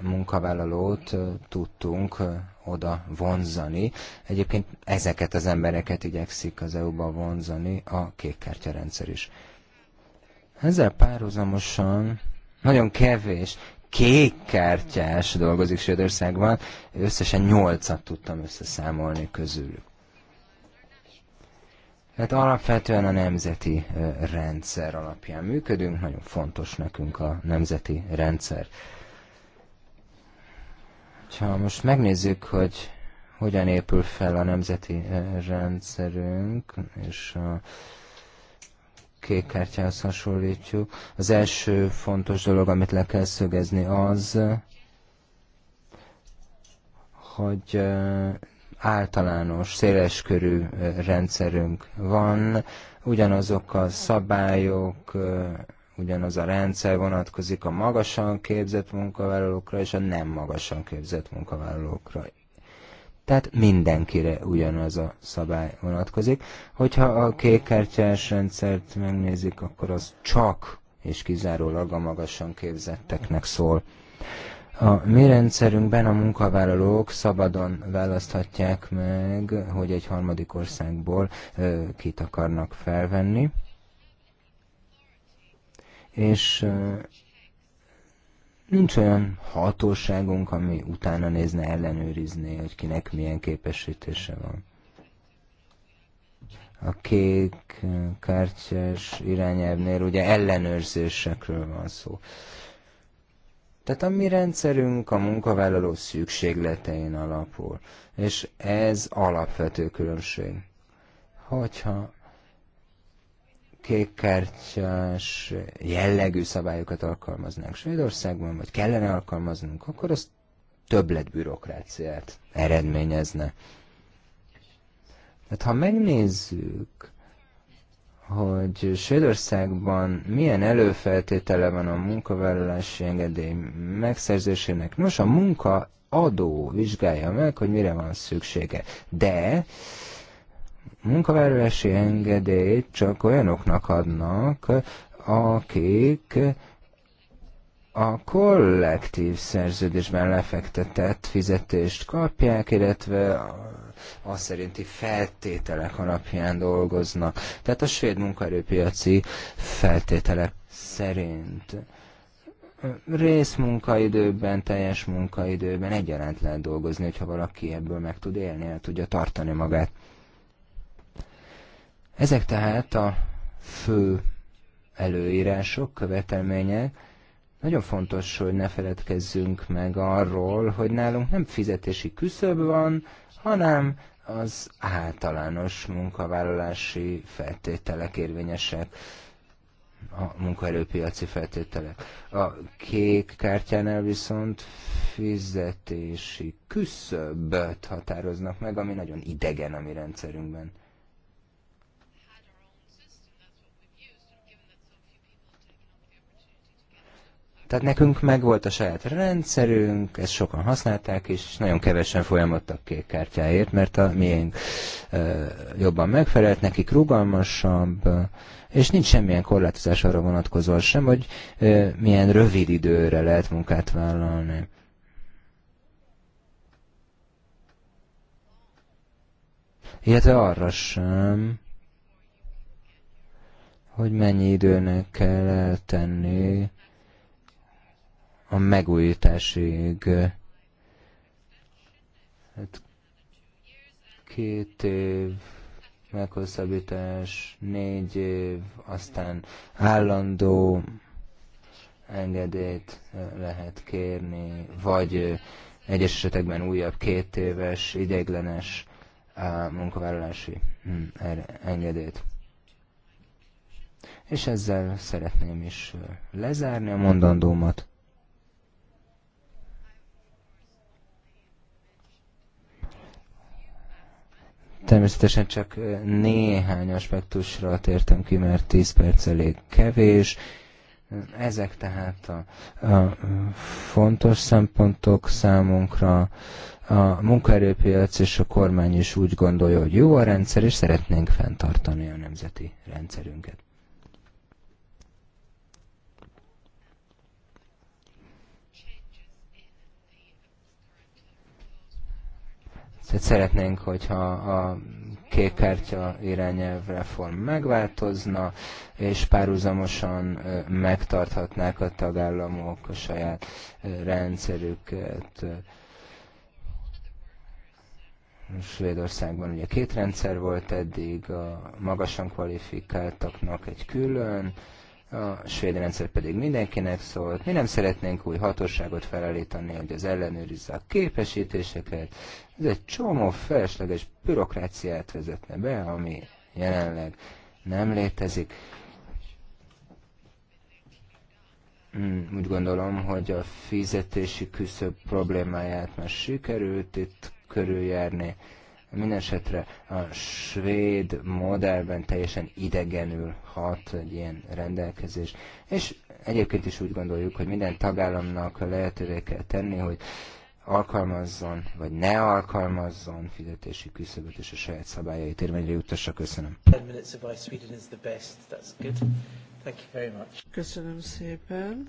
munkavállalót tudtunk oda vonzani. Egyébként ezeket az embereket igyekszik az EU-ba vonzani a kékkártyarendszer is. Ezzel párhuzamosan nagyon kevés kékkártyás dolgozik Svédországban, összesen nyolcat tudtam összeszámolni közülük. Hát alapvetően a nemzeti rendszer alapján működünk, nagyon fontos nekünk a nemzeti rendszer. Ha most megnézzük, hogy hogyan épül fel a nemzeti rendszerünk, és a kék hasonlítjuk. Az első fontos dolog, amit le kell szögezni, az, hogy általános, széleskörű rendszerünk van, ugyanazok a szabályok, ugyanaz a rendszer vonatkozik a magasan képzett munkavállalókra és a nem magasan képzett munkavállalókra. Tehát mindenkire ugyanaz a szabály vonatkozik. Hogyha a kékkártyás rendszert megnézik, akkor az csak és kizárólag a magasan képzetteknek szól. A mi rendszerünkben a munkavállalók szabadon választhatják meg, hogy egy harmadik országból kit akarnak felvenni, és nincs olyan hatóságunk, ami utána nézne, ellenőrizné, hogy kinek milyen képesítése van. A kék kártyás irányelvnél ugye ellenőrzésekről van szó. Tehát a mi rendszerünk a munkavállaló szükségletein alapul, és ez alapvető különbség. Hogyha kékkártyás jellegű szabályokat alkalmaznánk Svédországban, vagy kellene alkalmaznunk, akkor az bürokráciát eredményezne. Tehát ha megnézzük hogy Svédországban milyen előfeltétele van a munkavállalási engedély megszerzésének. Nos, a munkaadó vizsgálja meg, hogy mire van szüksége. De munkavállalási engedélyt csak olyanoknak adnak, akik a kollektív szerződésben lefektetett fizetést kapják, illetve az szerinti feltételek alapján dolgoznak. Tehát a svéd munkaerőpiaci feltételek szerint részmunkaidőben, teljes munkaidőben egyaránt lehet dolgozni, hogyha valaki ebből meg tud élni, el tudja tartani magát. Ezek tehát a fő előírások, követelmények. Nagyon fontos, hogy ne feledkezzünk meg arról, hogy nálunk nem fizetési küszöb van, hanem az általános munkavállalási feltételek érvényesek, a munkaerőpiaci feltételek. A kék kártyánál viszont fizetési küszöböt határoznak meg, ami nagyon idegen a mi rendszerünkben. Tehát nekünk megvolt a saját rendszerünk, ezt sokan használták, és nagyon kevesen folyamodtak kék kártyáért, mert a miénk jobban megfelelt, nekik rugalmasabb, és nincs semmilyen korlátozás arra vonatkozóan sem, hogy milyen rövid időre lehet munkát vállalni. Illetve arra sem, hogy mennyi időnek kell eltenni, a megújításig. Hát két év meghosszabbítás, négy év, aztán állandó engedélyt lehet kérni, vagy egyes esetekben újabb két éves ideiglenes munkavállalási hm, er, engedélyt. És ezzel szeretném is lezárni a mondandómat. Természetesen csak néhány aspektusra tértem ki, mert 10 perc elég kevés. Ezek tehát a, a fontos szempontok számunkra. A munkaerőpiac és a kormány is úgy gondolja, hogy jó a rendszer, és szeretnénk fenntartani a nemzeti rendszerünket. Tehát szeretnénk, hogyha a kék kártya irányelv reform megváltozna, és párhuzamosan megtarthatnák a tagállamok a saját rendszerüket. Svédországban ugye két rendszer volt eddig, a magasan kvalifikáltaknak egy külön, a svéd rendszer pedig mindenkinek szólt. Mi nem szeretnénk új hatóságot felállítani, hogy az ellenőrizze a képesítéseket. Ez egy csomó felesleges bürokráciát vezetne be, ami jelenleg nem létezik. Mm, úgy gondolom, hogy a fizetési küszöb problémáját már sikerült itt körüljárni. Mindenesetre a svéd modellben teljesen idegenül hat egy ilyen rendelkezés, és egyébként is úgy gondoljuk, hogy minden tagállamnak lehetővé kell tenni, hogy alkalmazzon, vagy ne alkalmazzon fizetési küszöböt és a saját szabályait érvényre juttassa. Köszönöm. Köszönöm szépen.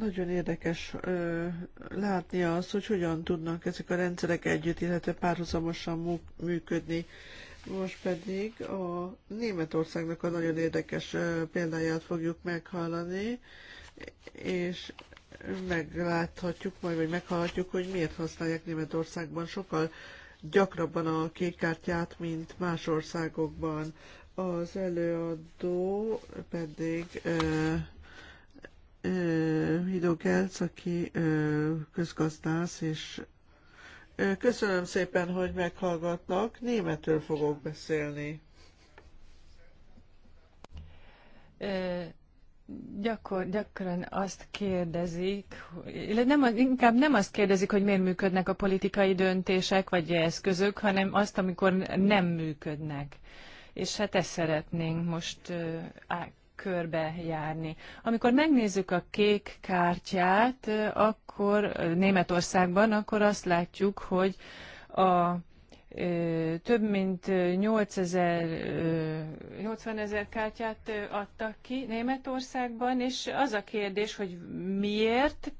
Nagyon érdekes ö, látni azt, hogy hogyan tudnak ezek a rendszerek együtt, illetve párhuzamosan működni. Most pedig a Németországnak a nagyon érdekes ö, példáját fogjuk meghallani, és megláthatjuk majd, vagy meghallhatjuk, hogy miért használják Németországban sokkal gyakrabban a kékkártyát, mint más országokban. Az előadó pedig... Ö, Hidó Kelc, aki közgazdász, és köszönöm szépen, hogy meghallgatnak. Németül fogok beszélni. Ö, gyakor, gyakran azt kérdezik, nem, inkább nem azt kérdezik, hogy miért működnek a politikai döntések vagy eszközök, hanem azt, amikor nem működnek. És hát ezt szeretnénk most körbe járni. Amikor megnézzük a kék kártyát, akkor Németországban, akkor azt látjuk, hogy a több mint 8000, 80 ezer kártyát adtak ki Németországban, és az a kérdés, hogy miért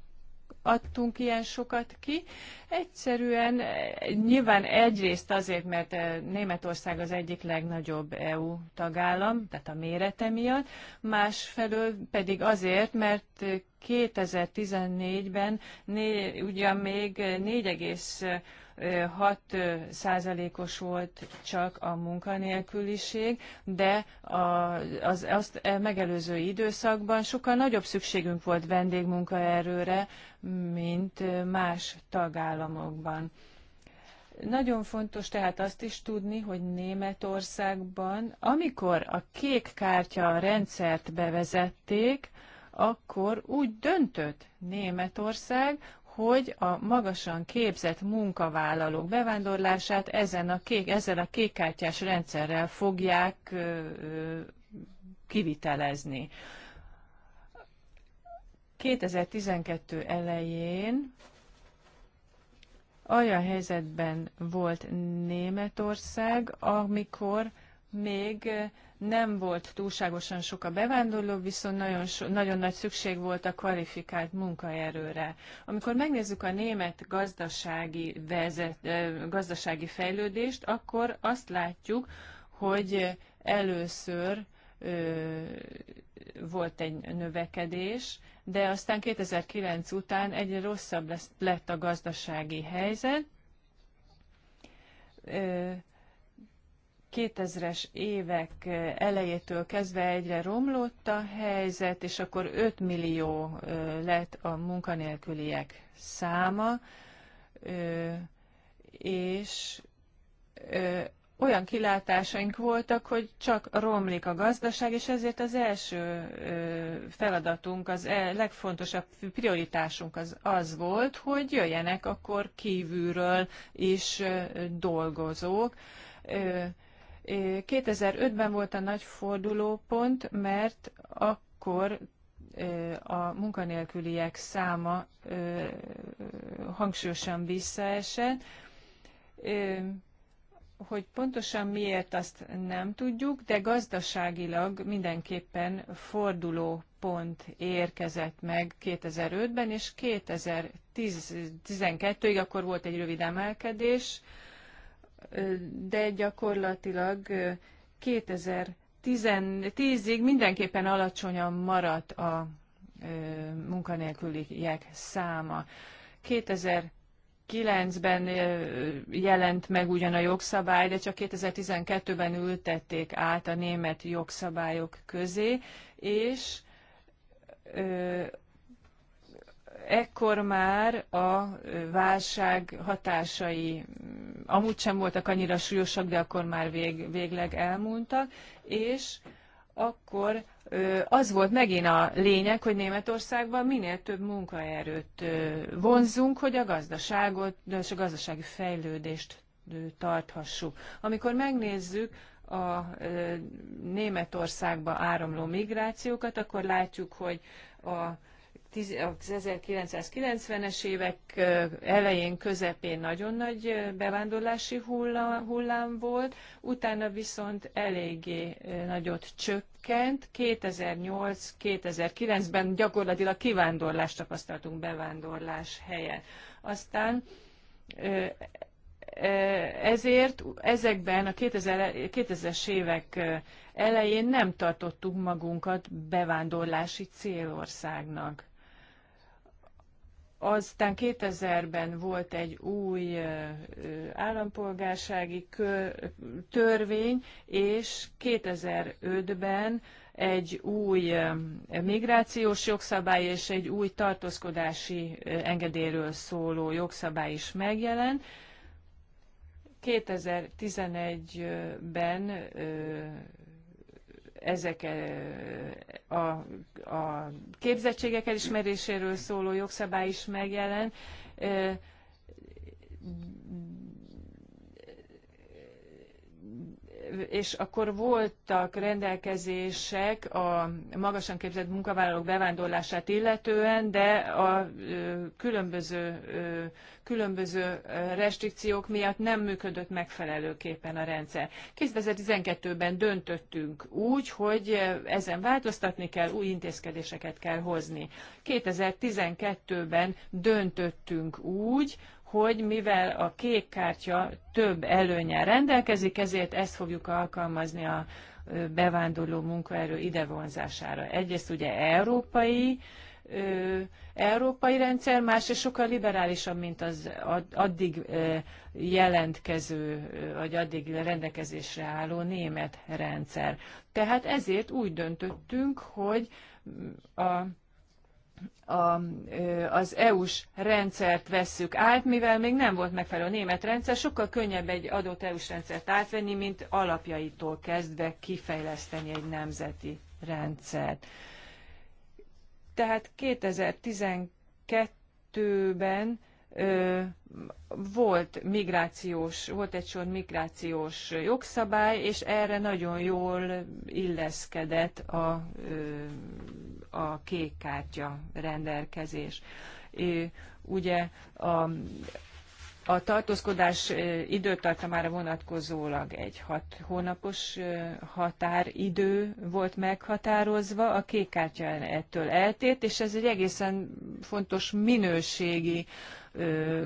adtunk ilyen sokat ki. Egyszerűen eh, nyilván egyrészt azért, mert eh, Németország az egyik legnagyobb EU tagállam, tehát a mérete miatt, másfelől pedig azért, mert 2014-ben eh, né, ugyan még 4, 6%-os volt csak a munkanélküliség, de az, azt e megelőző időszakban sokkal nagyobb szükségünk volt vendégmunkaerőre, mint más tagállamokban. Nagyon fontos tehát azt is tudni, hogy Németországban, amikor a kék kártya rendszert bevezették, akkor úgy döntött Németország, hogy a magasan képzett munkavállalók bevándorlását ezen a kék, ezzel a kékkártyás rendszerrel fogják ö, kivitelezni. 2012 elején olyan helyzetben volt Németország, amikor még nem volt túlságosan sok a bevándorló, viszont nagyon, so, nagyon nagy szükség volt a kvalifikált munkaerőre. Amikor megnézzük a német gazdasági, vezet, gazdasági fejlődést, akkor azt látjuk, hogy először ö, volt egy növekedés, de aztán 2009 után egyre rosszabb lesz, lett a gazdasági helyzet. Ö, 2000-es évek elejétől kezdve egyre romlott a helyzet, és akkor 5 millió lett a munkanélküliek száma, és olyan kilátásaink voltak, hogy csak romlik a gazdaság, és ezért az első feladatunk, az e, legfontosabb prioritásunk az az volt, hogy jöjjenek akkor kívülről is dolgozók, 2005-ben volt a nagy fordulópont, mert akkor a munkanélküliek száma hangsúlyosan visszaesett. Hogy pontosan miért, azt nem tudjuk, de gazdaságilag mindenképpen fordulópont érkezett meg 2005-ben, és 2012-ig akkor volt egy rövid emelkedés, de gyakorlatilag 2010-ig mindenképpen alacsonyan maradt a munkanélküliek száma. 2009-ben jelent meg ugyan a jogszabály, de csak 2012-ben ültették át a német jogszabályok közé, és ekkor már a válság hatásai amúgy sem voltak annyira súlyosak, de akkor már vég, végleg elmúltak, és akkor az volt megint a lényeg, hogy Németországban minél több munkaerőt vonzunk, hogy a gazdaságot, és a gazdasági fejlődést tarthassuk. Amikor megnézzük a Németországba áramló migrációkat, akkor látjuk, hogy a az 1990-es évek elején, közepén nagyon nagy bevándorlási hullám, hullám volt, utána viszont eléggé nagyot csökkent. 2008-2009-ben gyakorlatilag kivándorlást tapasztaltunk bevándorlás helyen. Aztán ezért ezekben a 2000-es évek elején nem tartottuk magunkat bevándorlási célországnak. Aztán 2000-ben volt egy új állampolgársági törvény, és 2005-ben egy új migrációs jogszabály és egy új tartózkodási engedélyről szóló jogszabály is megjelent. 2011-ben ezek a, a képzettségek elismeréséről szóló jogszabály is megjelen. és akkor voltak rendelkezések a magasan képzett munkavállalók bevándorlását illetően, de a különböző, különböző restrikciók miatt nem működött megfelelőképpen a rendszer. 2012-ben döntöttünk úgy, hogy ezen változtatni kell, új intézkedéseket kell hozni. 2012-ben döntöttünk úgy, hogy mivel a kék kártya több előnyel rendelkezik, ezért ezt fogjuk alkalmazni a bevándorló munkaerő idevonzására. Egyrészt ugye európai, ö, európai rendszer, másrészt sokkal liberálisabb, mint az addig jelentkező, vagy addig rendelkezésre álló német rendszer. Tehát ezért úgy döntöttünk, hogy a a, az EU-s rendszert vesszük át, mivel még nem volt megfelelő német rendszer, sokkal könnyebb egy adott EU-s rendszert átvenni, mint alapjaitól kezdve kifejleszteni egy nemzeti rendszert. Tehát 2012-ben ö, volt migrációs, volt egy sor migrációs jogszabály, és erre nagyon jól illeszkedett a ö, a kék kártya rendelkezés. Ugye a, a tartózkodás időtartamára vonatkozólag egy hat hónapos határidő volt meghatározva, a kék kártya ettől eltért, és ez egy egészen fontos minőségi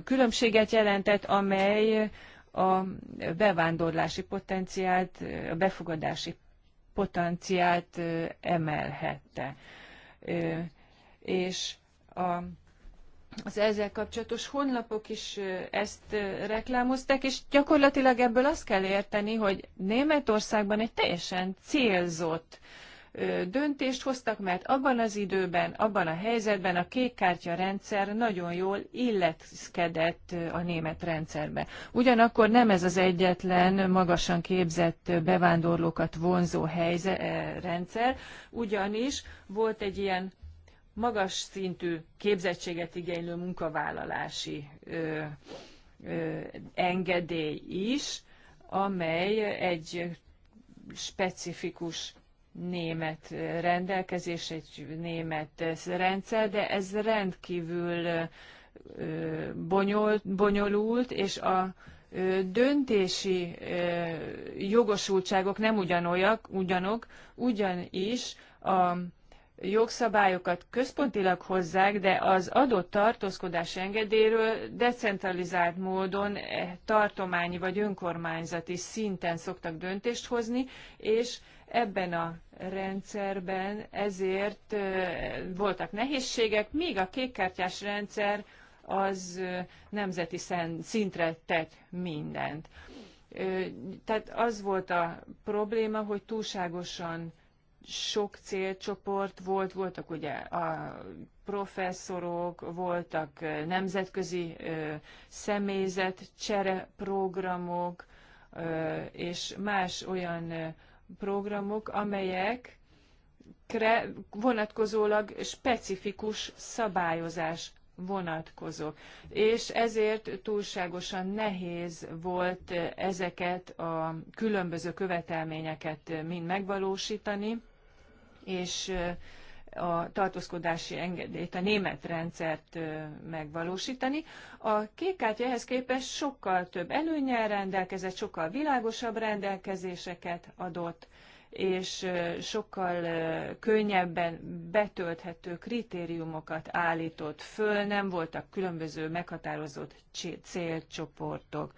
különbséget jelentett, amely a bevándorlási potenciált, a befogadási potenciált emelhette és a az ezzel kapcsolatos honlapok is ezt reklámozták, és gyakorlatilag ebből azt kell érteni, hogy Németországban egy teljesen célzott döntést hoztak, mert abban az időben, abban a helyzetben a kékkártya rendszer nagyon jól illeszkedett a német rendszerbe. Ugyanakkor nem ez az egyetlen magasan képzett bevándorlókat vonzó helyze, rendszer, ugyanis volt egy ilyen magas szintű képzettséget igénylő munkavállalási ö, ö, engedély is, amely egy specifikus német rendelkezés, egy német rendszer, de ez rendkívül bonyolult, bonyolult és a döntési jogosultságok nem ugyanolyak, ugyanok, ugyanis a jogszabályokat központilag hozzák, de az adott tartózkodás engedélyről decentralizált módon eh, tartományi vagy önkormányzati szinten szoktak döntést hozni, és ebben a rendszerben ezért eh, voltak nehézségek, míg a kékkártyás rendszer az eh, nemzeti szintre tett mindent. Tehát az volt a probléma, hogy túlságosan sok célcsoport volt, voltak ugye a professzorok, voltak nemzetközi személyzet, csereprogramok, és más olyan programok, amelyek vonatkozólag specifikus szabályozás vonatkozók. És ezért túlságosan nehéz volt ezeket a különböző követelményeket mind megvalósítani és a tartózkodási engedélyt, a német rendszert megvalósítani. A kék kártya ehhez képest sokkal több előnyel rendelkezett, sokkal világosabb rendelkezéseket adott, és sokkal könnyebben betölthető kritériumokat állított föl, nem voltak különböző meghatározott célcsoportok.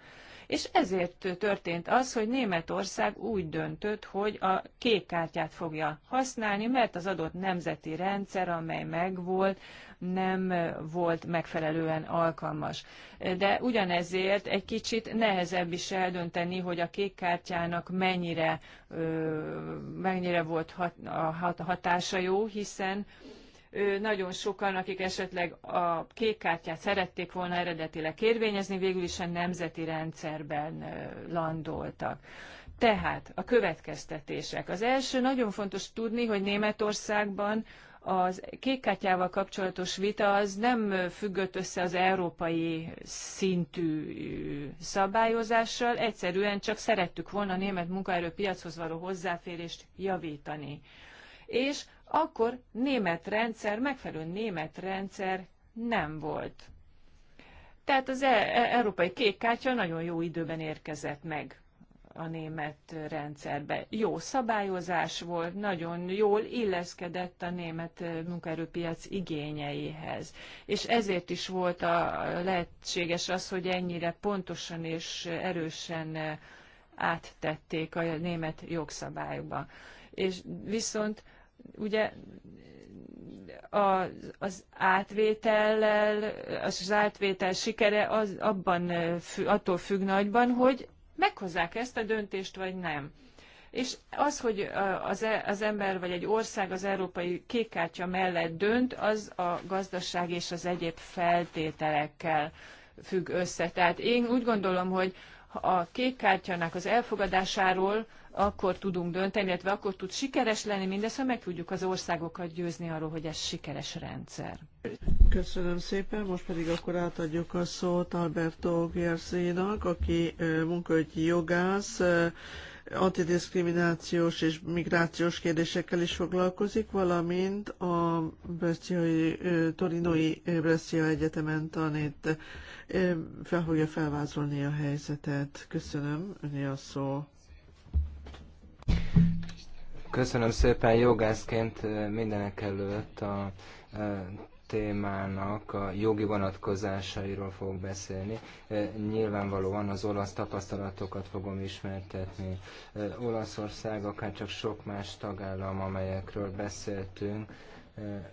És ezért történt az, hogy Németország úgy döntött, hogy a kék kártyát fogja használni, mert az adott nemzeti rendszer, amely megvolt, nem volt megfelelően alkalmas. De ugyanezért egy kicsit nehezebb is eldönteni, hogy a kék kártyának mennyire, mennyire volt hat, a hatása jó, hiszen nagyon sokan, akik esetleg a kék kártyát szerették volna eredetileg kérvényezni, végül is a nemzeti rendszerben landoltak. Tehát a következtetések. Az első nagyon fontos tudni, hogy Németországban az kékkártyával kapcsolatos vita az nem függött össze az európai szintű szabályozással, egyszerűen csak szerettük volna a német munkaerőpiachoz való hozzáférést javítani. És akkor német rendszer, megfelelő német rendszer nem volt. Tehát az e-, e európai kék kártya nagyon jó időben érkezett meg a német rendszerbe. Jó szabályozás volt, nagyon jól illeszkedett a német munkaerőpiac igényeihez. És ezért is volt a lehetséges az, hogy ennyire pontosan és erősen áttették a német jogszabályokba. És viszont ugye az, az átvétellel, az, az átvétel sikere az abban attól függ nagyban, hogy meghozzák ezt a döntést, vagy nem. És az, hogy az, e, az ember vagy egy ország az európai kékkártya mellett dönt, az a gazdaság és az egyéb feltételekkel függ össze. Tehát én úgy gondolom, hogy a kékkártyának az elfogadásáról akkor tudunk dönteni, illetve akkor tud sikeres lenni mindez, ha meg tudjuk az országokat győzni arról, hogy ez sikeres rendszer. Köszönöm szépen, most pedig akkor átadjuk a szót Alberto Gerzénak, aki munkaügyi jogász, antidiszkriminációs és migrációs kérdésekkel is foglalkozik, valamint a Bresciai, Torinoi Brescia Egyetemen tanít. Fel fogja felvázolni a helyzetet. Köszönöm, öné a szó. Köszönöm szépen jogászként mindenek előtt a témának a jogi vonatkozásairól fogok beszélni. Nyilvánvalóan az olasz tapasztalatokat fogom ismertetni. Olaszország, akár csak sok más tagállam, amelyekről beszéltünk,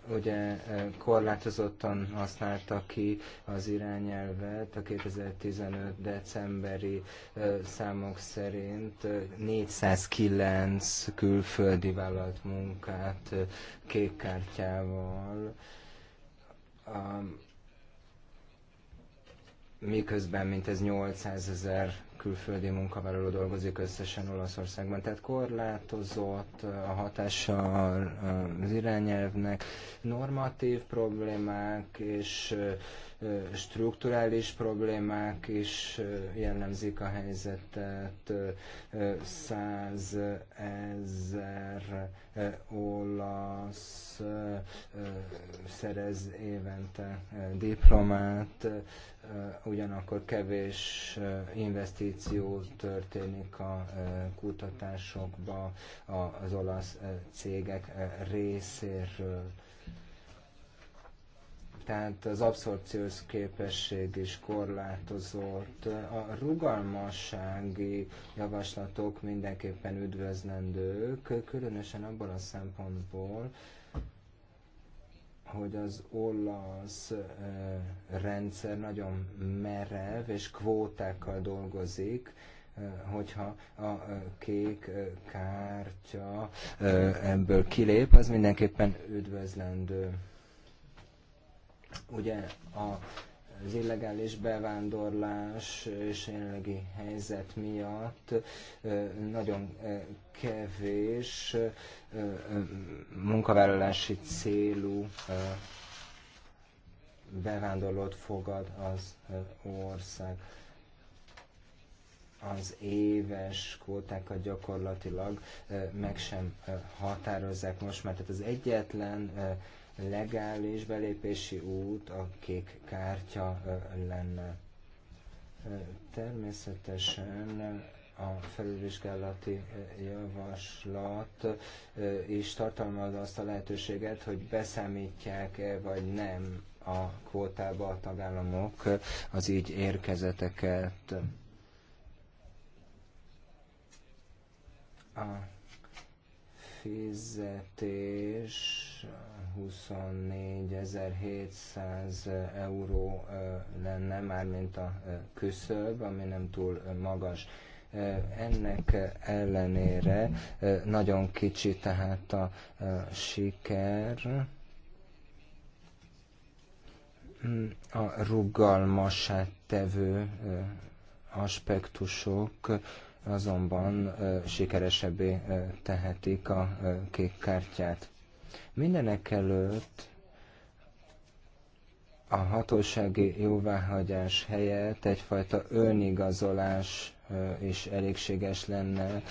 ugye korlátozottan használta ki az irányelvet a 2015 decemberi számok szerint 409 külföldi vállalt munkát kékkártyával miközben mintez 800 ezer külföldi munkavállaló dolgozik összesen Olaszországban. Tehát korlátozott a hatása az irányelvnek, normatív problémák és strukturális problémák is jellemzik a helyzetet. Száz ezer olasz szerez évente diplomát, Eh, ugyanakkor kevés eh, investíció történik a eh, kutatásokba az olasz cégek részéről. Tehát az abszorpciós képesség is korlátozott. A rugalmassági javaslatok mindenképpen üdvözlendők, különösen abból a szempontból, hogy az olasz rendszer nagyon merev és kvótákkal dolgozik, hogyha a kék kártya ebből kilép, az mindenképpen üdvözlendő. Ugye a az illegális bevándorlás és jelenlegi helyzet miatt nagyon kevés munkavállalási célú bevándorlót fogad az ország. Az éves kvótákat gyakorlatilag meg sem határozzák most már. Tehát az egyetlen legális belépési út a kék kártya lenne. Természetesen a felülvizsgálati javaslat is tartalmaz azt a lehetőséget, hogy beszámítják-e vagy nem a kvótába a tagállamok az így érkezeteket. A fizetés 24.700 euró lenne, mármint a küszöb, ami nem túl magas. Ennek ellenére nagyon kicsi tehát a siker mm, a rugalmasá tevő aspektusok azonban sikeresebbé tehetik a kék kártyát. Mindenek előtt a hatósági jóváhagyás helyett egyfajta önigazolás is elégséges lenne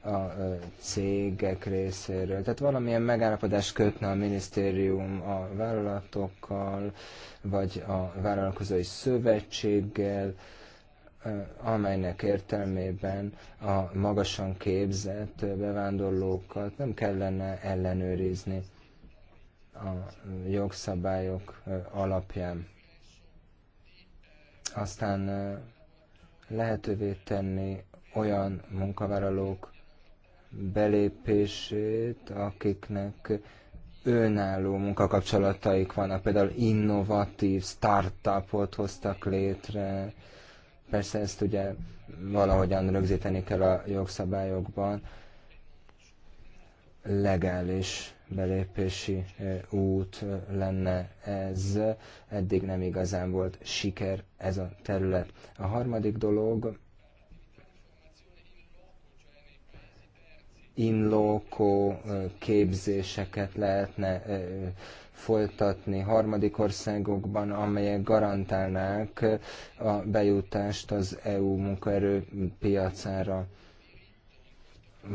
a cégek részéről. Tehát valamilyen megállapodást kötne a minisztérium a vállalatokkal, vagy a vállalkozói szövetséggel, amelynek értelmében a magasan képzett bevándorlókat nem kellene ellenőrizni a jogszabályok alapján. Aztán lehetővé tenni olyan munkavállalók belépését, akiknek önálló munkakapcsolataik vannak, például innovatív startupot hoztak létre, persze ezt ugye valahogyan rögzíteni kell a jogszabályokban, legális belépési út lenne ez. Eddig nem igazán volt siker ez a terület. A harmadik dolog, inlókó képzéseket lehetne folytatni harmadik országokban, amelyek garantálnák a bejutást az EU munkaerő piacára.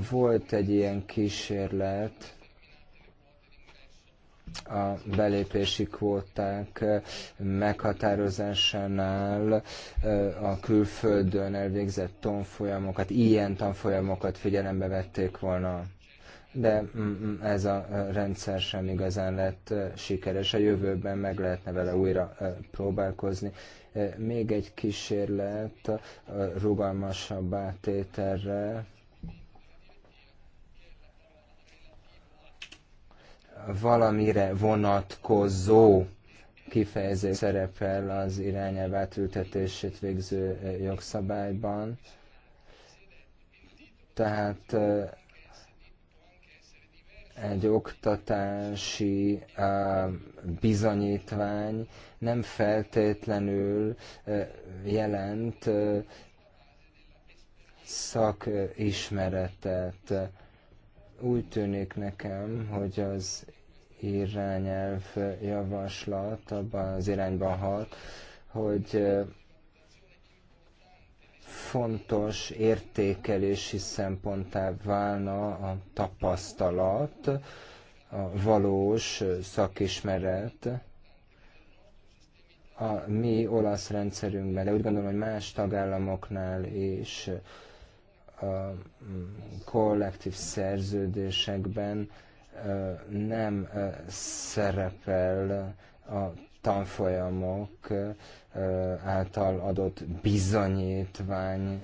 Volt egy ilyen kísérlet a belépési kvóták meghatározásánál a külföldön elvégzett tanfolyamokat, ilyen tanfolyamokat figyelembe vették volna. De mm, mm, ez a rendszer sem igazán lett sikeres. A jövőben meg lehetne vele újra próbálkozni. Még egy kísérlet rugalmasabb átételre valamire vonatkozó kifejezés szerepel az irányelv átültetését végző eh, jogszabályban. Tehát eh, egy oktatási eh, bizonyítvány nem feltétlenül jelent szakismeretet. Úgy tűnik nekem, hogy az irányelv javaslat abban az irányban hat, hogy fontos értékelési szemponttá válna a tapasztalat, a valós szakismeret, a mi olasz rendszerünkben, de úgy gondolom, hogy más tagállamoknál is a kollektív szerződésekben nem szerepel a tanfolyamok által adott bizonyítványnak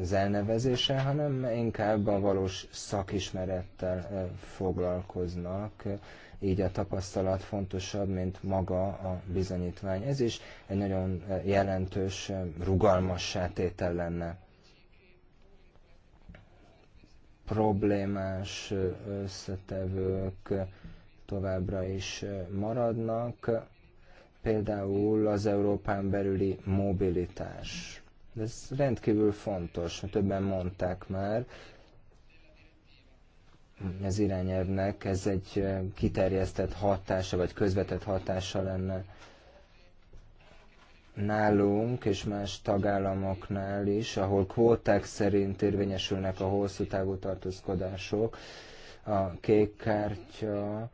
az elnevezése, hanem inkább a valós szakismerettel foglalkoznak, így a tapasztalat fontosabb, mint maga a bizonyítvány. Ez is egy nagyon jelentős rugalmassátétel lenne problémás összetevők továbbra is maradnak, például az Európán belüli mobilitás. Ez rendkívül fontos, többen mondták már, az irányelvnek ez egy kiterjesztett hatása, vagy közvetett hatása lenne nálunk és más tagállamoknál is, ahol kvóták szerint érvényesülnek a hosszú távú tartózkodások, a kék kártya,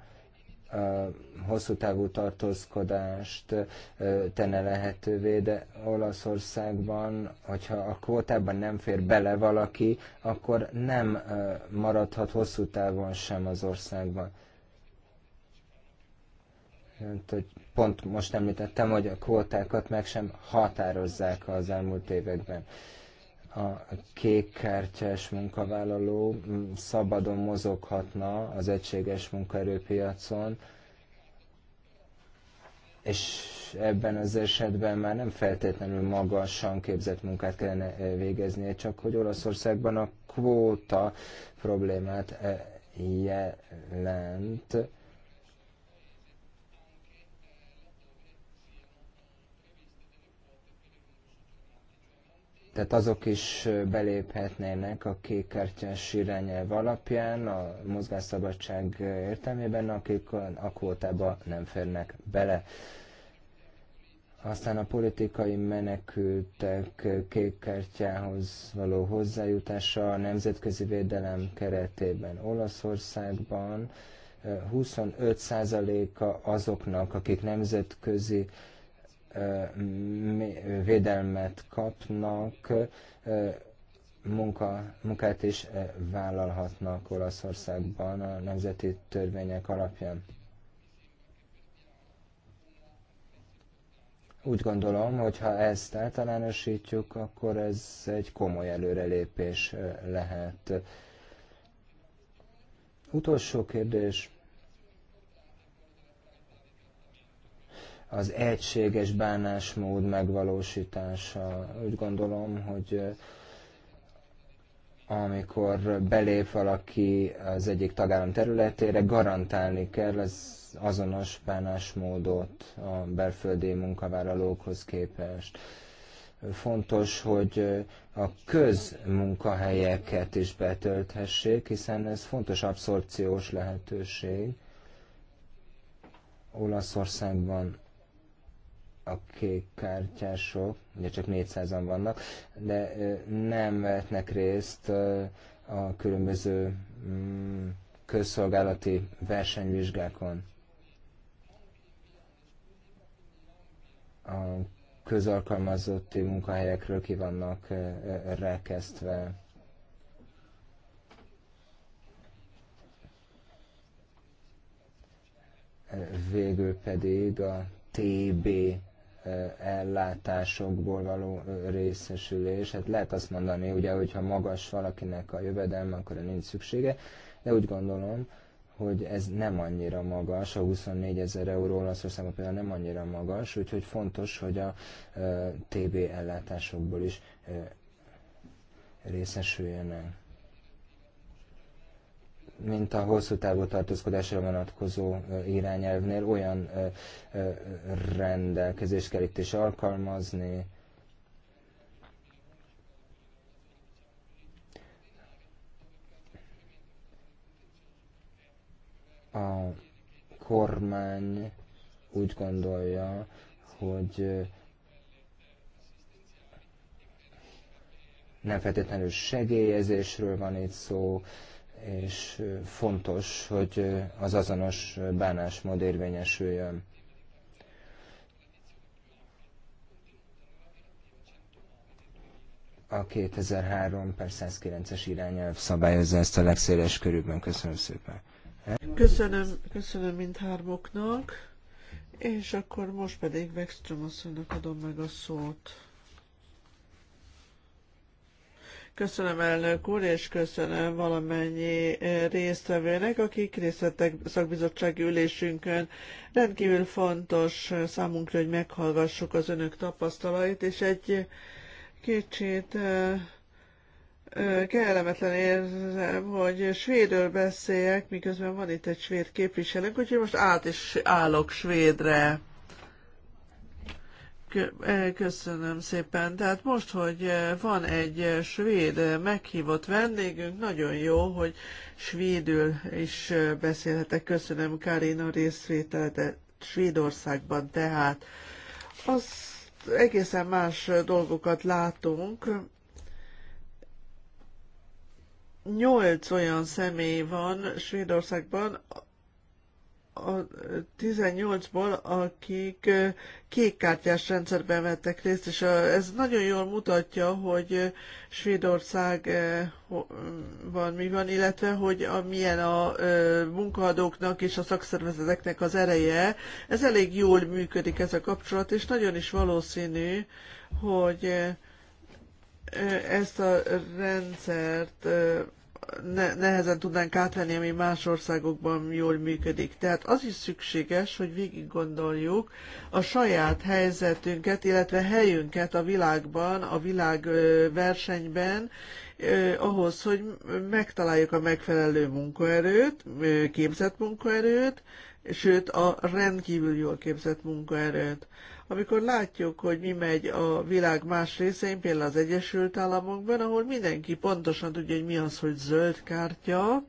hosszú távú tartózkodást tenne lehetővé, de Olaszországban, hogyha a kvótában nem fér bele valaki, akkor nem maradhat hosszú távon sem az országban hogy pont most említettem, hogy a kvótákat meg sem határozzák az elmúlt években. A kékkártyás munkavállaló mm, szabadon mozoghatna az egységes munkaerőpiacon, és ebben az esetben már nem feltétlenül magasan képzett munkát kellene e, végeznie, csak hogy Olaszországban a kvóta problémát e, jelent tehát azok is beléphetnének a kékkártyás irányelv alapján a mozgásszabadság értelmében, akik a kvótába nem férnek bele. Aztán a politikai menekültek kékkártyához való hozzájutása a nemzetközi védelem keretében Olaszországban 25%-a azoknak, akik nemzetközi védelmet kapnak, munka, munkát is vállalhatnak Olaszországban a nemzeti törvények alapján. Úgy gondolom, hogy ha ezt általánosítjuk, akkor ez egy komoly előrelépés lehet. Utolsó kérdés. az egységes bánásmód megvalósítása. Úgy gondolom, hogy amikor belép valaki az egyik tagállam területére, garantálni kell az azonos bánásmódot a belföldi munkavállalókhoz képest. Fontos, hogy a közmunkahelyeket is betölthessék, hiszen ez fontos abszorpciós lehetőség. Olaszországban a kék kártyások, ugye csak 400-an vannak, de nem vehetnek részt a különböző mm, közszolgálati versenyvizsgákon. A közalkalmazotti munkahelyekről ki vannak rekesztve. Végül pedig a TB ellátásokból való részesülés. Hát lehet azt mondani, ugye, hogyha magas valakinek a jövedelme, akkor nincs szüksége, de úgy gondolom, hogy ez nem annyira magas, a 24 ezer euró Olaszországban például nem annyira magas, úgyhogy fontos, hogy a TB ellátásokból is részesüljenek mint a hosszú távú tartózkodásra vonatkozó irányelvnél olyan rendelkezést kell itt is alkalmazni, a kormány úgy gondolja, hogy nem feltétlenül segélyezésről van itt szó, és fontos, hogy az azonos bánásmód érvényesüljön. A 2003 per 109-es irányelv szabályozza ezt a legszéles körülben. Köszönöm szépen. Köszönöm, köszönöm mindhármoknak, és akkor most pedig Vextrom asszonynak adom meg a szót. Köszönöm elnök úr, és köszönöm valamennyi eh, résztvevőnek, akik részt vettek szakbizottsági ülésünkön. Rendkívül fontos eh, számunkra, hogy meghallgassuk az önök tapasztalait, és egy kicsit eh, kellemetlen érzem, hogy svédről beszéljek, miközben van itt egy svéd képviselőnk, úgyhogy most át is állok svédre. Köszönöm szépen. Tehát most, hogy eh, van egy eh, svéd eh, meghívott vendégünk, nagyon jó, hogy svédül is beszélhetek. Köszönöm Karina részvételt Svédországban tehát. Az egészen más dolgokat látunk. Nyolc olyan személy van Svédországban, a 18-ból, akik kékkártyás rendszerben vettek részt, és ez nagyon jól mutatja, hogy Svédország van, mi van, illetve hogy a, milyen a munkaadóknak és a szakszervezeteknek az ereje. Ez elég jól működik ez a kapcsolat, és nagyon is valószínű, hogy ezt a rendszert ne, nehezen tudnánk átvenni, ami más országokban jól működik. Tehát az is szükséges, hogy végig gondoljuk a saját helyzetünket, illetve helyünket a világban, a világ versenyben, ahhoz, hogy megtaláljuk a megfelelő munkaerőt, képzett munkaerőt, sőt a rendkívül jól képzett munkaerőt amikor látjuk, hogy mi megy a világ más részein, például az Egyesült Államokban, ahol mindenki pontosan tudja, hogy mi az, hogy zöld kártya,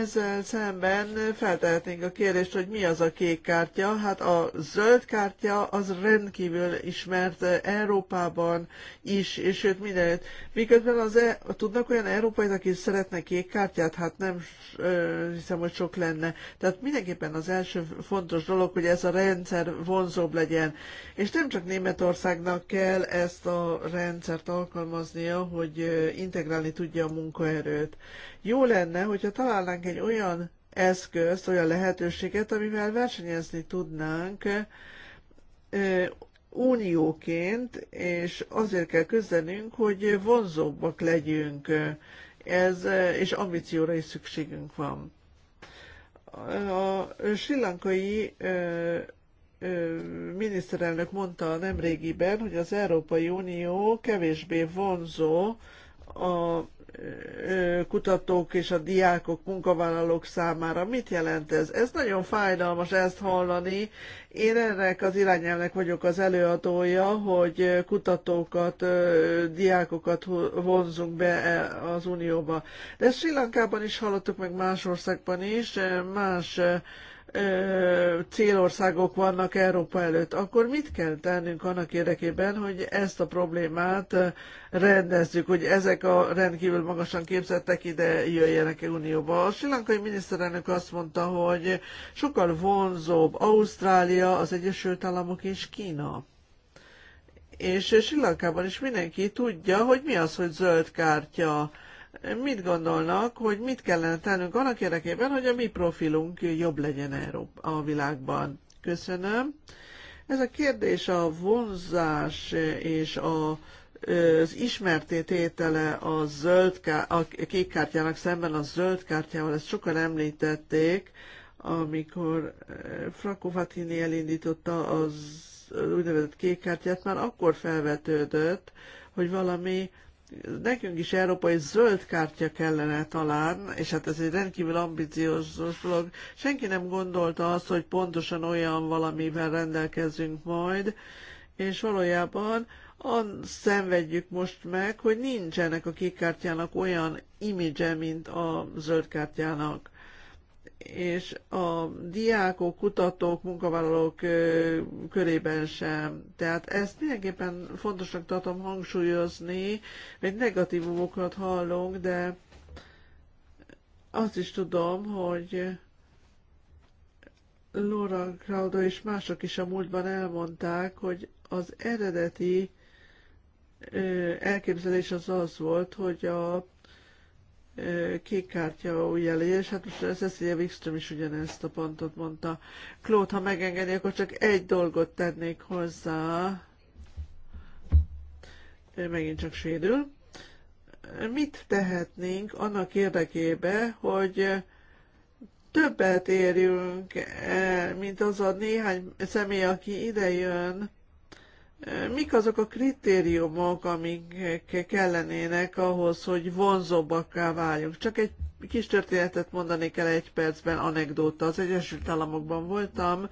ezzel szemben feltehetnénk a kérdést, hogy mi az a kék kártya. Hát a zöld kártya az rendkívül ismert Európában is, és sőt mindenütt. Miközben az e, tudnak olyan európai, akik szeretnek kék kártyát? Hát nem ö, hiszem, hogy sok lenne. Tehát mindenképpen az első fontos dolog, hogy ez a rendszer vonzóbb legyen. És nem csak Németországnak kell ezt a rendszert alkalmaznia, hogy integrálni tudja a munkaerőt. Jó lenne, hogyha találnánk egy olyan eszközt, olyan lehetőséget, amivel versenyezni tudnánk unióként, és azért kell küzdenünk, hogy vonzóbbak legyünk, ez, és ambícióra is szükségünk van. A sri lankai miniszterelnök mondta nemrégiben, hogy az Európai Unió kevésbé vonzó a kutatók és a diákok, munkavállalók számára. Mit jelent ez? Ez nagyon fájdalmas ezt hallani. Én ennek az irányelnek vagyok az előadója, hogy kutatókat, diákokat vonzunk be e, az Unióba. De ezt Sri Lankában is hallottuk, meg más országban is, más célországok vannak Európa előtt, akkor mit kell tennünk annak érdekében, hogy ezt a problémát rendezzük, hogy ezek a rendkívül magasan képzettek ide jöjjenek a Unióba. A silankai miniszterelnök azt mondta, hogy sokkal vonzóbb Ausztrália, az Egyesült Államok és Kína és Sri Lankában is mindenki tudja, hogy mi az, hogy zöld kártya mit gondolnak, hogy mit kellene tennünk annak érdekében, hogy a mi profilunk jobb legyen Európa a világban. Köszönöm. Ez a kérdés a vonzás és a az ismertététele a zöld a kék kártyának szemben a zöld kártyával, ezt sokan említették, amikor eh, Franco Fatini elindította az úgynevezett kék kártyát, már akkor felvetődött, hogy valami nekünk is európai zöld kártya kellene talán, és hát ez egy rendkívül ambiciózus dolog. Senki nem gondolta azt, hogy pontosan olyan valamivel rendelkezünk majd, és valójában an szenvedjük most meg, hogy nincsenek a kék kártyának olyan imidzse, mint a zöld kártyának és a diákok, kutatók, munkavállalók körében sem. Tehát ezt mindenképpen fontosnak tartom hangsúlyozni, mert negatívumokat hallunk, de azt is tudom, hogy Laura Crowder és mások is a múltban elmondták, hogy az eredeti elképzelés az az volt, hogy a kékkártya új és hát most Cecilia Wikström is ugyanezt a pontot mondta. Klót, ha megengedi, akkor csak egy dolgot tennék hozzá. Megint csak sérül. Mit tehetnénk annak érdekébe, hogy többet érjünk, mint az a néhány személy, aki idejön, Mik azok a kritériumok, amik kellenének ahhoz, hogy vonzóbbakká váljunk? Csak egy kis történetet mondanék el egy percben, anekdóta. Az Egyesült Államokban voltam,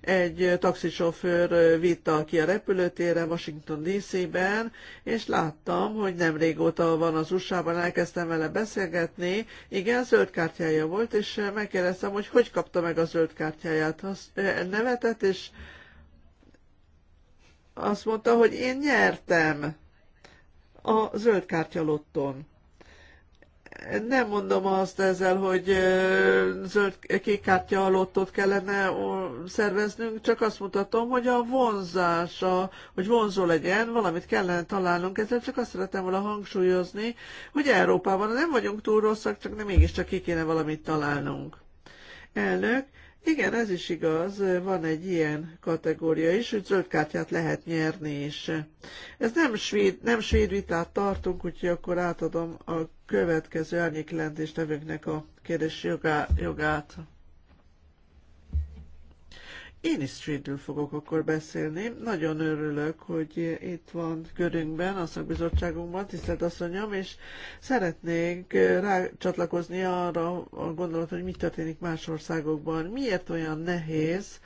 egy taxisofőr vitte ki a repülőtérre Washington DC-ben, és láttam, hogy nem régóta van az USA-ban, elkezdtem vele beszélgetni. Igen, zöld kártyája volt, és megkérdeztem, hogy hogy kapta meg a zöld kártyáját. Azt eh, nevetett, és azt mondta, hogy én nyertem a zöld kártyalotton. Nem mondom azt ezzel, hogy zöld kék kártya lottot kellene szerveznünk, csak azt mutatom, hogy a vonzása, hogy vonzó legyen, valamit kellene találnunk. Ezzel csak azt szeretem volna hangsúlyozni, hogy Európában nem vagyunk túl rosszak, csak nem mégiscsak ki kéne valamit találnunk. Elnök, igen, ez is igaz, van egy ilyen kategória is, hogy zöld kártyát lehet nyerni is. Ez nem svéd, nem svéd vitát tartunk, úgyhogy akkor átadom a következő árnyéklentéstevőknek a kérdés jogá, jogát. Én is svédül fogok akkor beszélni. Nagyon örülök, hogy itt van körünkben, a szakbizottságunkban, tisztelt asszonyom, és szeretnénk eh, rácsatlakozni arra a gondolat, hogy mi történik más országokban. Miért olyan nehéz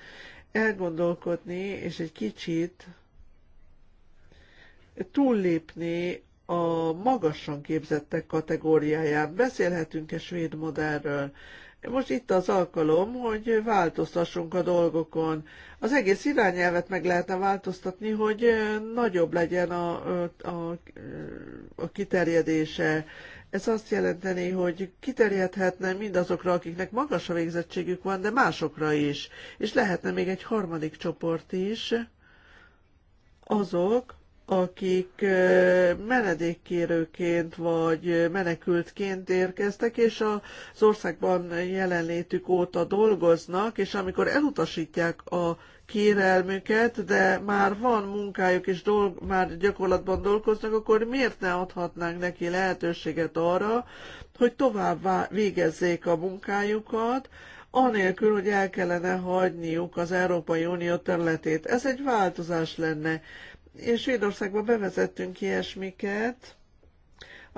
elgondolkodni, és egy kicsit túllépni a magasan képzettek kategóriáján. Beszélhetünk-e svéd modellről? most itt az alkalom, hogy változtassunk a dolgokon. Az egész irányelvet meg lehetne változtatni, hogy nagyobb legyen a, a, a kiterjedése. Ez azt jelenteni, hogy kiterjedhetne mindazokra, akiknek magas a végzettségük van, de másokra is. És lehetne még egy harmadik csoport is, azok, akik menedékkérőként vagy menekültként érkeztek, és az országban jelenlétük óta dolgoznak, és amikor elutasítják a kérelmüket, de már van munkájuk és dolg, már gyakorlatban dolgoznak, akkor miért ne adhatnánk neki lehetőséget arra, hogy tovább végezzék a munkájukat, anélkül, hogy el kellene hagyniuk az Európai Unió területét. Ez egy változás lenne és Svédországba bevezettünk ilyesmiket,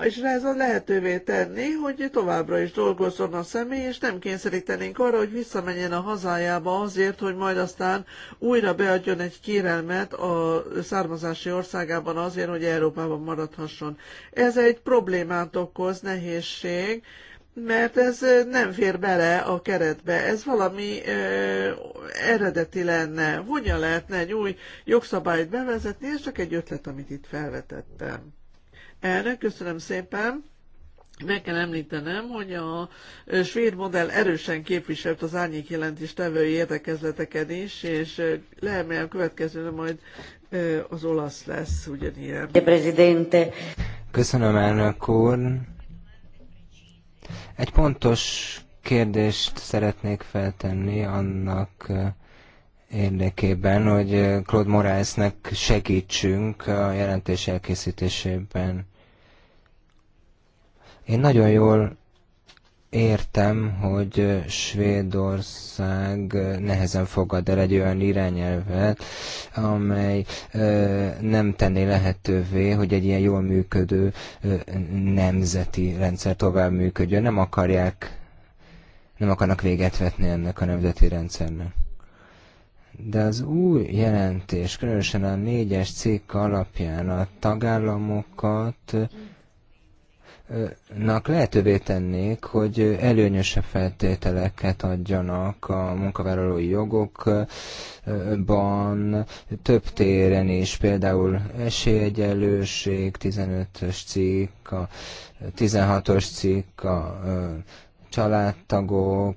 és ez a lehetővé tenni, hogy továbbra is dolgozzon a személy, és nem kényszerítenénk arra, hogy visszamenjen a hazájába azért, hogy majd aztán újra beadjon egy kérelmet a származási országában azért, hogy Európában maradhasson. Ez egy problémát okoz, nehézség, mert ez nem fér bele a keretbe, ez valami ö, eredeti lenne. Hogyan lehetne egy új jogszabályt bevezetni, Ez csak egy ötlet, amit itt felvetettem. Erre köszönöm szépen. Meg kell említenem, hogy a svéd modell erősen képviselt az árnyék jelentés tevői érdekezleteken is, és a következőre majd az olasz lesz ugyanilyen. Köszönöm elnök úr. Egy pontos kérdést szeretnék feltenni annak érdekében, hogy Claude Moraesnek segítsünk a jelentés elkészítésében. Én nagyon jól értem, hogy Svédország nehezen fogad el egy olyan irányelvet, amely nem tenné lehetővé, hogy egy ilyen jól működő nemzeti rendszer tovább működjön. Nem akarják, nem akarnak véget vetni ennek a nemzeti rendszernek. De az új jelentés, különösen a négyes cikk alapján a tagállamokat nak lehetővé tennék, hogy előnyösebb feltételeket adjanak a munkavállalói jogokban, több téren is, például esélyegyelőség, 15-ös cikk, a 16-os cikk, a családtagok,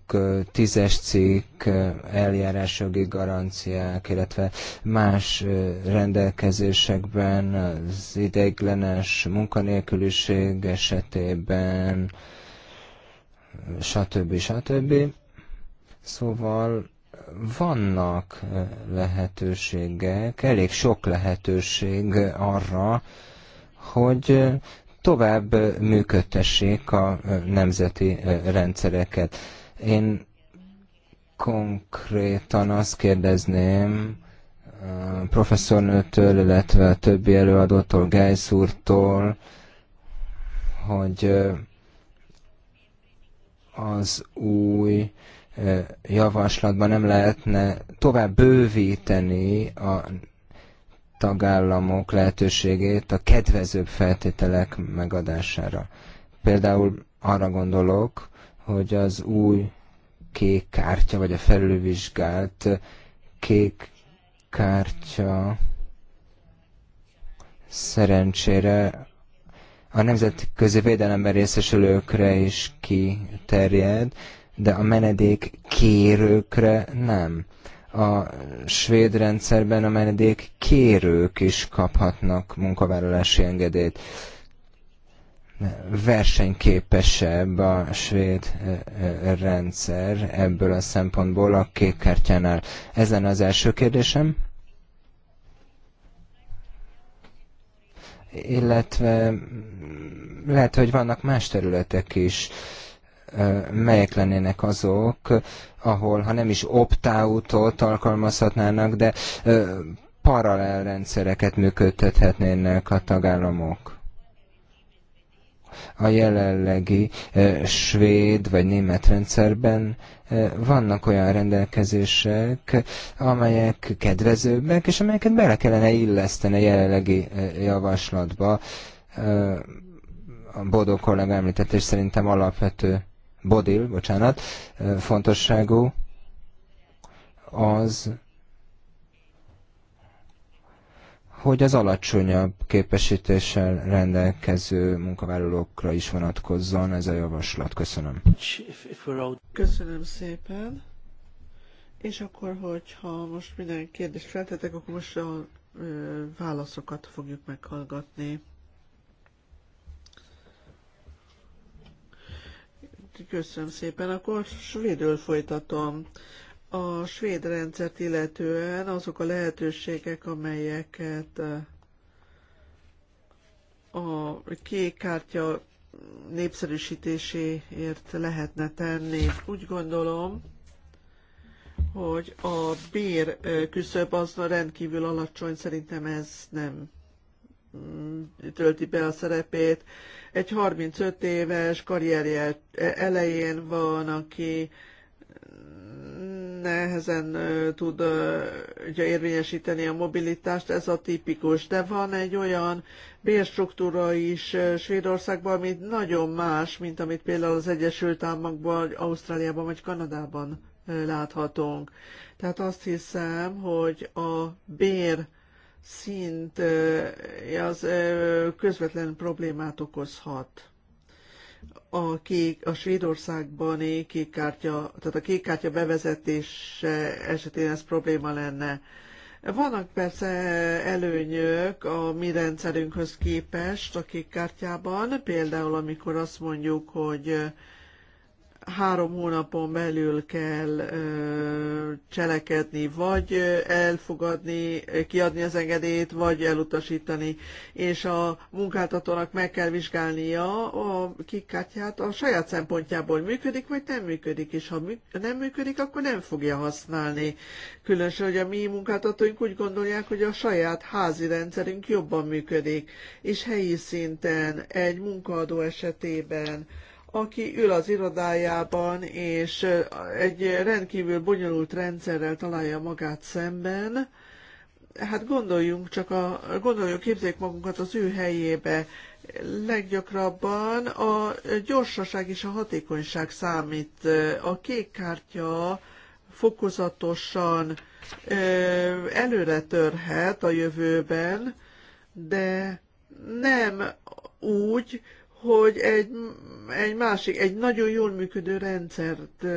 tízes cikk, eljárásjogi garanciák, illetve más rendelkezésekben az ideiglenes munkanélküliség esetében, stb. stb. Szóval vannak lehetőségek, elég sok lehetőség arra, hogy tovább működtessék a nemzeti rendszereket. Én konkrétan azt kérdezném a professzornőtől, illetve a többi előadótól, Gájsz úrtól, hogy az új javaslatban nem lehetne tovább bővíteni a tagállamok lehetőségét a kedvezőbb feltételek megadására. Például arra gondolok, hogy az új kék kártya, vagy a felülvizsgált kék kártya szerencsére a nemzetközi védelemben részesülőkre is kiterjed, de a menedék kérőkre nem a svéd rendszerben a menedék kérők is kaphatnak munkavállalási engedélyt. Versenyképesebb a svéd rendszer ebből a szempontból a kék kártyánál. Ez az első kérdésem. Illetve lehet, hogy vannak más területek is, melyek lennének azok, ahol ha nem is opt-outot alkalmazhatnának, de paralel rendszereket működtethetnének a tagállamok a jelenlegi eh, svéd vagy német rendszerben eh, vannak olyan rendelkezések, amelyek kedvezőbbek, és amelyeket bele kellene illeszteni a jelenlegi eh, javaslatba. A Bodó kollégám említett, és szerintem alapvető Bodil, bocsánat, fontosságú, az, hogy az alacsonyabb képesítéssel rendelkező munkavállalókra is vonatkozzon ez a javaslat. Köszönöm. Köszönöm szépen. És akkor, hogyha most minden kérdést feltetek, akkor most a ö, válaszokat fogjuk meghallgatni. Köszönöm szépen, akkor Svédől folytatom. A svéd rendszert illetően azok a lehetőségek, amelyeket eh, a kék kártya népszerűsítéséért lehetne tenni. Úgy gondolom, hogy a bér eh, küszöb az rendkívül alacsony, szerintem ez nem mm, tölti be a szerepét egy 35 éves karrierje elején van, aki nehezen tud ugye, érvényesíteni a mobilitást, ez a tipikus. De van egy olyan bérstruktúra is Svédországban, ami nagyon más, mint amit például az Egyesült Államokban, Ausztráliában vagy Kanadában láthatunk. Tehát azt hiszem, hogy a bér szint az közvetlen problémát okozhat. A, kék, a Svédországban kártya, tehát a kék kártya bevezetése esetén ez probléma lenne. Vannak persze előnyök a mi rendszerünkhöz képest a kék kártyában, például amikor azt mondjuk, hogy három hónapon belül kell cselekedni, vagy elfogadni, kiadni az engedélyt, vagy elutasítani, és a munkáltatónak meg kell vizsgálnia a kikkártyát a saját szempontjából működik, vagy nem működik, és ha nem működik, akkor nem fogja használni. Különösen, hogy a mi munkáltatóink úgy gondolják, hogy a saját házi rendszerünk jobban működik, és helyi szinten, egy munkaadó esetében, aki ül az irodájában, és egy rendkívül bonyolult rendszerrel találja magát szemben, hát gondoljunk csak a, gondoljunk, képzeljük magunkat az ő helyébe. Leggyakrabban a gyorsaság és a hatékonyság számít. A kék kártya fokozatosan előre törhet a jövőben, de nem úgy, hogy egy, egy másik, egy nagyon jól működő rendszert e,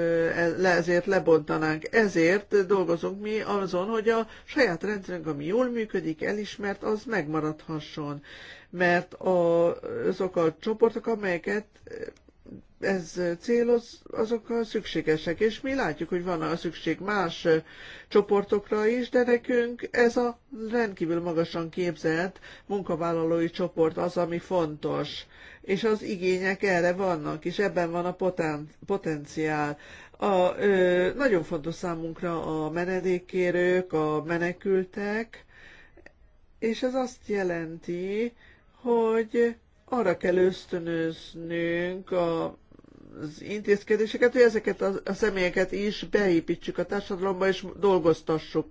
ezért lebontanánk. Ezért dolgozunk mi azon, hogy a saját rendszerünk, ami jól működik, elismert, az megmaradhasson. Mert a, azok a csoportok, amelyeket ez céloz, azok a szükségesek, és mi látjuk, hogy van a szükség más csoportokra is, de nekünk ez a rendkívül magasan képzett munkavállalói csoport az, ami fontos és az igények erre vannak, és ebben van a potenciál. A, ö, nagyon fontos számunkra a menedékkérők, a menekültek, és ez azt jelenti, hogy arra kell ösztönöznünk a az intézkedéseket, hogy ezeket a, a személyeket is beépítsük a társadalomba, és dolgoztassuk.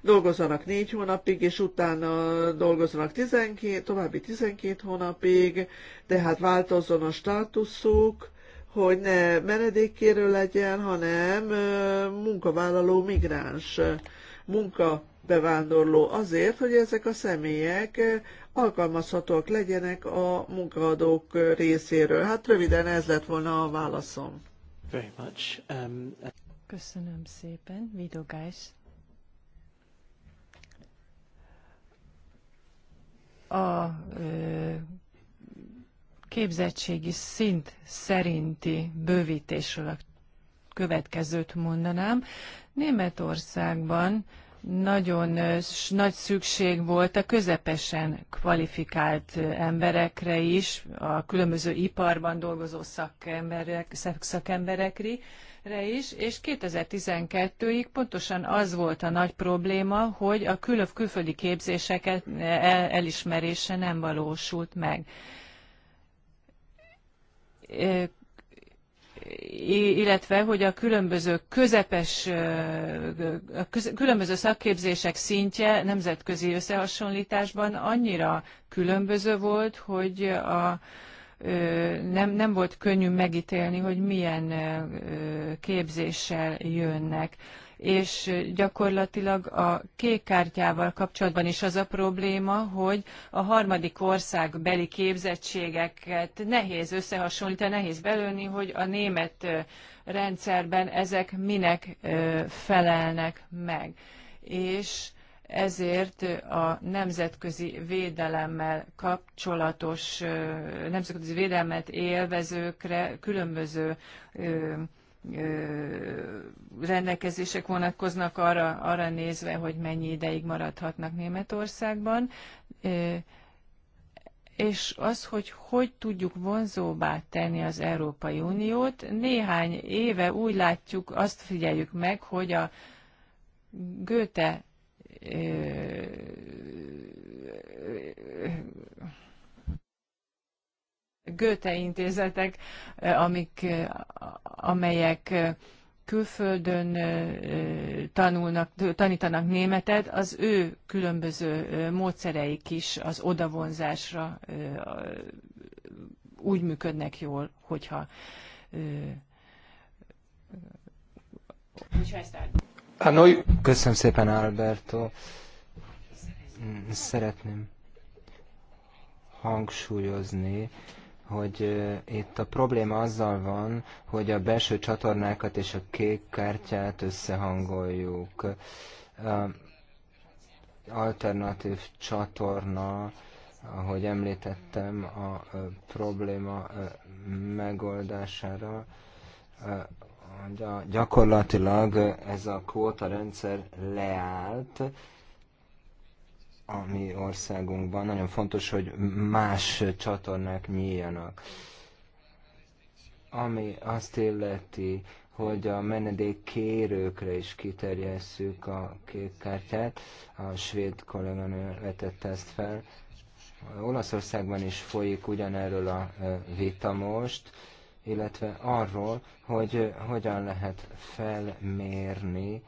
Dolgozzanak négy hónapig, és utána dolgozzanak 12, további 12 hónapig, tehát változzon a státuszuk, hogy ne menedékkérő legyen, hanem munkavállaló migráns munka bevándorló azért, hogy ezek a személyek eh, alkalmazhatóak legyenek a munkaadók eh, részéről. Hát röviden ez lett volna a válaszom. Very much. Um, Köszönöm szépen, Vidogás. A ö, képzettségi szint szerinti bővítésről a következőt mondanám. Németországban nagyon nagy szükség volt a közepesen kvalifikált emberekre is, a különböző iparban dolgozó szakemberek, szakemberekre is, és 2012-ig pontosan az volt a nagy probléma, hogy a kül külföldi képzéseket e, el elismerése nem valósult meg illetve hogy a különböző közepes, a különböző szakképzések szintje nemzetközi összehasonlításban annyira különböző volt, hogy a, nem, nem volt könnyű megítélni, hogy milyen képzéssel jönnek és gyakorlatilag a kék kártyával kapcsolatban is az a probléma, hogy a harmadik ország beli képzettségeket nehéz összehasonlítani, nehéz belőni, hogy a német rendszerben ezek minek felelnek meg. És ezért a nemzetközi védelemmel kapcsolatos, nemzetközi védelmet élvezőkre különböző rendelkezések vonatkoznak arra, arra nézve, hogy mennyi ideig maradhatnak Németországban, és az, hogy hogy tudjuk vonzóbbá tenni az Európai Uniót. Néhány éve úgy látjuk, azt figyeljük meg, hogy a Göte Göte intézetek, amik, amelyek külföldön tanulnak, tanítanak németet, az ő különböző módszereik is az odavonzásra úgy működnek jól, hogyha, hogyha ezt Köszönöm szépen, Alberto. Szeretném hangsúlyozni, hogy itt a probléma azzal van, hogy a belső csatornákat és a kék kártyát összehangoljuk. Alternatív csatorna, ahogy említettem, a probléma megoldására gyakorlatilag ez a kvóta rendszer leállt, a mi országunkban. Nagyon fontos, hogy más csatornák nyíljanak. Ami azt illeti, hogy a menedék kérőkre is kiterjesszük a kék kártyát. A svéd kolléganő vetette ezt fel. Olaszországban is folyik ugyanerről a vita most, illetve arról, hogy hogyan lehet felmérni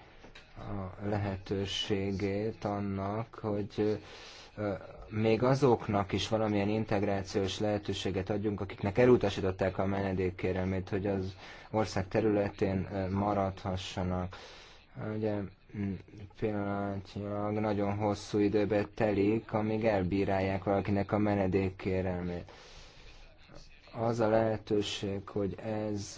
a lehetőségét annak, hogy még azoknak is valamilyen integrációs lehetőséget adjunk, akiknek elutasították a menedékkérelmét, hogy az ország területén maradhassanak. Ugye pillanatnyilag nagyon hosszú időbe telik, amíg elbírálják valakinek a menedékkérelmét az a lehetőség, hogy ez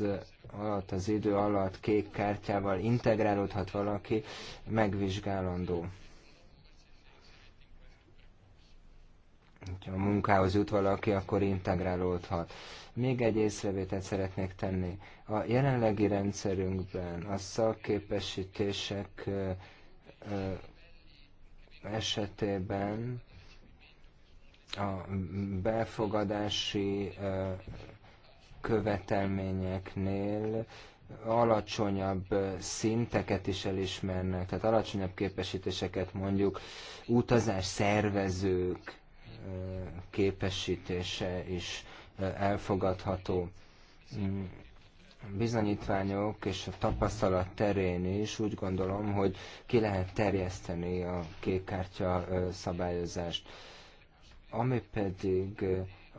alatt az idő alatt kék kártyával integrálódhat valaki, megvizsgálandó. Ha a munkához jut valaki, akkor integrálódhat. Még egy észrevételt szeretnék tenni. A jelenlegi rendszerünkben a szakképesítések esetében a befogadási követelményeknél alacsonyabb szinteket is elismernek, tehát alacsonyabb képesítéseket mondjuk utazás szervezők képesítése is elfogadható. Mm, bizonyítványok és a tapasztalat terén is úgy gondolom, hogy ki lehet terjeszteni a kékkártya szabályozást ami pedig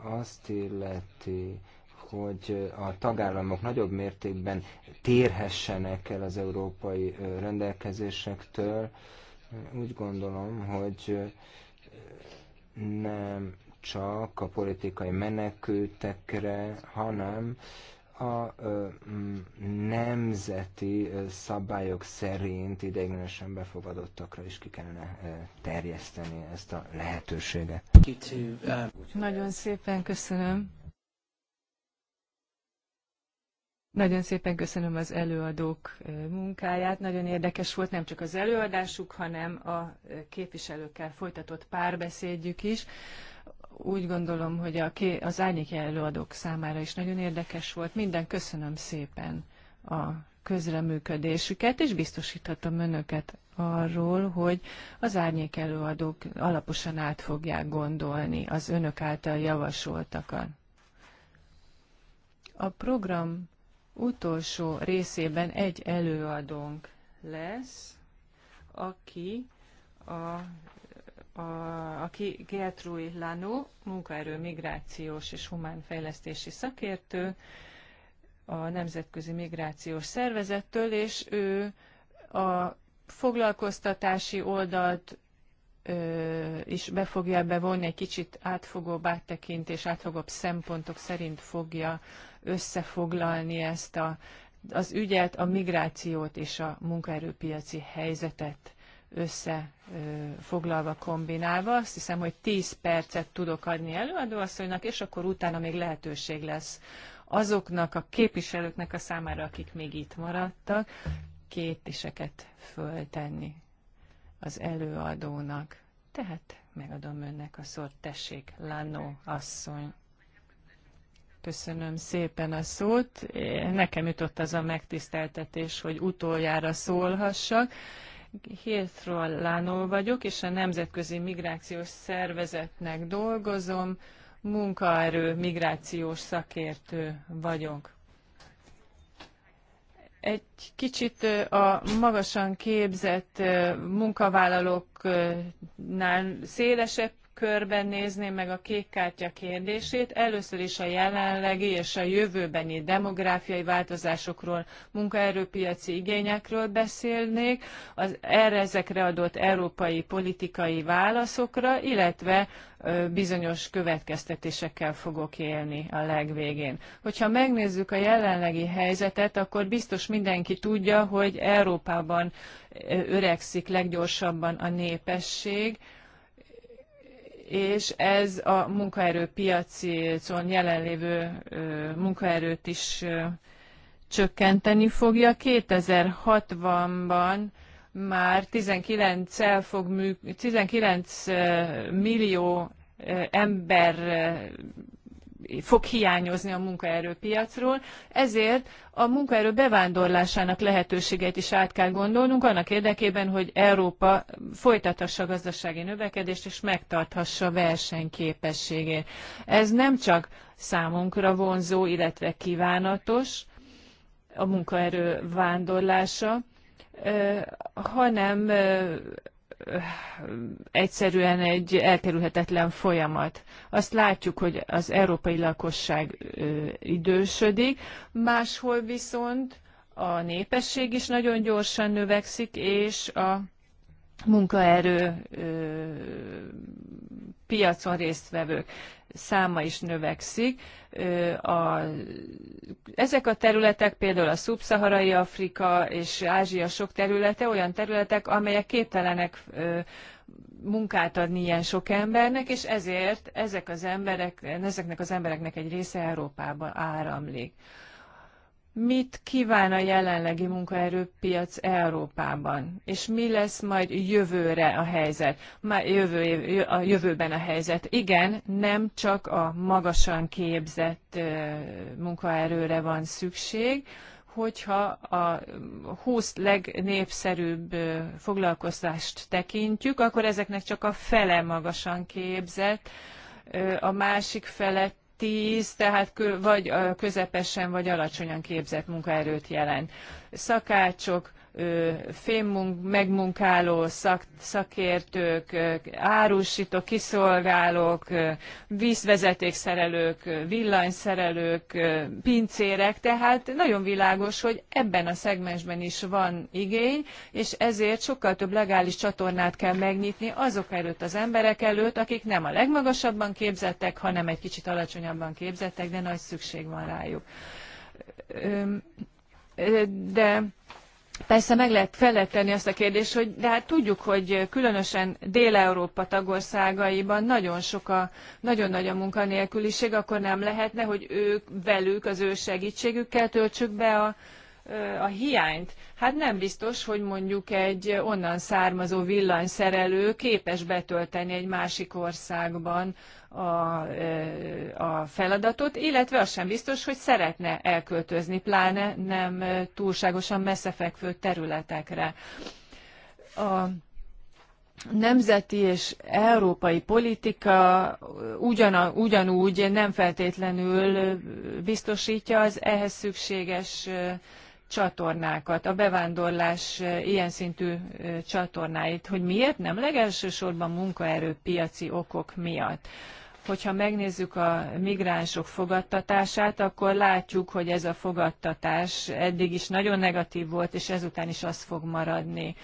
azt illeti, hogy a tagállamok nagyobb mértékben térhessenek el az európai rendelkezésektől, úgy gondolom, hogy nem csak a politikai menekültekre, hanem a mm, nemzeti szabályok szerint ideiglenesen befogadottakra is ki kellene terjeszteni ezt a lehetőséget. Nagyon szépen köszönöm. Nagyon szépen köszönöm az előadók munkáját. Nagyon érdekes volt nem csak az előadásuk, hanem a képviselőkkel folytatott párbeszédjük is úgy gondolom, hogy a ké, az árnyék előadók számára is nagyon érdekes volt. Minden köszönöm szépen a közreműködésüket, és biztosíthatom önöket arról, hogy az árnyék előadók alaposan át fogják gondolni az önök által javasoltakat. A program utolsó részében egy előadónk lesz, aki a a, aki Gertrui Lano, munkaerő migrációs és humán fejlesztési szakértő a Nemzetközi Migrációs Szervezettől, és ő a foglalkoztatási oldalt ö, is be fogja bevonni, egy kicsit átfogóbb áttekintés, átfogóbb szempontok szerint fogja összefoglalni ezt a, az ügyet, a migrációt és a munkaerőpiaci helyzetet összefoglalva, kombinálva. Azt hiszem, hogy 10 percet tudok adni előadóasszonynak, és akkor utána még lehetőség lesz azoknak a képviselőknek a számára, akik még itt maradtak, kétiseket föltenni az előadónak. Tehát megadom önnek a szót, tessék, Lánó asszony. Köszönöm szépen a szót. Nekem jutott az a megtiszteltetés, hogy utoljára szólhassak Hirtról Lánol vagyok, és a Nemzetközi Migrációs Szervezetnek dolgozom, munkaerő migrációs szakértő vagyok. Egy kicsit a magasan képzett munkavállalóknál szélesebb körben nézném meg a kék kártya kérdését. Először is a jelenlegi és a jövőbeni demográfiai változásokról, munkaerőpiaci igényekről beszélnék, az erre ezekre adott európai politikai válaszokra, illetve bizonyos következtetésekkel fogok élni a legvégén. Hogyha megnézzük a jelenlegi helyzetet, akkor biztos mindenki tudja, hogy Európában öregszik leggyorsabban a népesség, és ez a munkaerőpiacon jelenlévő munkaerőt is csökkenteni fogja. 2060-ban már 19, el fog mű, 19 millió ember fog hiányozni a munkaerőpiacról, ezért a munkaerő bevándorlásának lehetőségeit is át kell gondolnunk annak érdekében, hogy Európa folytathassa a gazdasági növekedést és megtarthassa versenyképességét. Ez nem csak számunkra vonzó, illetve kívánatos a munkaerő vándorlása, hanem egyszerűen egy elkerülhetetlen folyamat. Azt látjuk, hogy az európai lakosság idősödik, máshol viszont a népesség is nagyon gyorsan növekszik, és a munkaerő piacon résztvevők száma is növekszik. A, ezek a területek, például a szubszaharai Afrika és Ázsia sok területe olyan területek, amelyek képtelenek munkát adni ilyen sok embernek, és ezért ezek az emberek, ezeknek az embereknek egy része Európában áramlik mit kíván a jelenlegi munkaerőpiac Európában, és mi lesz majd jövőre a helyzet, már jövő, a jövőben a helyzet. Igen, nem csak a magasan képzett munkaerőre van szükség, hogyha a 20 legnépszerűbb foglalkozást tekintjük, akkor ezeknek csak a fele magasan képzett, a másik felett 10, tehát kö, vagy közepesen, vagy alacsonyan képzett munkaerőt jelent. Szakácsok, fémmunk, megmunkáló szak, szakértők, árusító kiszolgálók, vízvezetékszerelők, villanyszerelők, pincérek, tehát nagyon világos, hogy ebben a szegmensben is van igény, és ezért sokkal több legális csatornát kell megnyitni azok előtt az emberek előtt, akik nem a legmagasabban képzettek, hanem egy kicsit alacsonyabban képzettek, de nagy szükség van rájuk. De Persze meg lehet, fel lehet tenni azt a kérdést, hogy de hát tudjuk, hogy különösen Dél-Európa tagországaiban nagyon sok a, nagyon nagy a munkanélküliség, akkor nem lehetne, hogy ők velük, az ő segítségükkel töltsük be a a hiányt. Hát nem biztos, hogy mondjuk egy onnan származó villanyszerelő képes betölteni egy másik országban a, a feladatot, illetve az sem biztos, hogy szeretne elköltözni, pláne nem túlságosan messzefekvő területekre. A, nemzeti és európai politika ugyan, ugyanúgy nem feltétlenül biztosítja az ehhez szükséges csatornákat, a bevándorlás ilyen szintű csatornáit, hogy miért nem legelsősorban munkaerőpiaci okok miatt hogyha megnézzük a migránsok fogadtatását, akkor látjuk, hogy ez a fogadtatás eddig is nagyon negatív volt, és ezután is az fog maradni.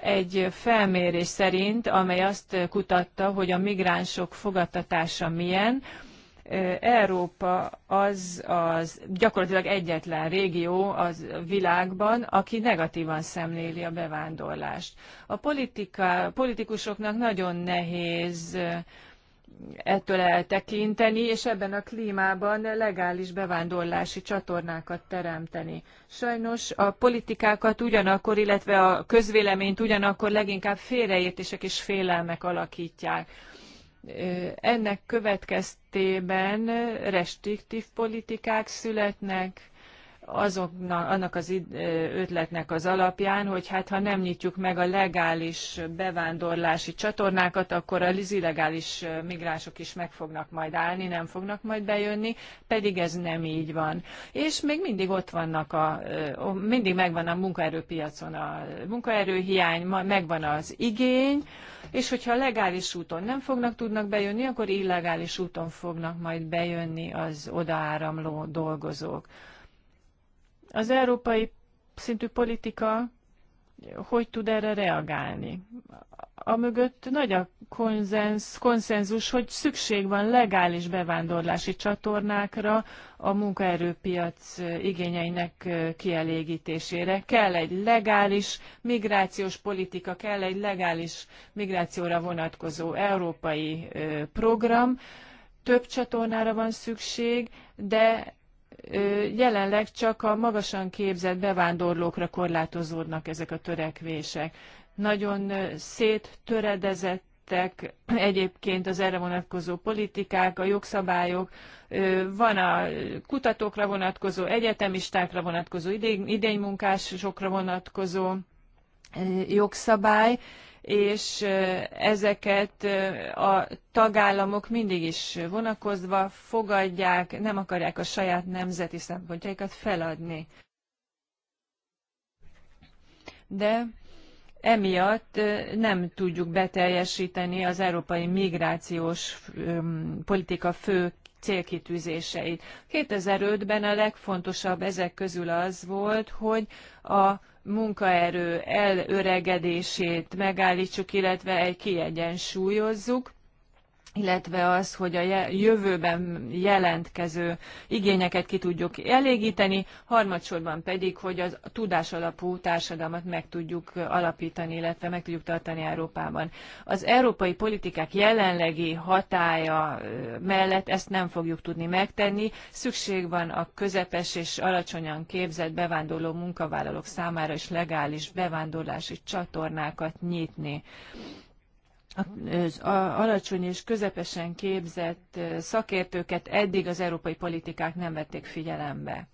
Egy felmérés szerint, amely azt kutatta, hogy a migránsok fogadtatása milyen, Európa az, az gyakorlatilag egyetlen régió az világban, aki negatívan szemléli a bevándorlást. A politika, politikusoknak nagyon nehéz ettől eltekinteni, és ebben a klímában legális bevándorlási csatornákat teremteni. Sajnos a politikákat ugyanakkor, illetve a közvéleményt ugyanakkor leginkább félreértések és félelmek alakítják ennek következtében restriktív politikák születnek, azoknak, annak az ötletnek az alapján, hogy hát ha nem nyitjuk meg a legális bevándorlási csatornákat, akkor az illegális migránsok is meg fognak majd állni, nem fognak majd bejönni, pedig ez nem így van. És még mindig ott vannak a, mindig megvan a munkaerőpiacon a munkaerőhiány, megvan az igény, és hogyha legális úton nem fognak tudnak bejönni, akkor illegális úton fognak majd bejönni az odaáramló dolgozók. Az európai szintű politika hogy tud erre reagálni? A mögött nagy a konzensz, konszenzus, hogy szükség van legális bevándorlási csatornákra a munkaerőpiac igényeinek kielégítésére. Kell egy legális migrációs politika, kell egy legális migrációra vonatkozó európai program, több csatornára van szükség, de jelenleg csak a magasan képzett bevándorlókra korlátozódnak ezek a törekvések. Nagyon széttöredezett egyébként az erre vonatkozó politikák, a jogszabályok, van a kutatókra vonatkozó, egyetemistákra vonatkozó, idénymunkásokra vonatkozó jogszabály, és ezeket a tagállamok mindig is vonakozva fogadják, nem akarják a saját nemzeti szempontjaikat feladni. De emiatt nem tudjuk beteljesíteni az európai migrációs politika fő célkitűzéseit. 2005-ben a legfontosabb ezek közül az volt, hogy a munkaerő elöregedését megálltsuk illetve egy kiegyensúlyozzuk illetve az, hogy a jövőben jelentkező igényeket ki tudjuk elégíteni, harmadsorban pedig, hogy a tudás alapú társadalmat meg tudjuk alapítani, illetve meg tudjuk tartani Európában. Az európai politikák jelenlegi hatája mellett ezt nem fogjuk tudni megtenni. Szükség van a közepes és alacsonyan képzett bevándorló munkavállalók számára is legális bevándorlási csatornákat nyitni az alacsony és közepesen képzett szakértőket eddig az európai politikák nem vették figyelembe.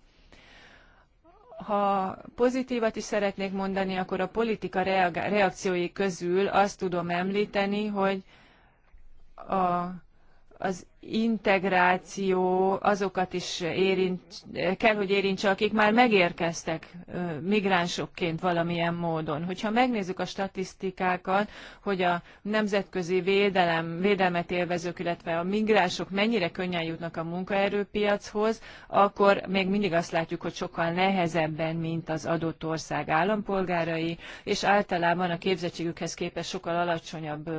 Ha pozitívat is szeretnék mondani, akkor a politika reakciói közül azt tudom említeni, hogy a, az integráció azokat is érint, kell, hogy érintse, akik már megérkeztek migránsokként valamilyen módon. Hogyha megnézzük a statisztikákat, hogy a nemzetközi védelem, védelmet élvezők, illetve a migránsok mennyire könnyen jutnak a munkaerőpiachoz, akkor még mindig azt látjuk, hogy sokkal nehezebben, mint az adott ország állampolgárai, és általában a képzettségükhez képest sokkal alacsonyabb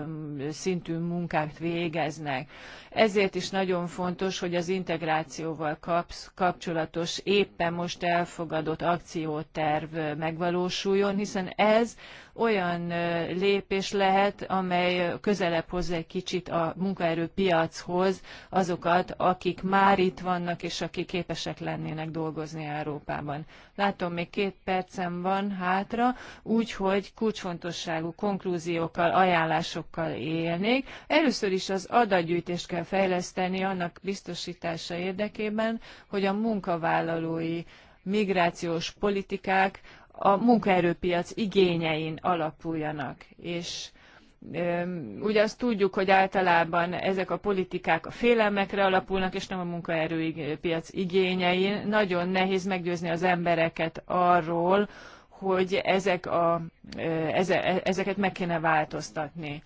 szintű munkát végeznek. Ezért ezért is nagyon fontos, hogy az integrációval kapcsolatos éppen most elfogadott akcióterv megvalósuljon, hiszen ez olyan lépés lehet, amely közelebb hoz egy kicsit a munkaerőpiachoz azokat, akik már itt vannak, és akik képesek lennének dolgozni Európában. Látom, még két percem van hátra, úgyhogy kulcsfontosságú konklúziókkal, ajánlásokkal élnék. Először is az adatgyűjtést kell fejleszteni, fejleszteni annak biztosítása érdekében, hogy a munkavállalói migrációs politikák a munkaerőpiac igényein alapuljanak. És ugye azt tudjuk, hogy általában ezek a politikák a félelmekre alapulnak, és nem a munkaerőpiac igényein. Nagyon nehéz meggyőzni az embereket arról, hogy ezek a, eze, e, ezeket meg kéne változtatni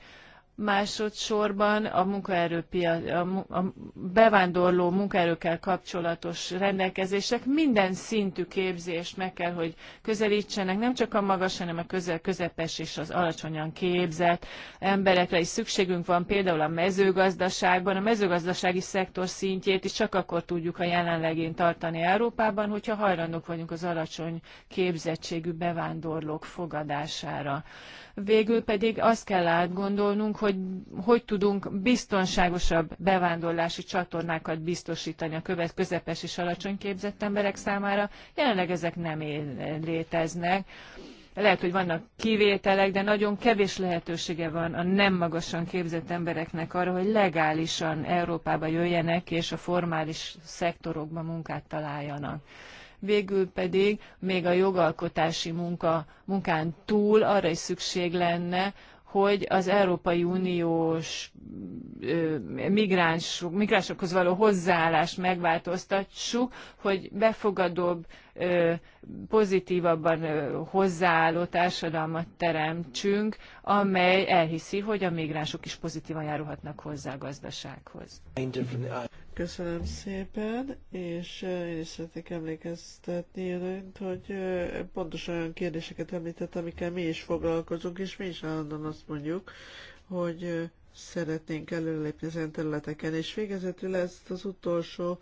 másodszorban a, munkaerőpiac, a, bevándorló munkaerőkkel kapcsolatos rendelkezések minden szintű képzést meg kell, hogy közelítsenek, nem csak a magas, hanem a közel, közepes és az alacsonyan képzett emberekre is szükségünk van, például a mezőgazdaságban, a mezőgazdasági szektor szintjét is csak akkor tudjuk a jelenlegén tartani Európában, hogyha hajlandók vagyunk az alacsony képzettségű bevándorlók fogadására Végül pedig azt kell átgondolnunk, hogy hogy tudunk biztonságosabb bevándorlási csatornákat biztosítani a követ közepes és alacsony képzett emberek számára. Jelenleg ezek nem léteznek lehet, hogy vannak kivételek, de nagyon kevés lehetősége van a nem magasan képzett embereknek arra, hogy legálisan Európába jöjjenek és a formális szektorokban munkát találjanak végül pedig még a jogalkotási munka, munkán túl arra is szükség lenne, hogy az Európai Uniós migránsok, migránsokhoz való hozzáállást megváltoztassuk, hogy befogadóbb, pozitívabban hozzáálló társadalmat teremtsünk, amely elhiszi, hogy a migránsok is pozitívan járulhatnak hozzá a gazdasághoz. Köszönöm szépen, és én is szeretnék emlékeztetni önt, hogy pontosan olyan kérdéseket említett, amikkel mi is foglalkozunk, és mi is állandóan azt mondjuk, hogy szeretnénk előlépni ezen területeken. És végezetül ezt az utolsó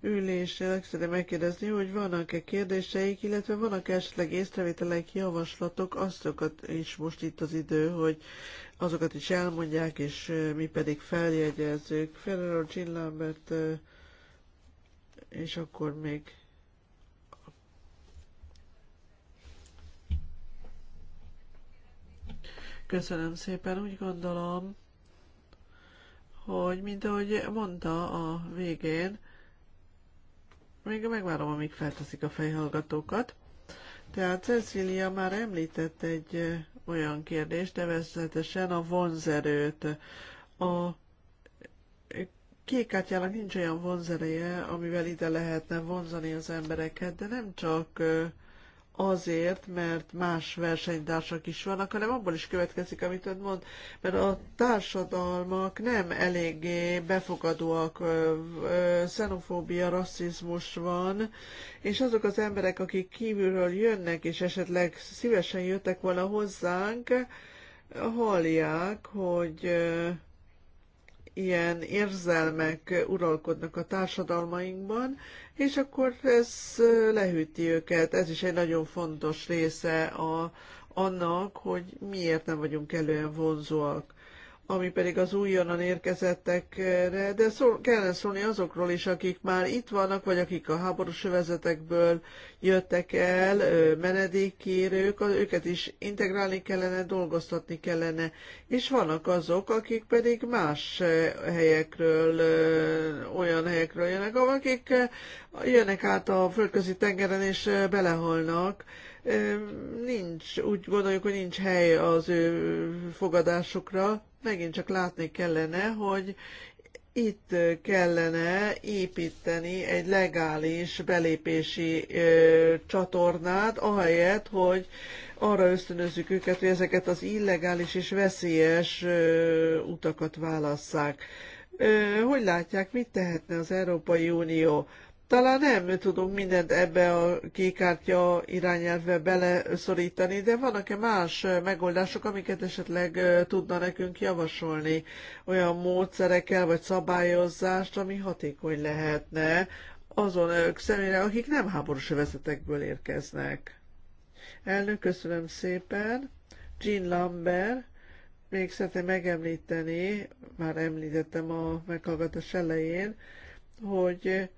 ülésen meg szeretném megkérdezni, hogy vannak-e kérdéseik, illetve vannak -e esetleg észrevételek, javaslatok, azokat is most itt az idő, hogy azokat is elmondják, és mi pedig feljegyezzük. Ferrero Gillambert, és akkor még Köszönöm szépen, úgy gondolom, hogy mint ahogy mondta a végén, még megvárom, amíg felteszik a fejhallgatókat. Tehát Cecilia már említett egy olyan kérdést, nevezetesen a vonzerőt. A kékkártyának nincs olyan vonzereje, amivel ide lehetne vonzani az embereket, de nem csak azért, mert más versenytársak is vannak, hanem abból is következik, amit ön mond, mert a társadalmak nem eléggé befogadóak, xenofóbia, rasszizmus van, és azok az emberek, akik kívülről jönnek, és esetleg szívesen jöttek volna hozzánk, hallják, hogy ilyen érzelmek uralkodnak a társadalmainkban, és akkor ez lehűti őket. Ez is egy nagyon fontos része a, annak, hogy miért nem vagyunk elően vonzóak ami pedig az újonnan érkezettekre, de szól, kellene szólni azokról is, akik már itt vannak, vagy akik a háborús övezetekből jöttek el, menedékkérők, őket is integrálni kellene, dolgoztatni kellene. És vannak azok, akik pedig más helyekről, olyan helyekről jönnek, akik jönnek át a földközi tengeren és belehalnak, nincs, úgy gondoljuk, hogy nincs hely az ő fogadásukra, megint csak látni kellene, hogy itt kellene építeni egy legális belépési ö, csatornát, ahelyett, hogy arra ösztönözzük őket, hogy ezeket az illegális és veszélyes ö, utakat válasszák. Ö, hogy látják, mit tehetne az Európai Unió? Talán nem tudunk mindent ebbe a kékártya irányelve beleszorítani, de vannak-e más megoldások, amiket esetleg tudna nekünk javasolni? Olyan módszerekkel vagy szabályozást, ami hatékony lehetne azon ők személyre, akik nem háborús vezetekből érkeznek. Elnök, köszönöm szépen. Jean Lambert, még szeretném megemlíteni, már említettem a meghallgatás elején, hogy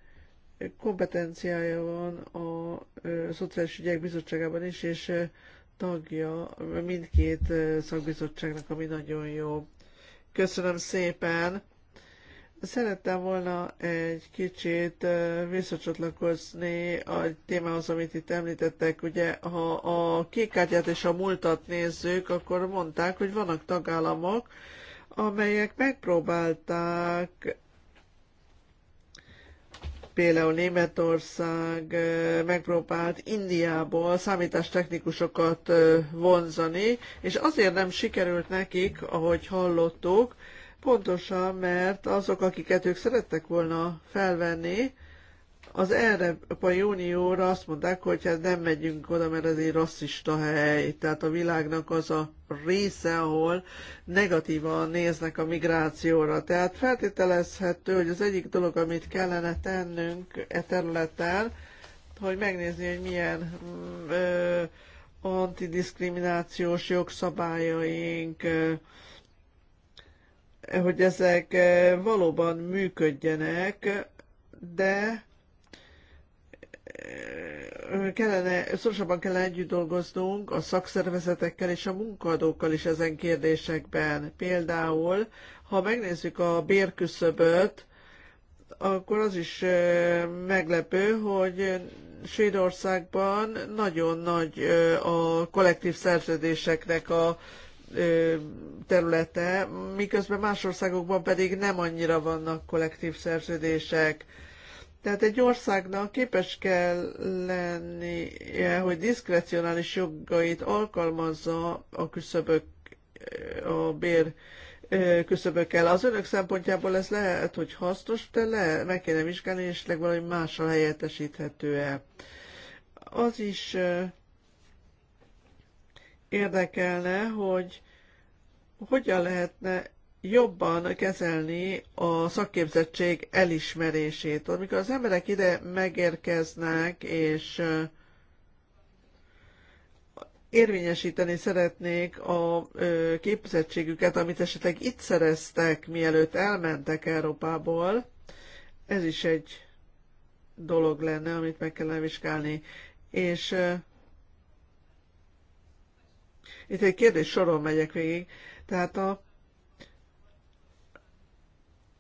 kompetenciája van a Szociális Ügyek Bizottságában is, és tagja mindkét szakbizottságnak, ami nagyon jó. Köszönöm szépen! Szerettem volna egy kicsit visszacsatlakozni a témához, amit itt említettek. Ugye, ha a kékkártyát és a múltat nézzük, akkor mondták, hogy vannak tagállamok, amelyek megpróbálták például Németország megpróbált Indiából számítástechnikusokat vonzani, és azért nem sikerült nekik, ahogy hallottuk, pontosan, mert azok, akiket ők szerettek volna felvenni, az Európai Unióra azt mondták, hogy hát nem megyünk oda, mert ez egy rasszista hely. Tehát a világnak az a része, ahol negatívan néznek a migrációra. Tehát feltételezhető, hogy az egyik dolog, amit kellene tennünk e területen, hogy megnézni, hogy milyen mm, ö, antidiszkriminációs jogszabályaink, ö, hogy ezek valóban működjenek, de kellene, szorosabban kellene együtt dolgoznunk a szakszervezetekkel és a munkadókkal is ezen kérdésekben. Például, ha megnézzük a bérküszöböt, akkor az is meglepő, hogy Svédországban nagyon nagy a kollektív szerződéseknek a területe, miközben más országokban pedig nem annyira vannak kollektív szerződések tehát egy országnak képes kell lennie, hogy diszkrecionális jogait alkalmazza a küszöbök, a bér küszöbökkel. Az önök szempontjából ez lehet, hogy hasznos, de le, meg kéne vizsgálni, és legvalami mással helyettesíthető-e. Az is érdekelne, hogy hogyan lehetne jobban kezelni a szakképzettség elismerését. Amikor az emberek ide megérkeznek, és érvényesíteni szeretnék a képzettségüket, amit esetleg itt szereztek, mielőtt elmentek Európából, ez is egy dolog lenne, amit meg kellene vizsgálni. És itt egy kérdés soron megyek végig. Tehát a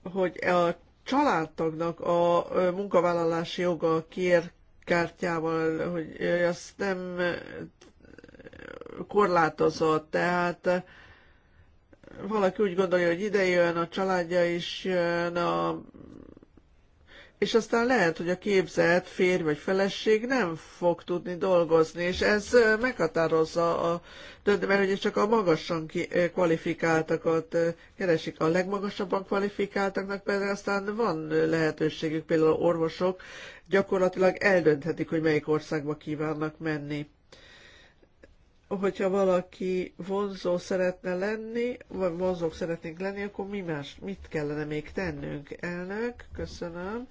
hogy a családtagnak a munkavállalási joga a kérkártyával, hogy azt nem korlátozott, tehát valaki úgy gondolja, hogy ide jön, a családja is jön, a és aztán lehet, hogy a képzett férj vagy feleség nem fog tudni dolgozni, és ez meghatározza a döntő, mert ugye csak a magasan kvalifikáltakat keresik. A legmagasabban kvalifikáltaknak például aztán van lehetőségük, például orvosok gyakorlatilag eldönthetik, hogy melyik országba kívánnak menni hogyha valaki vonzó szeretne lenni, vagy vonzók szeretnénk lenni, akkor mi más, mit kellene még tennünk? Elnök, köszönöm.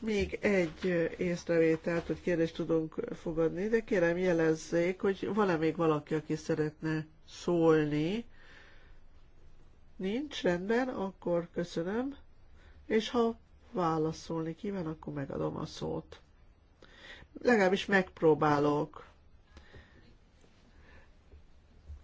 Még egy észrevételt hogy kérdést tudunk fogadni, de kérem jelezzék, hogy van-e még valaki, aki szeretne szólni. Nincs, rendben, akkor köszönöm. És ha válaszolni kíván, akkor megadom a szót. Legalábbis megpróbálok.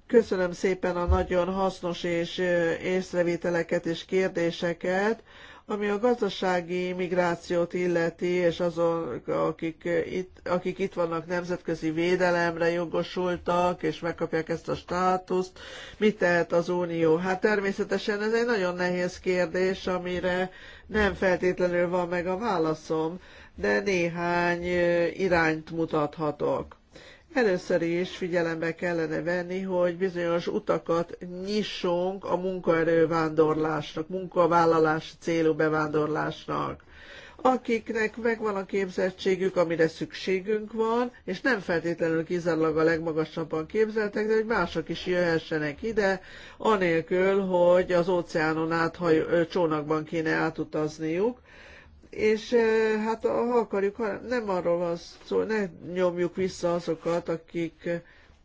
Köszönöm szépen a nagyon hasznos és észrevételeket és kérdéseket. Ami a gazdasági migrációt illeti, és azok, akik itt, akik itt vannak nemzetközi védelemre jogosultak, és megkapják ezt a státuszt, mit tehet az Unió? Hát természetesen ez egy nagyon nehéz kérdés, amire nem feltétlenül van meg a válaszom, de néhány eh, irányt mutathatok. Először is figyelembe kellene venni, hogy bizonyos utakat nyissunk a munkaerő munkavállalás célú bevándorlásnak akiknek megvan a képzettségük, amire szükségünk van, és nem feltétlenül kizárólag a legmagasabban képzeltek, de hogy mások is jöhessenek ide, anélkül, hogy az óceánon át csónakban kéne átutazniuk, és hát ha akarjuk, ha nem arról van szó, ne nyomjuk vissza azokat, akik,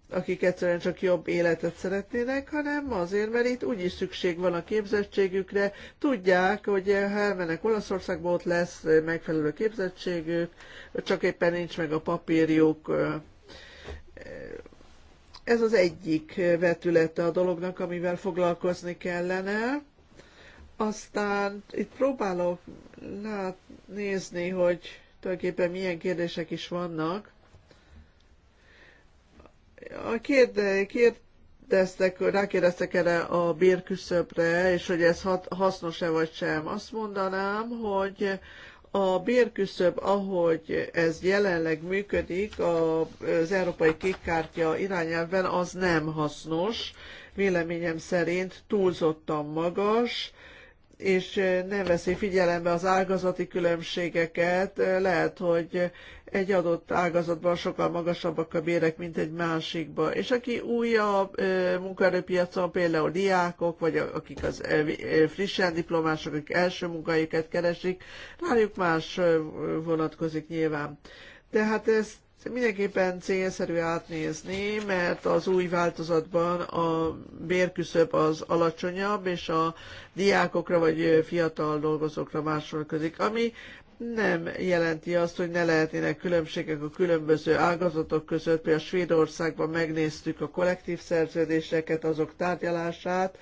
akik egyszerűen csak jobb életet szeretnének, hanem azért, mert itt úgyis szükség van a képzettségükre, tudják, hogy ha elmennek Olaszországba, ott lesz megfelelő képzettségük, csak éppen nincs meg a papírjuk. Ez az egyik vetülete a dolognak, amivel foglalkozni kellene aztán itt próbálok lát, nézni, hogy tulajdonképpen milyen kérdések is vannak. A kérde, kérdeztek, rákérdeztek erre a bérküszöbre, és hogy ez hat, hasznos-e vagy sem. Azt mondanám, hogy a bérküszöb, ahogy ez jelenleg működik, az európai kékkártya irányelven az nem hasznos. Véleményem szerint túlzottan magas, és nem veszi figyelembe az ágazati különbségeket. Lehet, hogy egy adott ágazatban sokkal magasabbak a bérek, mint egy másikban. És aki új a munkaerőpiacon, például diákok, vagy akik az frissen diplomások, akik első munkahelyüket keresik, rájuk más vonatkozik nyilván. Tehát ezt Szóval mindenképpen célszerű átnézni, mert az új változatban a bérküszöb az alacsonyabb, és a diákokra vagy fiatal dolgozókra másolkozik, ami nem jelenti azt, hogy ne lehetnének különbségek a különböző ágazatok között. Például Svédországban megnéztük a kollektív szerződéseket, azok tárgyalását,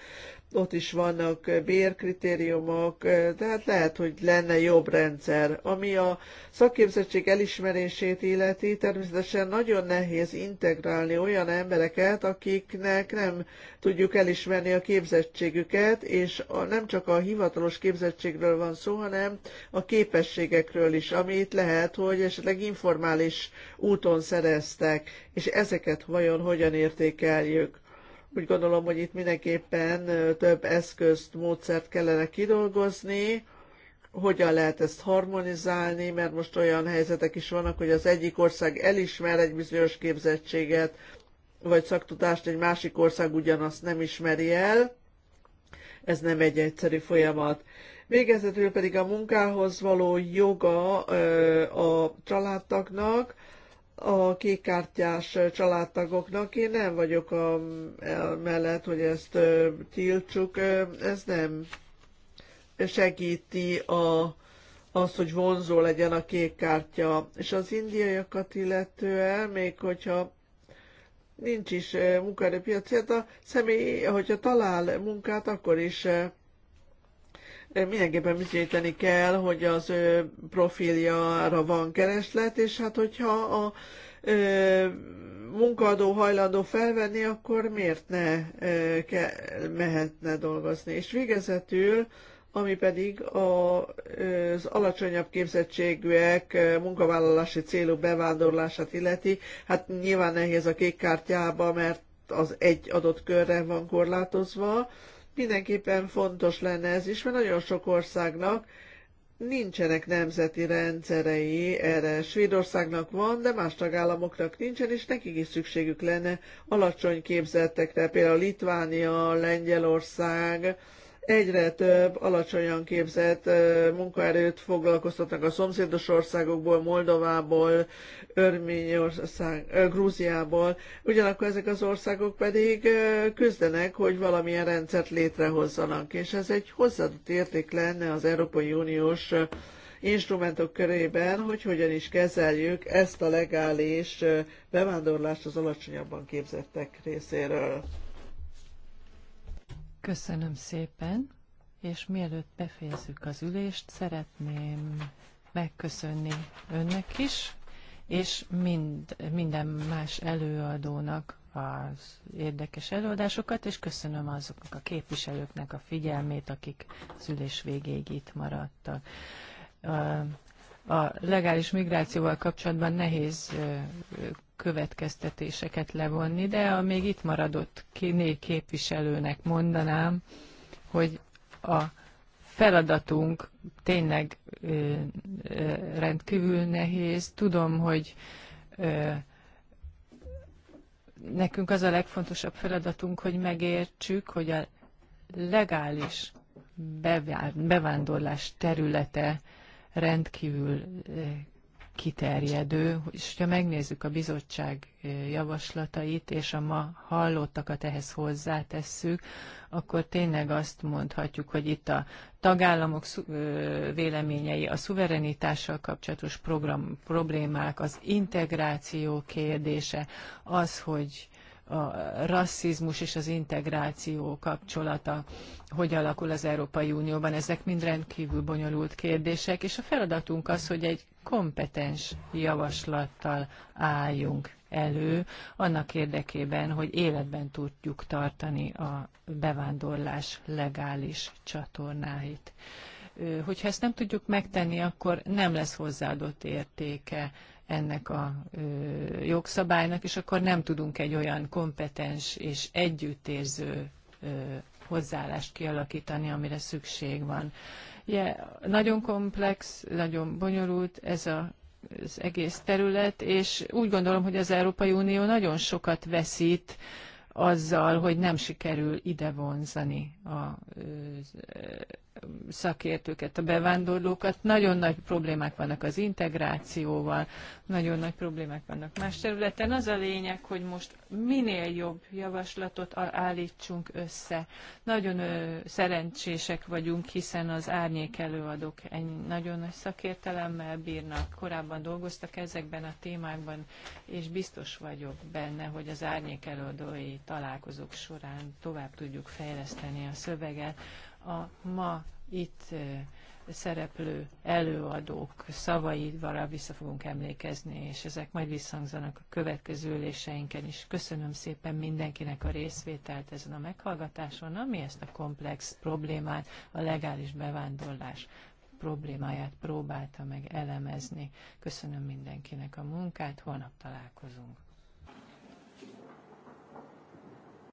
ott is vannak bérkritériumok, tehát lehet, hogy lenne jobb rendszer. Ami a szakképzettség elismerését illeti, természetesen nagyon nehéz integrálni olyan embereket, akiknek nem tudjuk elismerni a képzettségüket, és a, nem csak a hivatalos képzettségről van szó, hanem a képességekről is, amit lehet, hogy esetleg informális úton szereztek, és ezeket vajon hogyan értékeljük úgy gondolom, hogy itt mindenképpen több eszközt, módszert kellene kidolgozni, hogyan lehet ezt harmonizálni, mert most olyan helyzetek is vannak, hogy az egyik ország elismer egy bizonyos képzettséget, vagy szaktudást egy másik ország ugyanazt nem ismeri el. Ez nem egy egyszerű folyamat. Végezetül pedig a munkához való joga a családtagnak, a kékkártyás családtagoknak. Én nem vagyok a, mellett, hogy ezt tiltsuk. Ez nem segíti a, azt, hogy vonzó legyen a kékkártya És az indiaiakat illetően, még hogyha nincs is munkaerőpiac, hát a személy, hogyha talál munkát, akkor is mindenképpen bizonyítani kell, hogy az ő profiljára van kereslet, és hát hogyha a munkadó hajlandó felvenni, akkor miért ne ke, mehetne dolgozni. És végezetül, ami pedig a, az alacsonyabb képzettségűek munkavállalási célú bevándorlását illeti, hát nyilván nehéz a kék kártyába, mert az egy adott körre van korlátozva, Mindenképpen fontos lenne ez is, mert nagyon sok országnak nincsenek nemzeti rendszerei erre. Svédországnak van, de más tagállamoknak nincsen, és nekik is szükségük lenne alacsony képzettekre, például Litvánia, Lengyelország, egyre több alacsonyan képzett munkaerőt foglalkoztatnak a szomszédos országokból, Moldovából, Örményország, Grúziából. Ugyanakkor ezek az országok pedig küzdenek, hogy valamilyen rendszert létrehozzanak, és ez egy hozzáadott érték lenne az Európai Uniós instrumentok körében, hogy hogyan is kezeljük ezt a legális bevándorlást az alacsonyabban képzettek részéről. Köszönöm szépen, és mielőtt befejezzük az ülést, szeretném megköszönni önnek is, és mind, minden más előadónak az érdekes előadásokat, és köszönöm azoknak a képviselőknek a figyelmét, akik az ülés végéig itt maradtak. A legális migrációval kapcsolatban nehéz következtetéseket levonni, de a még itt maradott négy képviselőnek mondanám, hogy a feladatunk tényleg ö, ö, rendkívül nehéz. Tudom, hogy ö, nekünk az a legfontosabb feladatunk, hogy megértsük, hogy a legális bevándorlás területe rendkívül kiterjedő, és ha megnézzük a bizottság eh, javaslatait, és a ma hallottakat ehhez hozzátesszük, akkor tényleg azt mondhatjuk, hogy itt a tagállamok eh, véleményei, a szuverenitással kapcsolatos program, problémák, az integráció kérdése, az, hogy a rasszizmus és az integráció kapcsolata, hogy alakul az Európai Unióban. Ezek mind rendkívül bonyolult kérdések, és a feladatunk az, hogy egy kompetens javaslattal álljunk elő, annak érdekében, hogy életben tudjuk tartani a bevándorlás legális csatornáit. Hogyha ezt nem tudjuk megtenni, akkor nem lesz hozzáadott értéke ennek a jogszabálynak, és akkor nem tudunk egy olyan kompetens és együttérző hozzáállást kialakítani, amire szükség van. Ja, nagyon komplex, nagyon bonyolult ez a az egész terület, és úgy gondolom, hogy az Európai Unió nagyon sokat veszít azzal, hogy nem sikerül ide vonzani a, szakértőket, a bevándorlókat. Nagyon nagy problémák vannak az integrációval, nagyon nagy problémák vannak más területen. Az a lényeg, hogy most minél jobb javaslatot állítsunk össze. Nagyon szerencsések vagyunk, hiszen az árnyék előadók egy nagyon nagy szakértelemmel bírnak, korábban dolgoztak ezekben a témákban, és biztos vagyok benne, hogy az árnyék előadói találkozók során tovább tudjuk fejleszteni a szöveget a ma itt szereplő előadók szavaival vissza fogunk emlékezni, és ezek majd visszhangzanak a következő üléseinken is. Köszönöm szépen mindenkinek a részvételt ezen a meghallgatáson, ami ezt a komplex problémát, a legális bevándorlás problémáját próbálta meg elemezni. Köszönöm mindenkinek a munkát, holnap találkozunk.